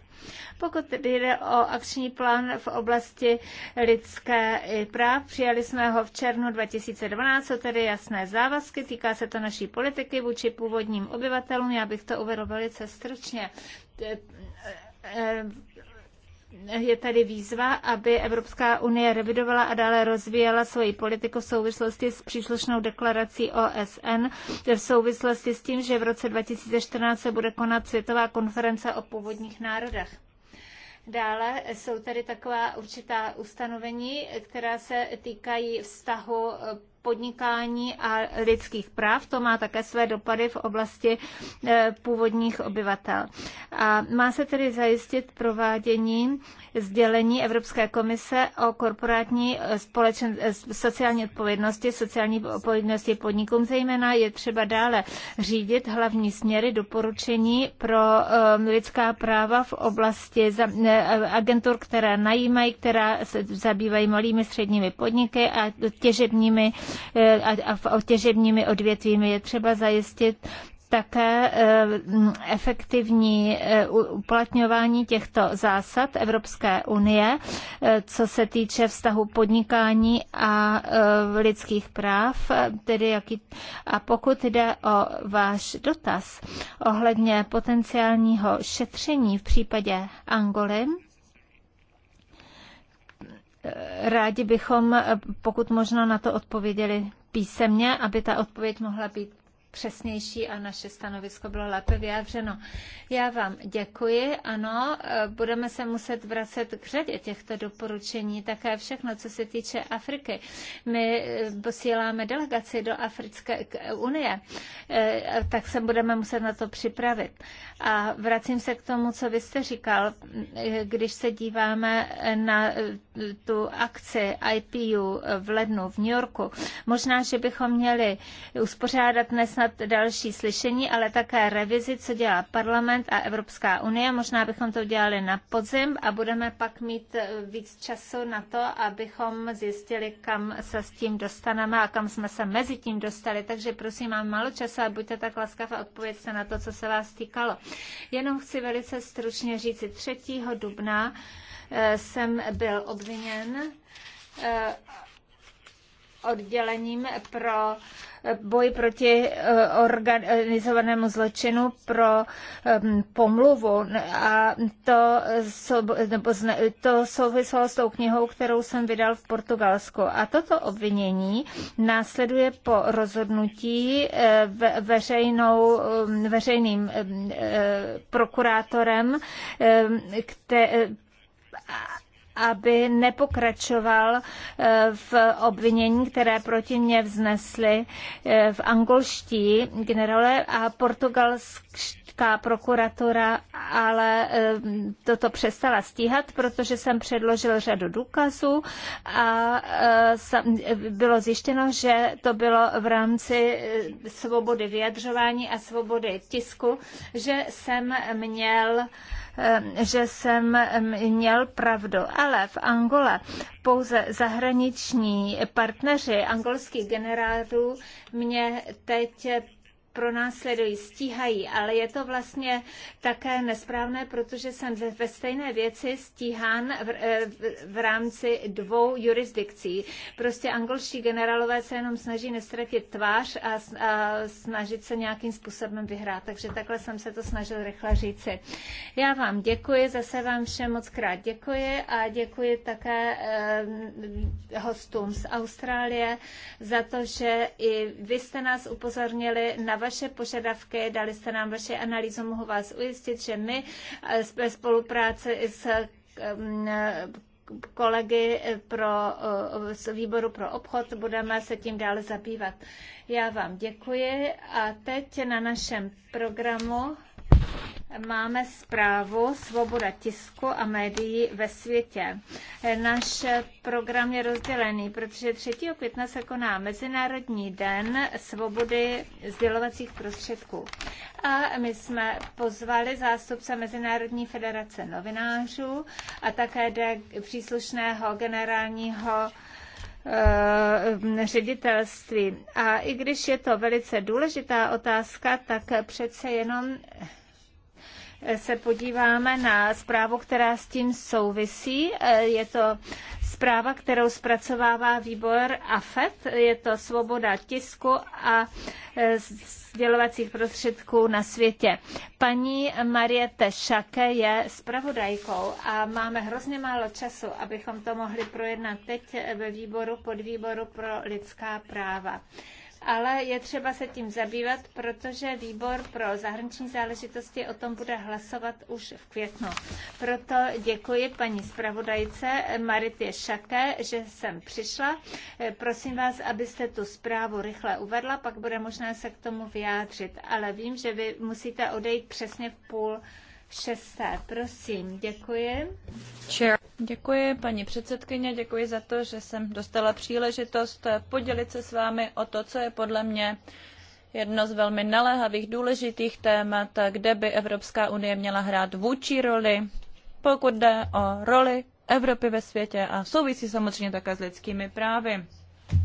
Pokud jde o akční plán v oblasti lidské práv, přijali jsme ho v červnu 2012, co tedy jasné závazky, týká se to naší politiky vůči původním obyvatelům, já bych to uvedl velice stručně eh, eh, je tady výzva, aby Evropská unie revidovala a dále rozvíjela svoji politiku v souvislosti s příslušnou deklarací OSN, v souvislosti s tím, že v roce 2014 se bude konat Světová konference o původních národech. Dále jsou tady taková určitá ustanovení, která se týkají vztahu podnikání a lidských práv. To má také své dopady v oblasti eh, původních obyvatel. A má se tedy zajistit provádění sdělení Evropské komise o korporátní eh, společen, eh, sociální odpovědnosti, sociální odpovědnosti podnikům. Zejména je třeba dále řídit hlavní směry doporučení pro lidská práva v oblasti agentur, které najímají, která se zabývají malými středními podniky a těžebními Eh, a těžebními odvětvími. Je třeba zajistit také eh, efektivní eh, uplatňování těchto zásad Evropské unie, co se týče vztahu podnikání a lidských práv, tedy jaký, a pokud jde o váš dotaz ohledně potenciálního šetření v případě Angoly, Rádi bychom, eh, pokud možno, na to odpověděli písemně, aby ta odpověď mohla být přesnější a naše stanovisko bylo lépe vyjádřeno. Já vám děkuji. Ano, e, budeme se muset vracet k řadě těchto doporučení, také všechno, co se týče Afriky. My e, posíláme delegaci do Africké e, unie, tak se budeme muset na to připravit. A vracím se k tomu, co vy jste říkal, když se díváme na tu akci IPU v lednu v New Yorku. Možná, že bychom měli uspořádat dnes snad další slyšení, ale také revizi, co dělá parlament a Evropská unie. Možná bychom to udělali na podzim a budeme pak mít eh, víc času na to, abychom zjistili, kam se s tím dostaneme a kam jsme se mezi tím dostali. Takže prosím, mám málo času a buďte tak laskav a odpověďte na to, co se vás týkalo. Jenom chci velice stručně říci, 3. dubna eh, jsem byl obviněn eh, oddělením pro boj proti eh, organizovanému zločinu pro pomluvu a to, nebo to souvislo s tou knihou, kterou jsem vydal v Portugalsku. A toto obvinění následuje po rozhodnutí eh, veřejnou, veřejným eh, prokurátorem, které aby nepokračoval eh, v obvinění, které proti mně vznesli eh, v angolští generále a portugalští teďka prokuratura ale eh, toto přestala stíhat, protože jsem předložil řadu důkazů a eh, bylo zjištěno, že to bylo v rámci eh, svobody vyjadřování a svobody tisku, že jsem měl že jsem měl pravdu. Ale v Angole pouze zahraniční partneři angolských generálů mě teď pro sledují, stíhají, ale je to vlastně také nesprávné, protože jsem ve stejné věci stíhán v, eh, v, v rámci dvou jurisdikcí. Prostě angolští generálové se jenom snaží nestratit tvář a, a snažit se nějakým způsobem vyhrát. Takže takhle jsem se to snažil rychle říci. Já vám děkuji, zase vám všem moc krát děkuji a děkuji také eh, hostům z Austrálie za to, že i vy jste nás upozornili na vaše požadavky, dali jste nám vaše analýzu, mohu vás ujistit, že my eh, ve spolupráci s mm, eh, kolegy eh, pro, z výboru pro obchod budeme se tím dále zabývat. Já vám děkuji a teď na našem programu máme zprávu Svoboda tisku a médií ve světě. Náš program je rozdělený, protože 3. května se koná Mezinárodní den svobody sdělovacích prostředků. A my jsme pozvali zástupce Mezinárodní federace novinářů a také příslušného generálního eh, ředitelství. A i když je to velice důležitá otázka, tak přece jenom se podíváme na zprávu, která s tím souvisí. Je to zpráva, kterou zpracovává výbor AFET. Je to svoboda tisku a sdělovacích prostředků na světě. Paní Marie Tešake je zpravodajkou a máme hrozně málo času, abychom to mohli projednat teď ve výboru pod výboru pro lidská práva ale je třeba se tím zabývat, protože výbor pro zahraniční záležitosti o tom bude hlasovat už v květnu. Proto děkuji paní zpravodajce Maritě Šaké, že jsem přišla. Prosím vás, abyste tu zprávu rychle uvedla, pak bude možné se k tomu vyjádřit. Ale vím, že vy musíte odejít přesně v půl šesté. Prosím, děkuji. Chair. Děkuji, paní předsedkyně, děkuji za to, že jsem dostala příležitost podělit se s vámi o to, co je podle mě jedno z velmi naléhavých důležitých témat, kde by Evropská unie měla hrát vůči roli, pokud jde o roli Evropy ve světě a souvisí samozřejmě také s lidskými právy.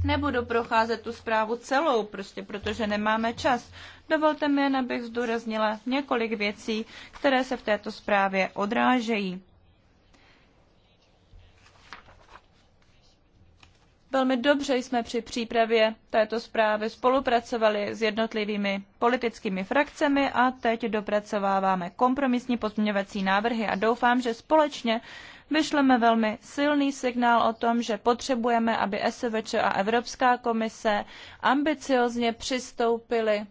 Nebudu procházet tu zprávu celou, prostě protože nemáme čas. Dovolte mi, jen abych zdůraznila několik věcí, které se v této zprávě odrážejí. Velmi dobře jsme při přípravě této zprávy spolupracovali s jednotlivými politickými frakcemi a teď dopracováváme kompromisní pozměňovací návrhy a doufám, že společně vyšleme velmi silný signál o tom, že potřebujeme, aby SVČ a Evropská komise ambiciozně přistoupily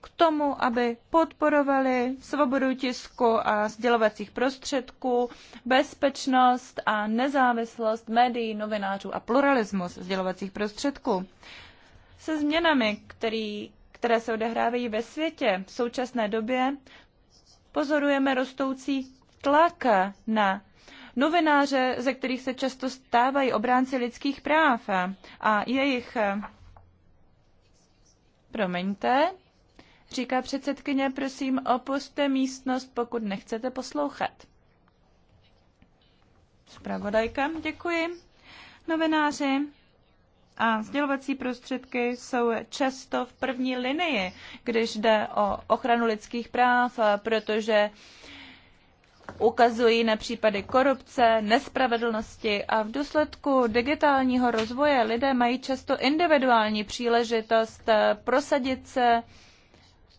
k tomu, aby podporovali svobodu tisku a sdělovacích prostředků, bezpečnost a nezávislost médií, novinářů a pluralismus sdělovacích prostředků. Se změnami, který, které se odehrávají ve světě v současné době, pozorujeme rostoucí tlaka na novináře, ze kterých se často stávají obránci lidských práv a jejich... Promiňte, říká předsedkyně, prosím, opuste místnost, pokud nechcete poslouchat. Spravodajka, děkuji. Novináři a sdělovací prostředky jsou často v první linii, když jde o ochranu lidských práv, protože ukazují na případy korupce, nespravedlnosti a v důsledku digitálního rozvoje lidé mají často individuální příležitost eh, prosadit se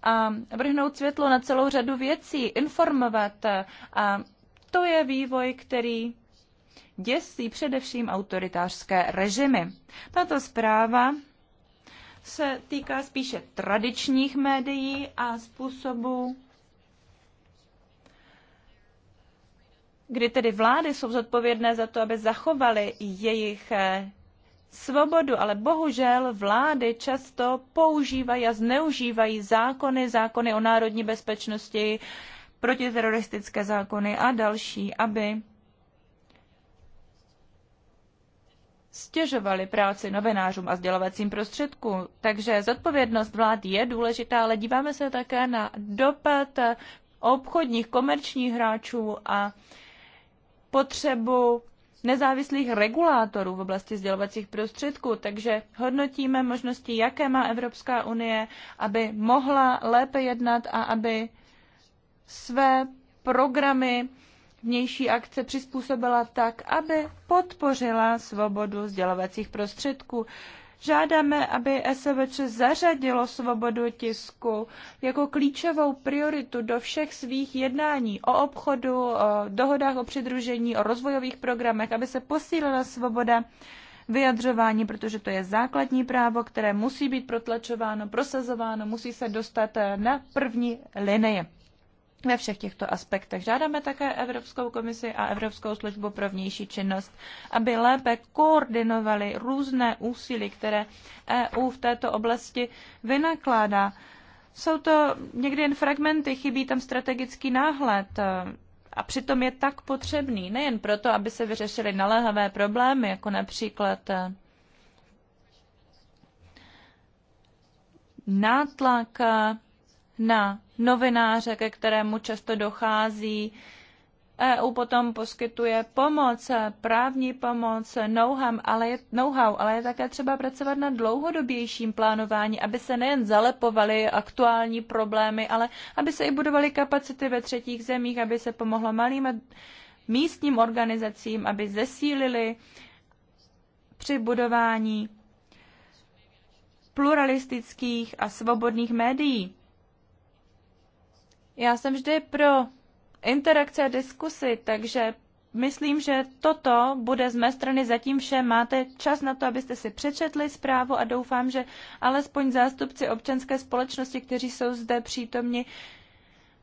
a vrhnout světlo na celou řadu věcí, informovat. Eh, a to je vývoj, který děsí především autoritářské režimy. Tato zpráva se týká spíše tradičních médií a způsobu, kdy tedy vlády jsou zodpovědné za to, aby zachovali jejich eh, svobodu, ale bohužel vlády často používají a zneužívají zákony, zákony o národní bezpečnosti, protiteroristické zákony a další, aby stěžovali práci novinářům a sdělovacím prostředku. Takže zodpovědnost vlád je důležitá, ale díváme se také na dopad obchodních, komerčních hráčů a potřebu nezávislých regulátorů v oblasti sdělovacích prostředků, takže hodnotíme možnosti, jaké má Evropská unie, aby mohla lépe jednat a aby své programy vnější akce přizpůsobila tak, aby podpořila svobodu sdělovacích prostředků. Žádáme, aby SVČ zařadilo svobodu tisku jako klíčovou prioritu do všech svých jednání o obchodu, o dohodách o přidružení, o rozvojových programech, aby se posílila svoboda vyjadřování, protože to je základní právo, které musí být protlačováno, prosazováno, musí se dostat na první linie ve všech těchto aspektech. Žádáme také Evropskou komisi a Evropskou službu pro vnější činnost, aby lépe koordinovali různé úsilí, které EU v této oblasti vynakládá. Jsou to někdy jen fragmenty, chybí tam strategický náhled eh, a přitom je tak potřebný, nejen proto, aby se vyřešily naléhavé problémy, jako například eh, nátlak eh, na novináře, ke kterému často dochází. EU potom poskytuje pomoc, právní pomoc, know-how, ale, je, know ale je také třeba pracovat na dlouhodobějším plánování, aby se nejen zalepovaly aktuální problémy, ale aby se i budovaly kapacity ve třetích zemích, aby se pomohlo malým místním organizacím, aby zesílili při budování pluralistických a svobodných médií. Já jsem vždy pro interakce a diskusy, takže myslím, že toto bude z mé strany zatím vše. Máte čas na to, abyste si přečetli zprávu a doufám, že alespoň zástupci občanské společnosti, kteří jsou zde přítomni,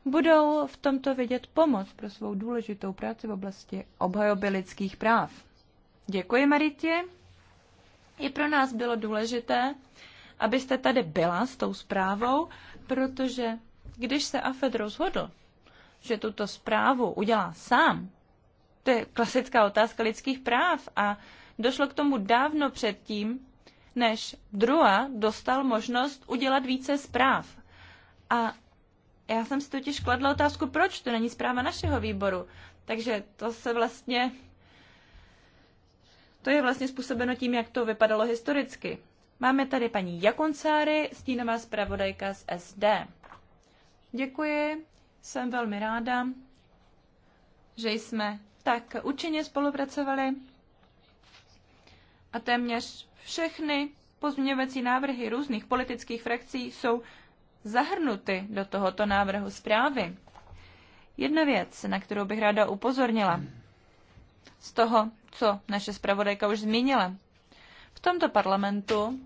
budou v tomto vidět pomoc pro svou důležitou práci v oblasti obhajoby lidských práv. Děkuji, Maritě. I pro nás bylo důležité, abyste tady byla s tou zprávou, protože když se AFED rozhodl, že tuto zprávu udělá sám, to je klasická otázka lidských práv a došlo k tomu dávno předtím, než Drua dostal možnost udělat více zpráv. A já jsem si totiž kladla otázku, proč to není zpráva našeho výboru. Takže to se vlastně to je vlastně způsobeno tím, jak to vypadalo historicky. Máme tady paní Jakoncáry, stínová zpravodajka z SD. Děkuji, jsem velmi ráda, že jsme tak účinně spolupracovali a téměř všechny pozměňovací návrhy různých politických frakcí jsou zahrnuty do tohoto návrhu zprávy. Jedna věc, na kterou bych ráda upozornila, z toho, co naše zpravodajka už zmínila. V tomto parlamentu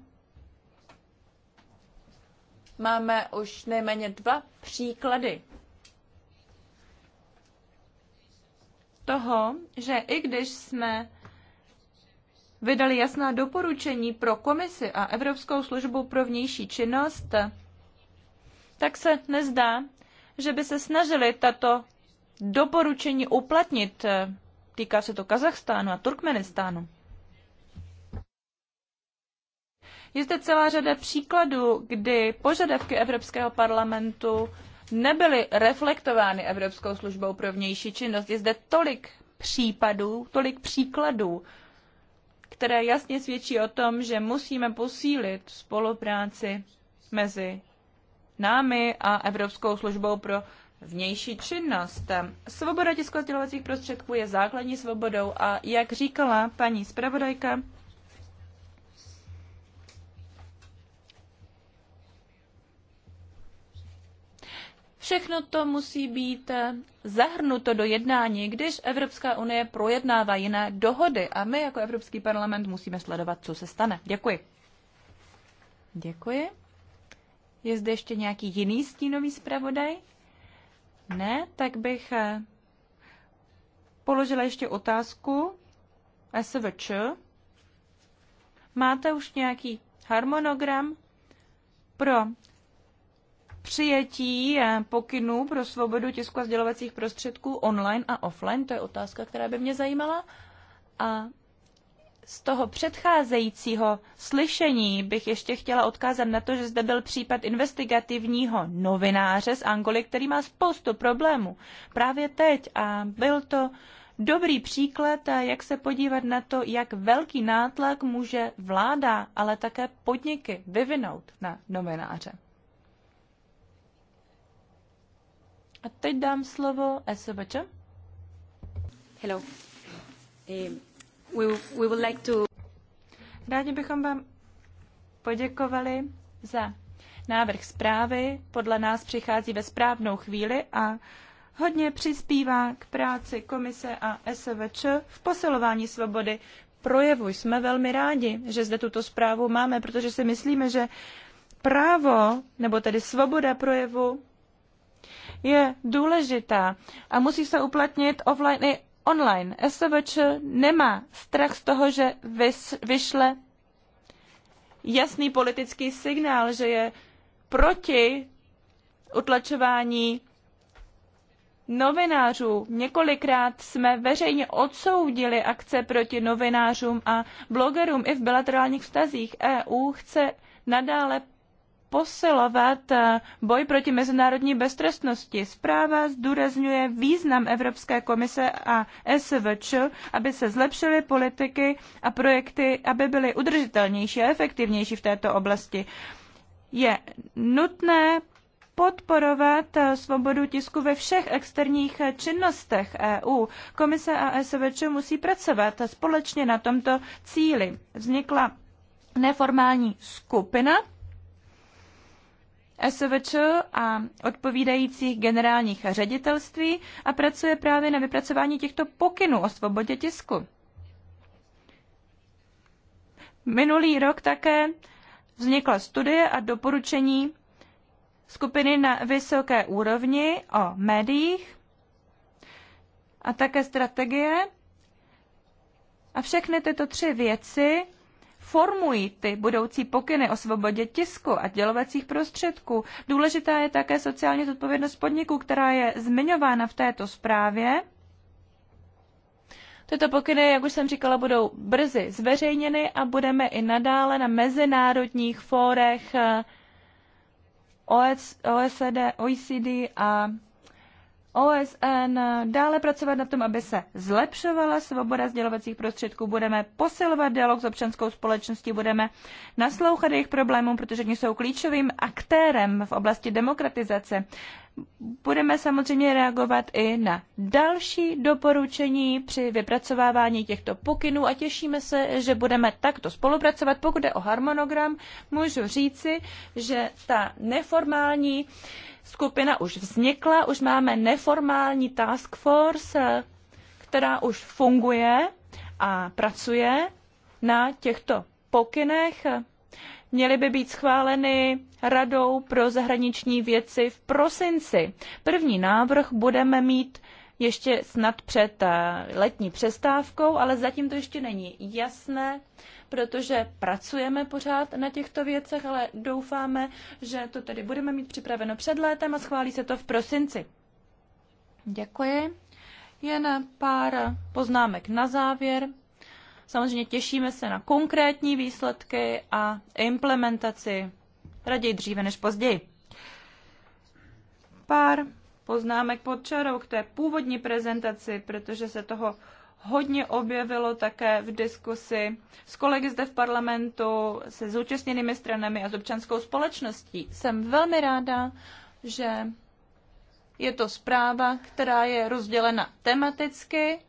máme už nejméně dva příklady toho, že i když jsme vydali jasná doporučení pro komisi a Evropskou službu pro vnější činnost, tak se nezdá, že by se snažili tato doporučení uplatnit. Týká se to Kazachstánu a Turkmenistánu. Je zde celá řada příkladů, kdy požadavky Evropského parlamentu nebyly reflektovány Evropskou službou pro vnější činnost. Je zde tolik případů, tolik příkladů, které jasně svědčí o tom, že musíme posílit spolupráci mezi námi a Evropskou službou pro vnější činnost. Svoboda tisku prostředků je základní svobodou a jak říkala paní zpravodajka, Všechno to musí být eh, zahrnuto do jednání, když Evropská unie projednává jiné dohody a my jako Evropský parlament musíme sledovat, co se stane. Děkuji. Děkuji. Je zde ještě nějaký jiný stínový zpravodaj? Ne, tak bych eh, položila ještě otázku SVČ. Máte už nějaký harmonogram pro přijetí eh, pokynů pro svobodu tisku a sdělovacích prostředků online a offline, to je otázka, která by mě zajímala. A z toho předcházejícího slyšení bych ještě chtěla odkázat na to, že zde byl případ investigativního novináře z Angoly, který má spoustu problémů právě teď a byl to dobrý příklad, eh, jak se podívat na to, jak velký nátlak může vláda, ale také podniky vyvinout na novináře. A teď dám slovo SVČ. Hello. Eh, we, we would like to... Rádi bychom vám poděkovali za návrh zprávy. Podle nás přichází ve správnou chvíli a hodně přispívá k práci komise a SVČ v posilování svobody projevu. Jsme velmi rádi, že zde tuto zprávu máme, protože si myslíme, že právo, nebo tedy svoboda projevu, je důležitá a musí se uplatnit offline i online. SVČ nemá strach z toho, že vys, vyšle jasný politický signál, že je proti utlačování novinářů. Několikrát jsme veřejně odsoudili akce proti novinářům a blogerům i v bilaterálních vztazích. EU chce nadále posilovat eh, boj proti mezinárodní beztrestnosti. Zpráva zdůrazňuje význam Evropské komise a SVČ, aby se zlepšily politiky a projekty, aby byly udržitelnější a efektivnější v této oblasti. Je nutné podporovat eh, svobodu tisku ve všech externích eh, činnostech EU. Komise a SVČ musí pracovat společně na tomto cíli. Vznikla neformální skupina SVČ a odpovídajících generálních ředitelství a pracuje právě na vypracování těchto pokynů o svobodě tisku. Minulý rok také vznikla studie a doporučení skupiny na vysoké úrovni o médiích a také strategie. A všechny tyto tři věci formují ty budoucí pokyny o svobodě tisku a dělovacích prostředků. Důležitá je také sociální zodpovědnost podniku, která je zmiňována v této zprávě. Tyto pokyny, jak už jsem říkala, budou brzy zveřejněny a budeme i nadále na mezinárodních fórech eh, OECD, OECD a OSN, dále pracovat na tom, aby se zlepšovala svoboda sdělovacích prostředků, budeme posilovat dialog s občanskou společností, budeme naslouchat jejich problémům, protože oni jsou klíčovým aktérem v oblasti demokratizace budeme samozřejmě reagovat i na další doporučení při vypracovávání těchto pokynů a těšíme se, že budeme takto spolupracovat. Pokud jde o harmonogram, můžu říci, že ta neformální skupina už vznikla, už máme neformální task force, která už funguje a pracuje na těchto pokynech měly by být schváleny Radou pro zahraniční věci v prosinci. První návrh budeme mít ještě snad před eh, letní přestávkou, ale zatím to ještě není jasné, protože pracujeme pořád na těchto věcech, ale doufáme, že to tedy budeme mít připraveno před létem a schválí se to v prosinci. Děkuji. Jen pár poznámek na závěr. Samozřejmě těšíme se na konkrétní výsledky a implementaci raději dříve než později. Pár poznámek pod čarou k té původní prezentaci, protože se toho hodně objevilo také v diskusi s kolegy zde v parlamentu, se zúčastněnými stranami a s občanskou společností. Jsem velmi ráda, že je to zpráva, která je rozdělena tematicky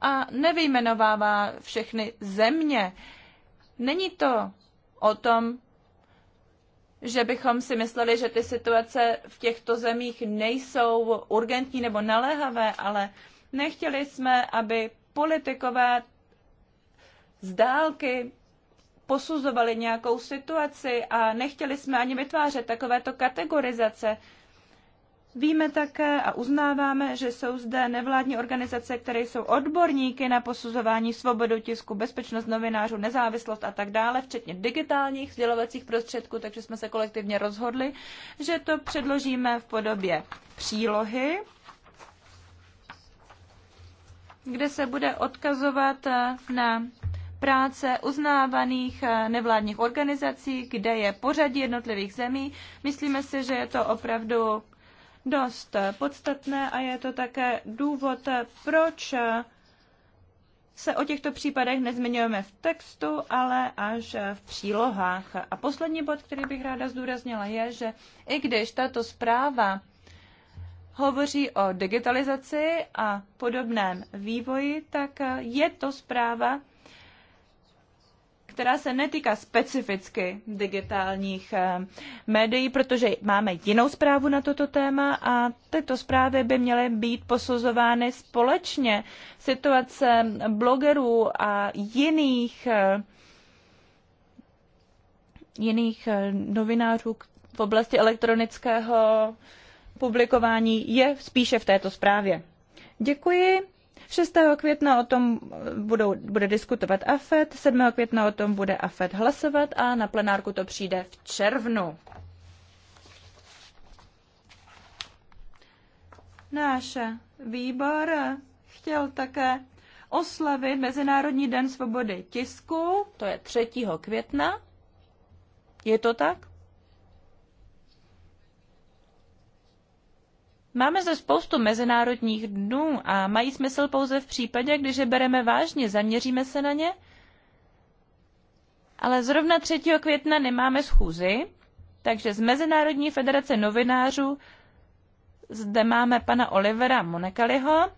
a nevyjmenovává všechny země. Není to o tom, že bychom si mysleli, že ty situace v těchto zemích nejsou urgentní nebo naléhavé, ale nechtěli jsme, aby politikové z dálky posuzovali nějakou situaci a nechtěli jsme ani vytvářet takovéto kategorizace. Víme také a uznáváme, že jsou zde nevládní organizace, které jsou odborníky na posuzování svobodu tisku, bezpečnost novinářů, nezávislost a tak dále, včetně digitálních sdělovacích prostředků, takže jsme se kolektivně rozhodli, že to předložíme v podobě přílohy, kde se bude odkazovat na práce uznávaných nevládních organizací, kde je pořadí jednotlivých zemí. Myslíme si, že je to opravdu dost podstatné a je to také důvod, proč se o těchto případech nezmiňujeme v textu, ale až v přílohách. A poslední bod, který bych ráda zdůraznila, je, že i když tato zpráva hovoří o digitalizaci a podobném vývoji, tak je to zpráva, která se netýká specificky digitálních eh, médií, protože máme jinou zprávu na toto téma a tyto zprávy by měly být posuzovány společně. Situace blogerů a jiných eh, jiných eh, novinářů v oblasti elektronického publikování je spíše v této zprávě. Děkuji. 6. května o tom budou, bude diskutovat AFET, 7. května o tom bude AFET hlasovat a na plenárku to přijde v červnu. Náš výbor chtěl také oslavit Mezinárodní den svobody tisku, to je 3. května. Je to tak? Máme zde spoustu mezinárodních dnů a mají smysl pouze v případě, když je bereme vážně, zaměříme se na ně. Ale zrovna 3. května nemáme schůzi, takže z Mezinárodní federace novinářů zde máme pana Olivera Monekaliho,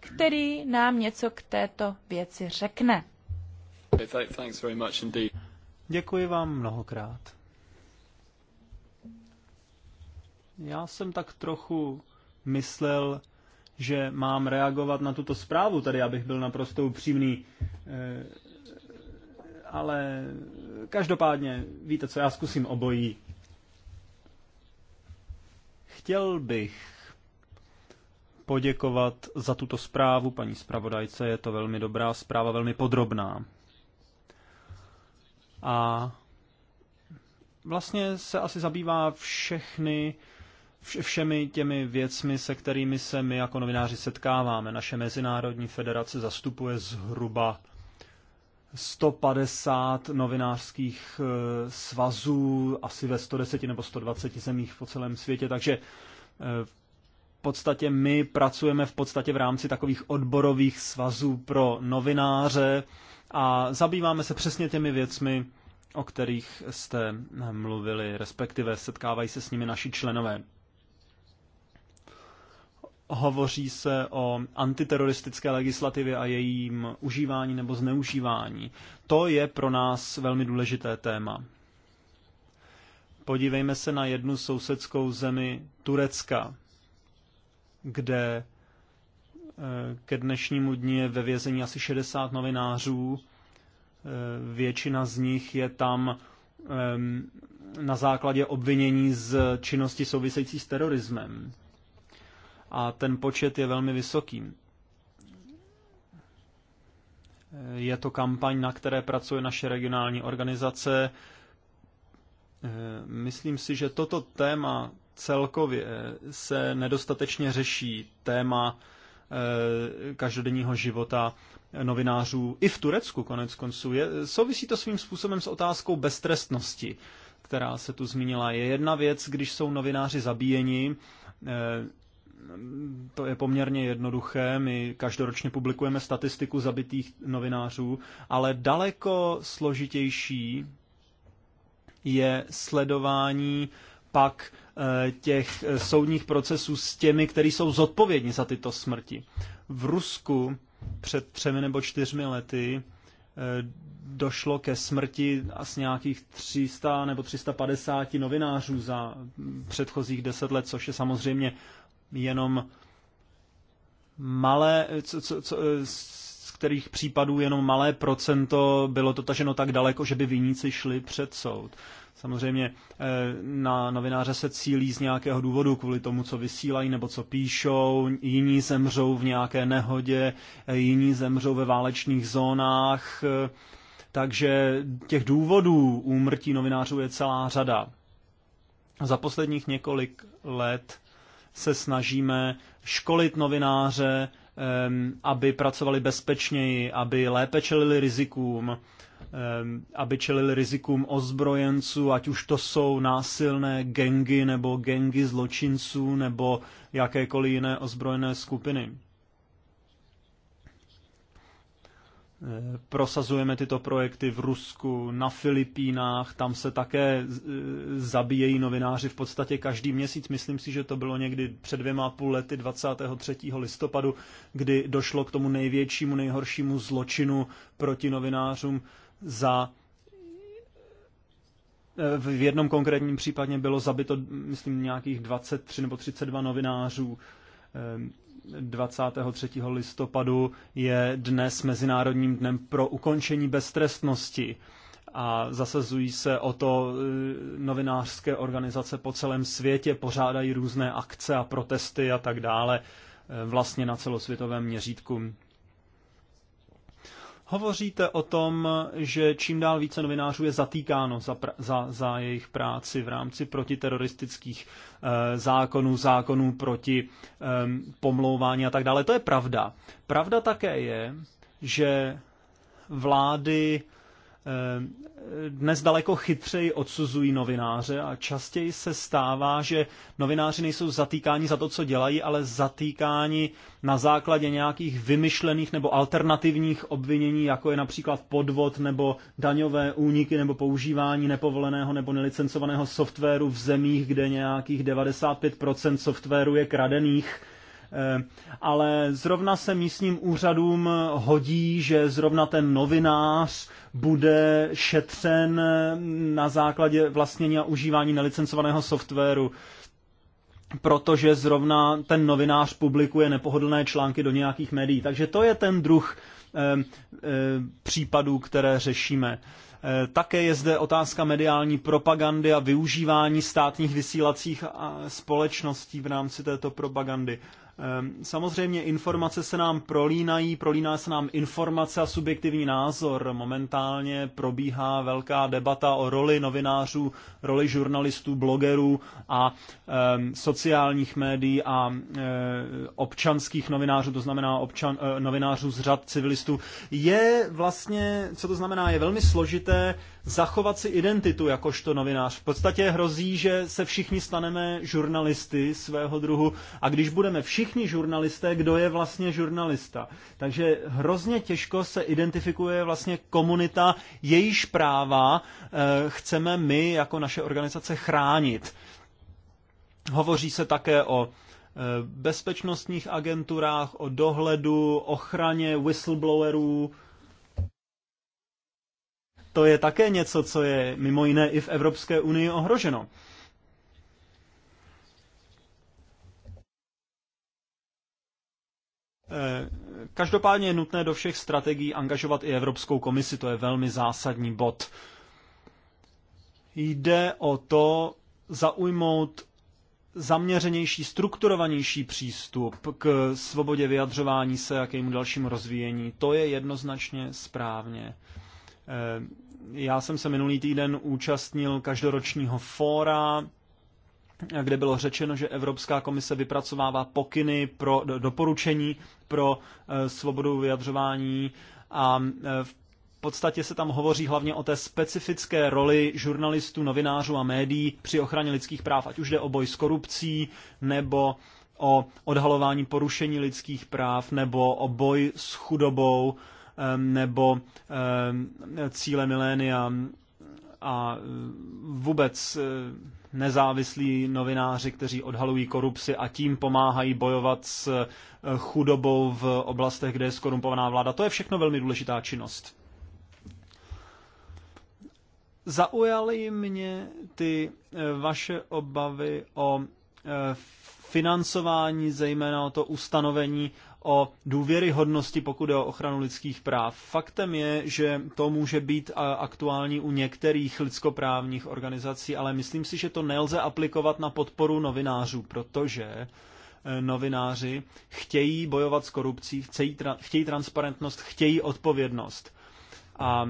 který nám něco k této věci řekne. Děkuji vám mnohokrát. Já jsem tak trochu myslel, že mám reagovat na tuto zprávu tady, abych byl naprosto upřímný. Eh, ale každopádně, víte co, já zkusím obojí. Chtěl bych poděkovat za tuto zprávu paní zpravodajce, je to velmi dobrá zpráva, velmi podrobná. A vlastně se asi zabývá všechny všemi těmi věcmi, se kterými se my jako novináři setkáváme. Naše Mezinárodní federace zastupuje zhruba 150 novinářských eh, svazů, asi ve 110 nebo 120 zemích po celém světě, takže eh, v podstatě my pracujeme v podstatě v rámci takových odborových svazů pro novináře a zabýváme se přesně těmi věcmi, o kterých jste eh, mluvili, respektive setkávají se s nimi naši členové. Hovoří se o antiteroristické legislativě a jejím užívání nebo zneužívání. To je pro nás velmi důležité téma. Podívejme se na jednu sousedskou zemi Turecka, kde eh, ke dnešnímu dni je ve vězení asi 60 novinářů. Eh, většina z nich je tam ehm, na základě obvinění z činnosti související s terorismem a ten počet je velmi vysoký. Je to kampaň, na které pracuje naše regionální organizace. Myslím si, že toto téma celkově se nedostatečně řeší. Téma eh, každodenního života novinářů i v Turecku konec konců. Je, souvisí to svým způsobem s otázkou beztrestnosti, která se tu zmínila. Je jedna věc, když jsou novináři zabíjeni, eh, to je poměrně jednoduché. My každoročně publikujeme statistiku zabitých novinářů, ale daleko složitější je sledování pak eh, těch eh, soudních procesů s těmi, kteří jsou zodpovědní za tyto smrti. V Rusku před třemi nebo čtyřmi lety eh, došlo ke smrti asi nějakých 300 nebo 350 novinářů za předchozích deset let, což je samozřejmě jenom malé, co, co, co, z kterých případů jenom malé procento bylo to taženo tak daleko, že by viníci šli před soud. Samozřejmě eh, na novináře se cílí z nějakého důvodu kvůli tomu, co vysílají nebo co píšou, jiní zemřou v nějaké nehodě, eh, jiní zemřou ve válečných zónách, eh, takže těch důvodů úmrtí novinářů je celá řada. Za posledních několik let se snažíme školit novináře, aby pracovali bezpečněji, aby lépe čelili rizikům, aby čelili rizikům ozbrojenců, ať už to jsou násilné gengy nebo gengy zločinců nebo jakékoliv jiné ozbrojené skupiny. prosazujeme tyto projekty v Rusku, na Filipínách, tam se také e, zabíjejí novináři v podstatě každý měsíc. Myslím si, že to bylo někdy před dvěma půl lety 23. listopadu, kdy došlo k tomu největšímu, nejhoršímu zločinu proti novinářům za e, v jednom konkrétním případě bylo zabito, myslím, nějakých 23 nebo 32 novinářů ehm, 23. listopadu je dnes Mezinárodním dnem pro ukončení beztrestnosti a zasazují se o to e, novinářské organizace po celém světě, pořádají různé akce a protesty a tak dále, e, vlastně na celosvětovém měřítku. Hovoříte o tom, že čím dál více novinářů je zatýkáno za, pra- za, za jejich práci v rámci protiteroristických e, zákonů, zákonů proti e, pomlouvání a tak dále. To je pravda. Pravda také je, že vlády ehm, dnes daleko chytřeji odsuzují novináře a častěji se stává, že novináři nejsou zatýkáni za to, co dělají, ale zatýkáni na základě nějakých vymyšlených nebo alternativních obvinění, jako je například podvod nebo daňové úniky nebo používání nepovoleného nebo nelicencovaného softwaru v zemích, kde nějakých 95% softwaru je kradených Eh, ale zrovna se místním úřadům hodí, že zrovna ten novinář bude šetřen na základě vlastnění a užívání nelicencovaného softwaru protože zrovna ten novinář publikuje nepohodlné články do nějakých médií. Takže to je ten druh e, e, případů, které řešíme. E, také je zde otázka mediální propagandy a využívání státních vysílacích společností v rámci této propagandy. Ehm, samozřejmě informace se nám prolínají, prolíná se nám informace a subjektivní názor. Momentálně probíhá velká debata o roli novinářů, roli žurnalistů, blogerů a e, sociálních médií a e, občanských novinářů, to znamená občan, e, novinářů z řad civilistů. Je vlastně, co to znamená, je velmi složité zachovat si identitu jakožto novinář. V podstatě hrozí, že se všichni staneme žurnalisty svého druhu a když budeme všichni žurnalisté, kdo je vlastně žurnalista. Takže hrozně těžko se identifikuje vlastně komunita, jejíž práva eh, chceme my jako naše organizace chránit. Hovoří se také o eh, bezpečnostních agenturách, o dohledu, ochraně whistleblowerů, to je také něco, co je mimo jiné i v Evropské unii ohroženo. Eh, každopádně je nutné do všech strategií angažovat i Evropskou komisi, to je velmi zásadní bod. Jde o to zaujmout zaměřenější, strukturovanější přístup k svobodě vyjadřování se a k jejímu dalšímu rozvíjení. To je jednoznačně správně. Eh, já jsem se minulý týden účastnil každoročního fóra, kde bylo řečeno, že Evropská komise vypracovává pokyny pro doporučení pro eh, svobodu vyjadřování a eh, v podstatě se tam hovoří hlavně o té specifické roli žurnalistů, novinářů a médií při ochraně lidských práv, ať už jde o boj s korupcí nebo o odhalování porušení lidských práv nebo o boj s chudobou nebo cíle milénia a vůbec eh, nezávislí novináři, kteří odhalují korupci a tím pomáhají bojovat s eh, chudobou v oblastech, kde je skorumpovaná vláda. To je všechno velmi důležitá činnost. Zaujaly mě ty eh, vaše obavy o financování, zejména o to ustanovení o důvěryhodnosti, pokud je o ochranu lidských práv. Faktem je, že to může být aktuální u některých lidskoprávních organizací, ale myslím si, že to nelze aplikovat na podporu novinářů, protože e, novináři chtějí bojovat s korupcí, chtějí, tra- chtějí transparentnost, chtějí odpovědnost. A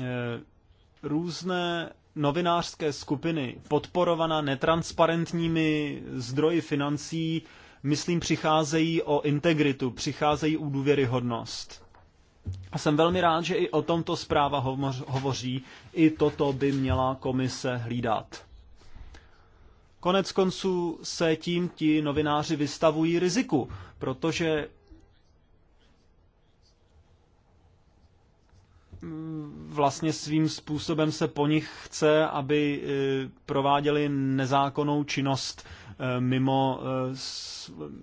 e, různé novinářské skupiny podporovaná netransparentními zdroji financí myslím, přicházejí o integritu, přicházejí o důvěryhodnost. A jsem velmi rád, že i o tomto zpráva hovoří, i toto by měla komise hlídat. Konec konců se tím ti novináři vystavují riziku, protože vlastně svým způsobem se po nich chce, aby eh, prováděli nezákonnou činnost Eh, mimo, eh,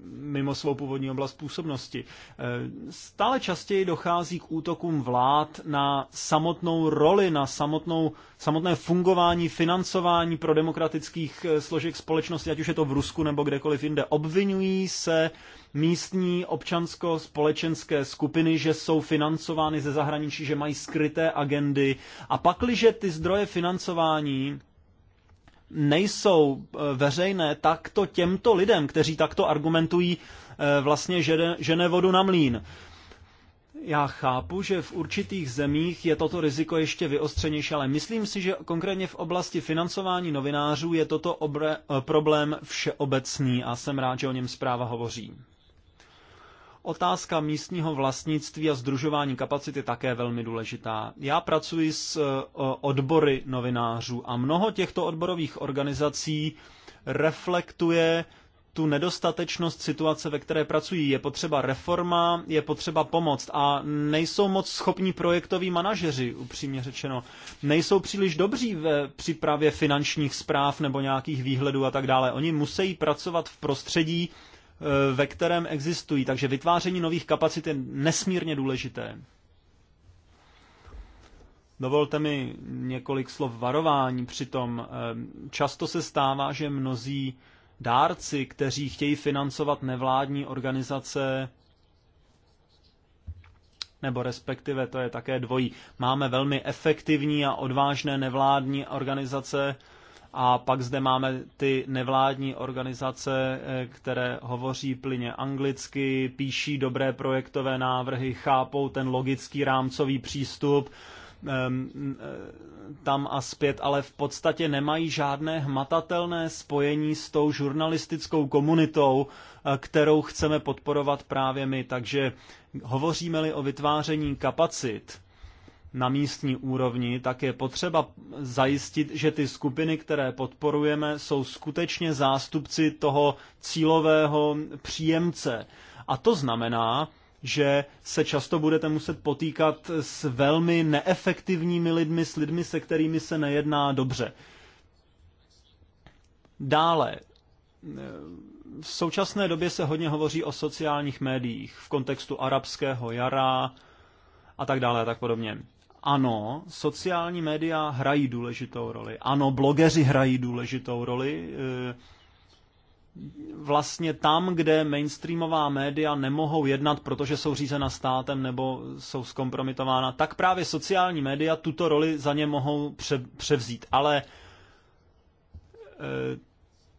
mimo svou původní oblast působnosti. Eh, stále častěji dochází k útokům vlád na samotnou roli, na samotnou, samotné fungování, financování pro demokratických složek společnosti, ať už je to v Rusku nebo kdekoliv jinde. Obvinují se místní občansko-společenské skupiny, že jsou financovány ze zahraničí, že mají skryté agendy. A pakliže ty zdroje financování nejsou eh, veřejné, tak to těmto lidem, kteří takto argumentují, eh, vlastně žene, vodu na mlín. Já chápu, že v určitých zemích je toto riziko ještě vyostřenější, ale myslím si, že konkrétně v oblasti financování novinářů je toto obre, eh, problém všeobecný a jsem rád, že o něm zpráva hovoří. Otázka místního vlastnictví a združování kapacit je také velmi důležitá. Já pracuji s e, odbory novinářů a mnoho těchto odborových organizací reflektuje tu nedostatečnost situace, ve které pracují. Je potřeba reforma, je potřeba pomoc a nejsou moc schopní projektoví manažeři, upřímně řečeno. Nejsou příliš dobří ve přípravě finančních zpráv nebo nějakých výhledů a tak dále. Oni musí pracovat v prostředí, Eh, ve kterém existují. Takže vytváření nových kapacit je nesmírně důležité. Dovolte mi několik slov varování. Přitom eh, často se stává, že mnozí dárci, kteří chtějí financovat nevládní organizace, nebo respektive to je také dvojí. Máme velmi efektivní a odvážné nevládní organizace, a pak zde máme ty nevládní organizace, eh, které hovoří plyně anglicky, píší dobré projektové návrhy, chápou ten logický rámcový přístup ehm, eh, tam a zpět, ale v podstatě nemají žádné hmatatelné spojení s tou žurnalistickou komunitou, eh, kterou chceme podporovat právě my. Takže hovoříme-li o vytváření kapacit, na místní úrovni, tak je potřeba zajistit, že ty skupiny, které podporujeme, jsou skutečně zástupci toho cílového příjemce. A to znamená, že se často budete muset potýkat s velmi neefektivními lidmi, s lidmi, se kterými se nejedná dobře. Dále, v současné době se hodně hovoří o sociálních médiích v kontextu arabského jara a tak dále a tak podobně. Ano, sociální média hrají důležitou roli. Ano, blogeři hrají důležitou roli. E, vlastně tam, kde mainstreamová média nemohou jednat, protože jsou řízena státem nebo jsou zkompromitována, tak právě sociální média tuto roli za ně mohou pře- převzít. Ale e,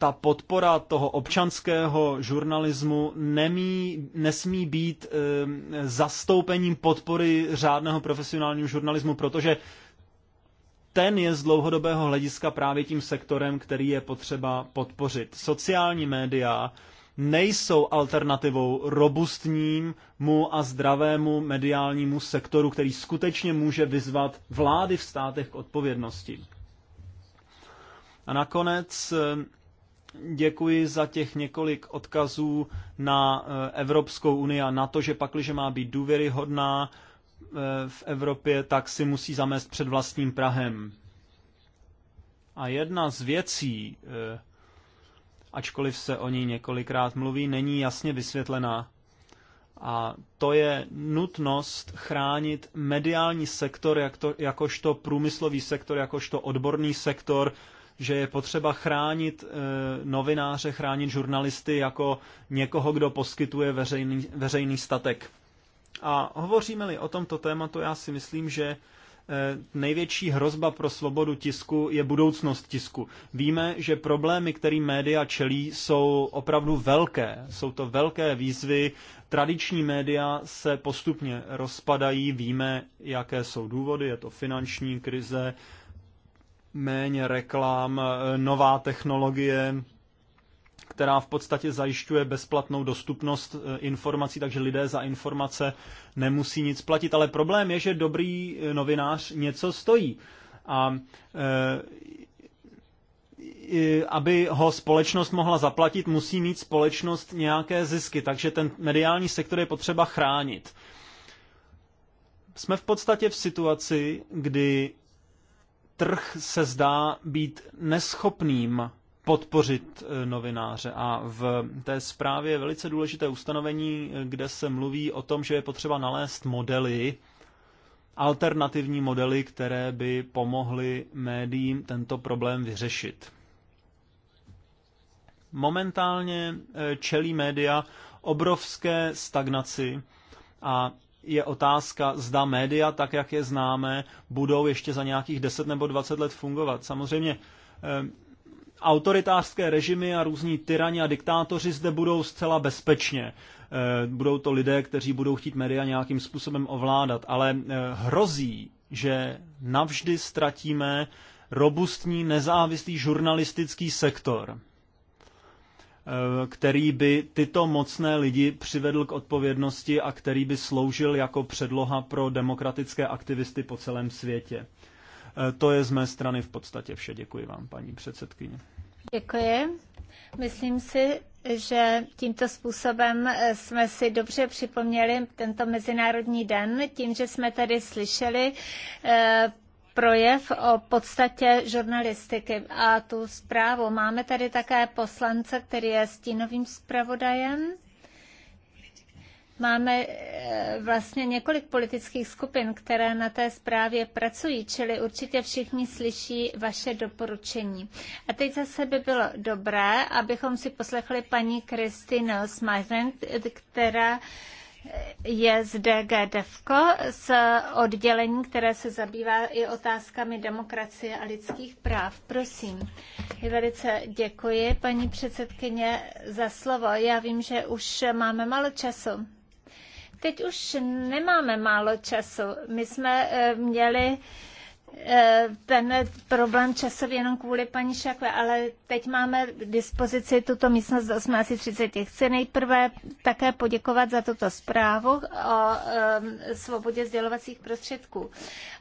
ta podpora toho občanského žurnalismu nemí, nesmí být e, zastoupením podpory řádného profesionálního žurnalismu, protože ten je z dlouhodobého hlediska právě tím sektorem, který je potřeba podpořit. Sociální média nejsou alternativou robustnímu a zdravému mediálnímu sektoru, který skutečně může vyzvat vlády v státech k odpovědnosti. A nakonec děkuji za těch několik odkazů na eh, Evropskou unii a na to, že pakliže má být důvěryhodná eh, v Evropě, tak si musí zamést před vlastním Prahem. A jedna z věcí, eh, ačkoliv se o ní několikrát mluví, není jasně vysvětlená. A to je nutnost chránit mediální sektor jak to, jakožto průmyslový sektor, jakožto odborný sektor že je potřeba chránit eh, novináře, chránit žurnalisty jako někoho, kdo poskytuje veřejný, veřejný statek. A hovoříme-li o tomto tématu, já si myslím, že eh, největší hrozba pro svobodu tisku je budoucnost tisku. Víme, že problémy, které média čelí, jsou opravdu velké. Jsou to velké výzvy. Tradiční média se postupně rozpadají. Víme, jaké jsou důvody. Je to finanční krize, méně reklam, eh, nová technologie, která v podstatě zajišťuje bezplatnou dostupnost eh, informací, takže lidé za informace nemusí nic platit. Ale problém je, že dobrý eh, novinář něco stojí. A e, aby ho společnost mohla zaplatit, musí mít společnost nějaké zisky, takže ten mediální sektor je potřeba chránit. Jsme v podstatě v situaci, kdy trh se zdá být neschopným podpořit eh, novináře. A v té zprávě je velice důležité ustanovení, eh, kde se mluví o tom, že je potřeba nalézt modely, alternativní modely, které by pomohly médiím tento problém vyřešit. Momentálně eh, čelí média obrovské stagnaci a je otázka, zda média, tak jak je známe, budou ještě za nějakých 10 nebo 20 let fungovat. Samozřejmě eh, autoritářské režimy a různí tyrani a diktátoři zde budou zcela bezpečně. Eh, budou to lidé, kteří budou chtít média nějakým způsobem ovládat, ale eh, hrozí, že navždy ztratíme robustní, nezávislý žurnalistický sektor. Eh, který by tyto mocné lidi přivedl k odpovědnosti a který by sloužil jako předloha pro demokratické aktivisty po celém světě. Eh, to je z mé strany v podstatě vše. Děkuji vám, paní předsedkyně. Děkuji. Myslím si, že tímto způsobem eh, jsme si dobře připomněli tento Mezinárodní den, tím, že jsme tady slyšeli projev o podstatě žurnalistiky a tu zprávu. Máme tady také poslance, který je stínovým zpravodajem. Máme eh, vlastně několik politických skupin, které na té zprávě pracují, čili určitě všichni slyší vaše doporučení. A teď zase by bylo dobré, abychom si poslechli paní Kristýnu Smajzen, která je zde DG s z oddělení, které se zabývá i otázkami demokracie a lidských práv. Prosím. Velice děkuji, paní předsedkyně, za slovo. Já vím, že už máme málo času. Teď už nemáme málo času. My jsme eh, měli Eh, ten problém časově jenom kvůli paní Šakve, ale teď máme k dispozici tuto místnost do 18.30. Chci nejprve také poděkovat za tuto zprávu o svobodě sdělovacích prostředků.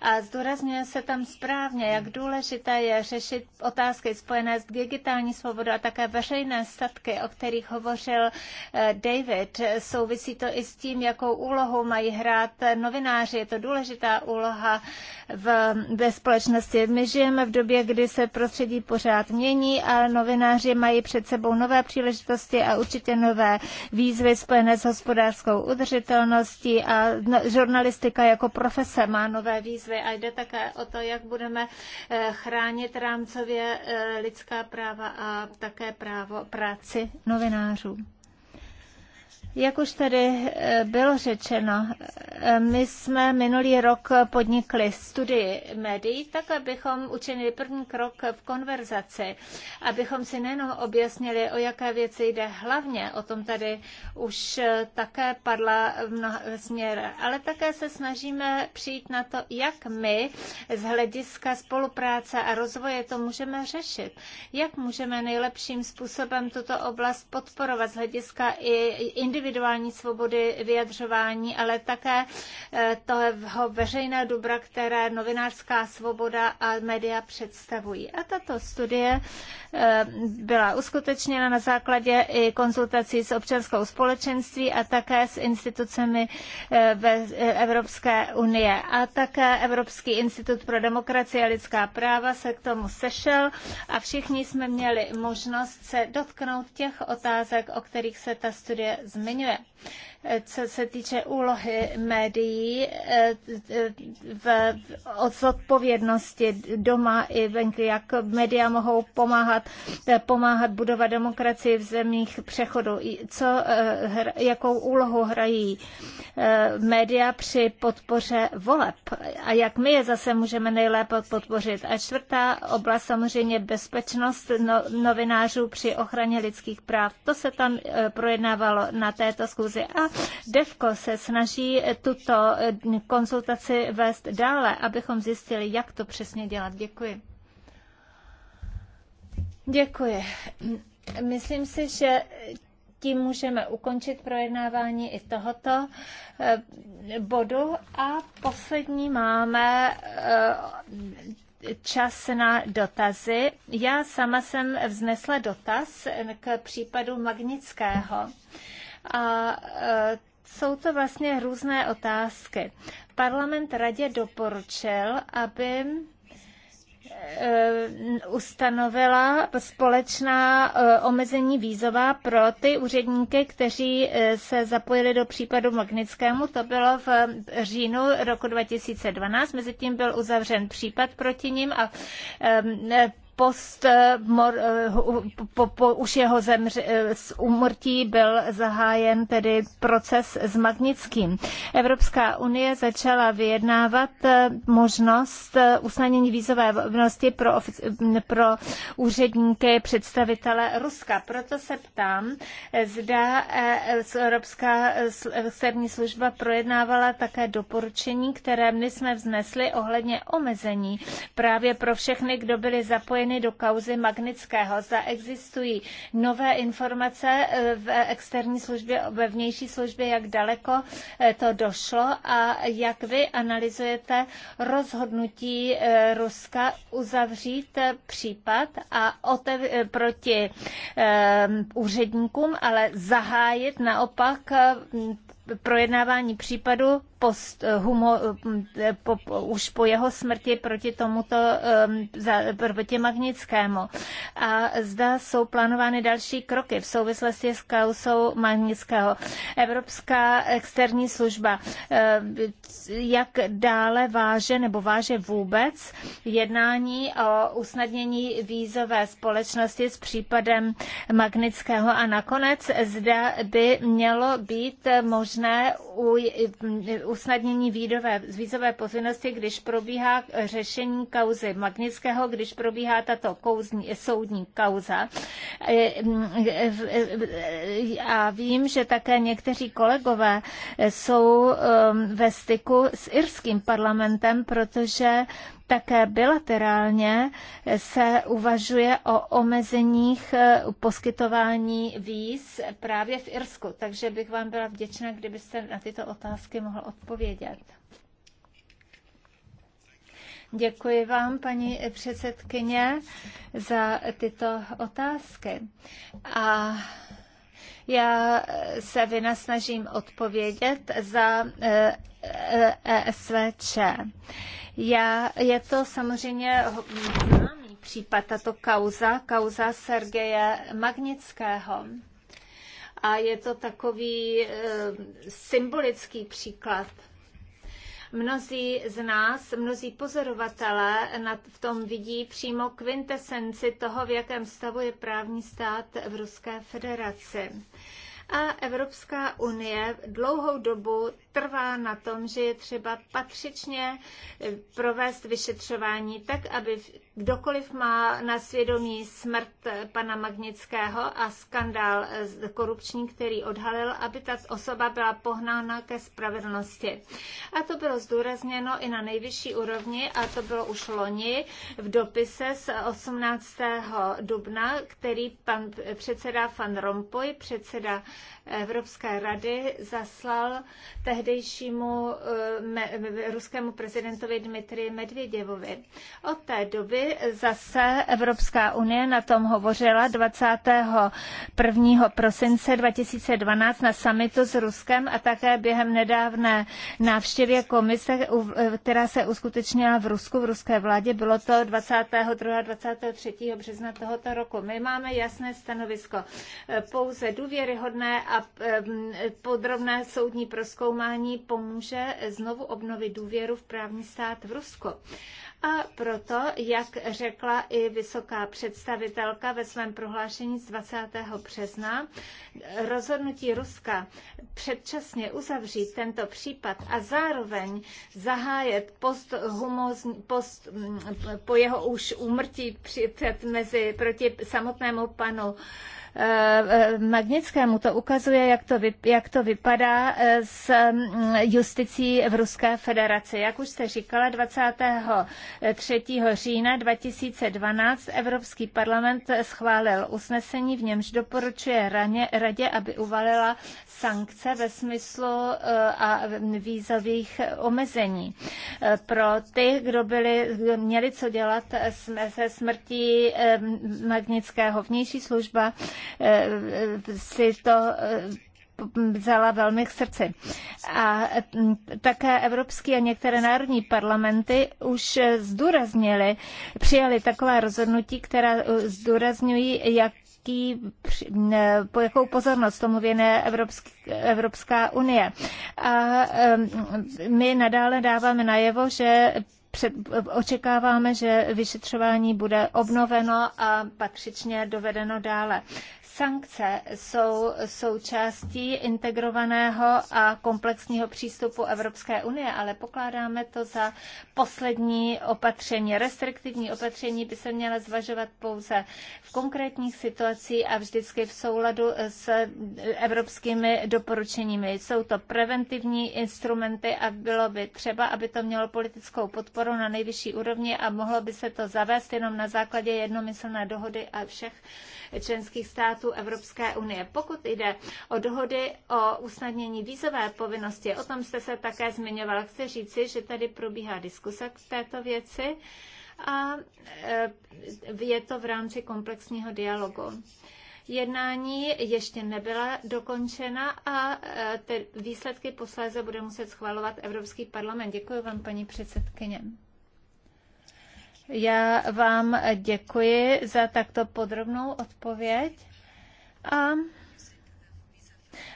A zdůrazňuje se tam správně, jak důležité je řešit otázky spojené s digitální svobodou a také veřejné statky, o kterých hovořil eh, David. Souvisí to i s tím, jakou úlohu mají hrát novináři. Je to důležitá úloha v ve společnosti. My žijeme v době, kdy se prostředí pořád mění a novináři mají před sebou nové příležitosti a určitě nové výzvy spojené s hospodářskou udržitelností a no, žurnalistika jako profese má nové výzvy a jde také o to, jak budeme eh, chránit rámcově eh, lidská práva a také právo práci novinářů. Jak už tady eh, bylo řečeno, eh, my jsme minulý rok podnikli studii médií, tak abychom učinili první krok v konverzaci, abychom si nejenom objasnili, o jaké věci jde hlavně, o tom tady už eh, také padla mnoha směr, ale také se snažíme přijít na to, jak my z hlediska spolupráce a rozvoje to můžeme řešit, jak můžeme nejlepším způsobem tuto oblast podporovat z hlediska i individuální individuální svobody vyjadřování, ale také eh, toho veřejné dobra, které novinářská svoboda a média představují. A tato studie eh, byla uskutečněna na základě i konzultací s občanskou společenství a také s institucemi eh, ve Evropské unie. A také Evropský institut pro demokracii a lidská práva se k tomu sešel a všichni jsme měli možnost se dotknout těch otázek, o kterých se ta studie zmiňuje zmiňuje co se týče úlohy médií v odpovědnosti doma i venku, jak média mohou pomáhat, pomáhat budovat demokracii v zemích přechodu. Co, eh, jakou úlohu hrají eh, média při podpoře voleb a jak my je zase můžeme nejlépe podpořit. A čtvrtá oblast samozřejmě bezpečnost no, novinářů při ochraně lidských práv. To se tam eh, projednávalo na této schůzi a a DEVKO se snaží tuto eh, konzultaci vést dále, abychom zjistili, jak to přesně dělat. Děkuji. Děkuji. Myslím si, že tím můžeme ukončit projednávání i tohoto eh, bodu. A poslední máme eh, čas na dotazy. Já sama jsem vznesla dotaz k případu Magnického a e, jsou to vlastně různé otázky. Parlament radě doporučil, aby e, ustanovila společná e, omezení vízová pro ty úředníky, kteří se zapojili do případu Magnickému. To bylo v říjnu roku 2012. Mezitím byl uzavřen případ proti ním a post eh, mor, eh, po, po, už jeho zemři, z eh, úmrtí byl zahájen tedy proces s Magnickým. Evropská unie začala vyjednávat možnost usnadnění vízové volnosti pro, pro úředníky představitele Ruska. Proto se ptám, zda Evropská externí služba projednávala také doporučení, které my jsme vznesli ohledně omezení právě pro všechny, kdo byli zapojeni zapojeny do kauzy Magnického. Zaexistují nové informace eh, v externí službě, ve vnější službě, jak daleko eh, to došlo a jak vy analyzujete rozhodnutí eh, Ruska uzavřít případ a otev- proti úředníkům, ale zahájit naopak projednávání případu post, eh, humo, eh, eh, po, po, už po jeho smrti proti tomuto, ehm, za, proti Magnickému. A zda jsou plánovány další kroky v souvislosti s kausou Magnického. Evropská externí služba, ehm, jak dále váže nebo váže vůbec jednání o usnadnění vízové společnosti s případem Magnického a nakonec zda by mělo být možné u, usnadnění výdové, vízové povinnosti, když probíhá řešení kauzy Magnického, když probíhá tato kouzní, soudní kauza. E, e, a vím, že také někteří kolegové jsou e, ve styku s irským parlamentem, protože také bilaterálně se uvažuje o omezeních eh, poskytování víz právě v Irsku, takže bych vám byla vděčná, kdybyste na tyto otázky mohl odpovědět. Děkuji vám, paní předsedkyně, za tyto otázky. A já se vynasnažím odpovědět za ESVČ. Eh, eh, e já, je to samozřejmě známý případ, tato kauza, kauza Sergeje Magnického. A je to takový e, symbolický příklad. Mnozí z nás, mnozí pozorovatelé nad, v tom vidí přímo kvintesenci toho, v jakém stavu je právní stát v Ruské federaci. E, a Evropská unie dlouhou dobu trvá na tom, že je třeba patřičně eh, provést vyšetřování tak, aby Kdokoliv má na svědomí smrt pana Magnického a skandál korupční, který odhalil, aby ta osoba byla pohnána ke spravedlnosti. A to bylo zdůrazněno i na nejvyšší úrovni a to bylo už loni v dopise z 18. dubna, který pan předseda Van Rompuy, předseda Evropské rady zaslal tehdejšímu eh, ruskému prezidentovi Dmitrii Medvěděvovi. Od té doby zase Evropská unie na tom hovořila 21. prosince 2012 na samitu s Ruskem a také během nedávné návštěvě komise, eh, která se uskutečnila v Rusku, v ruské vládě, bylo to 22. a 23. března tohoto roku. My máme jasné stanovisko, eh, pouze důvěryhodné a Eh, podrobné soudní proskoumání pomůže znovu obnovit důvěru v právní stát v Rusko. A proto, jak řekla i vysoká představitelka ve svém prohlášení z 20. března, rozhodnutí Ruska předčasně uzavřít tento případ a zároveň zahájet post, humoz, post mm, po jeho už úmrtí před mezi proti samotnému panu Eh, eh, Magnickému, to ukazuje, jak to, jak to vypadá eh, s mm, justicí v Ruské federaci. Jak už jste říkala, 23. října 2012 Evropský parlament schválil usnesení, v němž doporučuje raně, radě, aby uvalila sankce ve smyslu a vízových omezení pro ty, kdo byli, měli co dělat se smrtí Magnického. Vnější služba Eh, si to eh, vzala velmi k srdci. A mm, také evropský a některé národní parlamenty už zdůraznili, přijali taková rozhodnutí, která eh, zdůrazňují, jak jaký, po jakou pozornost tomu věne Evropský, Evropská unie. A my nadále dáváme najevo, že před, očekáváme, že vyšetřování bude obnoveno a patřičně dovedeno dále. Sankce jsou součástí integrovaného a komplexního přístupu Evropské unie, ale pokládáme to za poslední opatření. Restriktivní opatření by se měla zvažovat pouze v konkrétních situacích a vždycky v souladu s evropskými doporučeními. Jsou to preventivní instrumenty a bylo by třeba, aby to mělo politickou podporu na nejvyšší úrovni a mohlo by se to zavést jenom na základě jednomyslné dohody a všech členských států států Evropské unie. Pokud jde o dohody o usnadnění vízové povinnosti, o tom jste se také zmiňoval. Chci říci, že tady probíhá diskuse k této věci a e, je to v rámci komplexního dialogu jednání ještě nebyla dokončena a e, ty výsledky posléze bude muset schvalovat Evropský parlament. Děkuji vám, paní předsedkyně. Já vám děkuji za takto podrobnou odpověď. A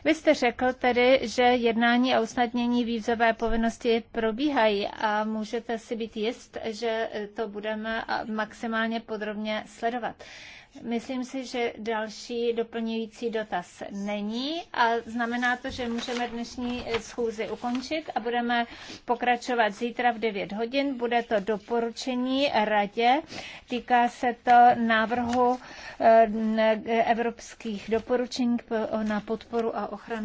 vy jste řekl tedy, že jednání a usnadnění vízové povinnosti probíhají a můžete si být jist, že to budeme maximálně podrobně sledovat. Myslím si, že další doplňující dotaz není a znamená to, že můžeme dnešní schůzi ukončit a budeme pokračovat zítra v 9 hodin. Bude to doporučení radě. Týká se to návrhu eh, evropských doporučení na podporu a ochranu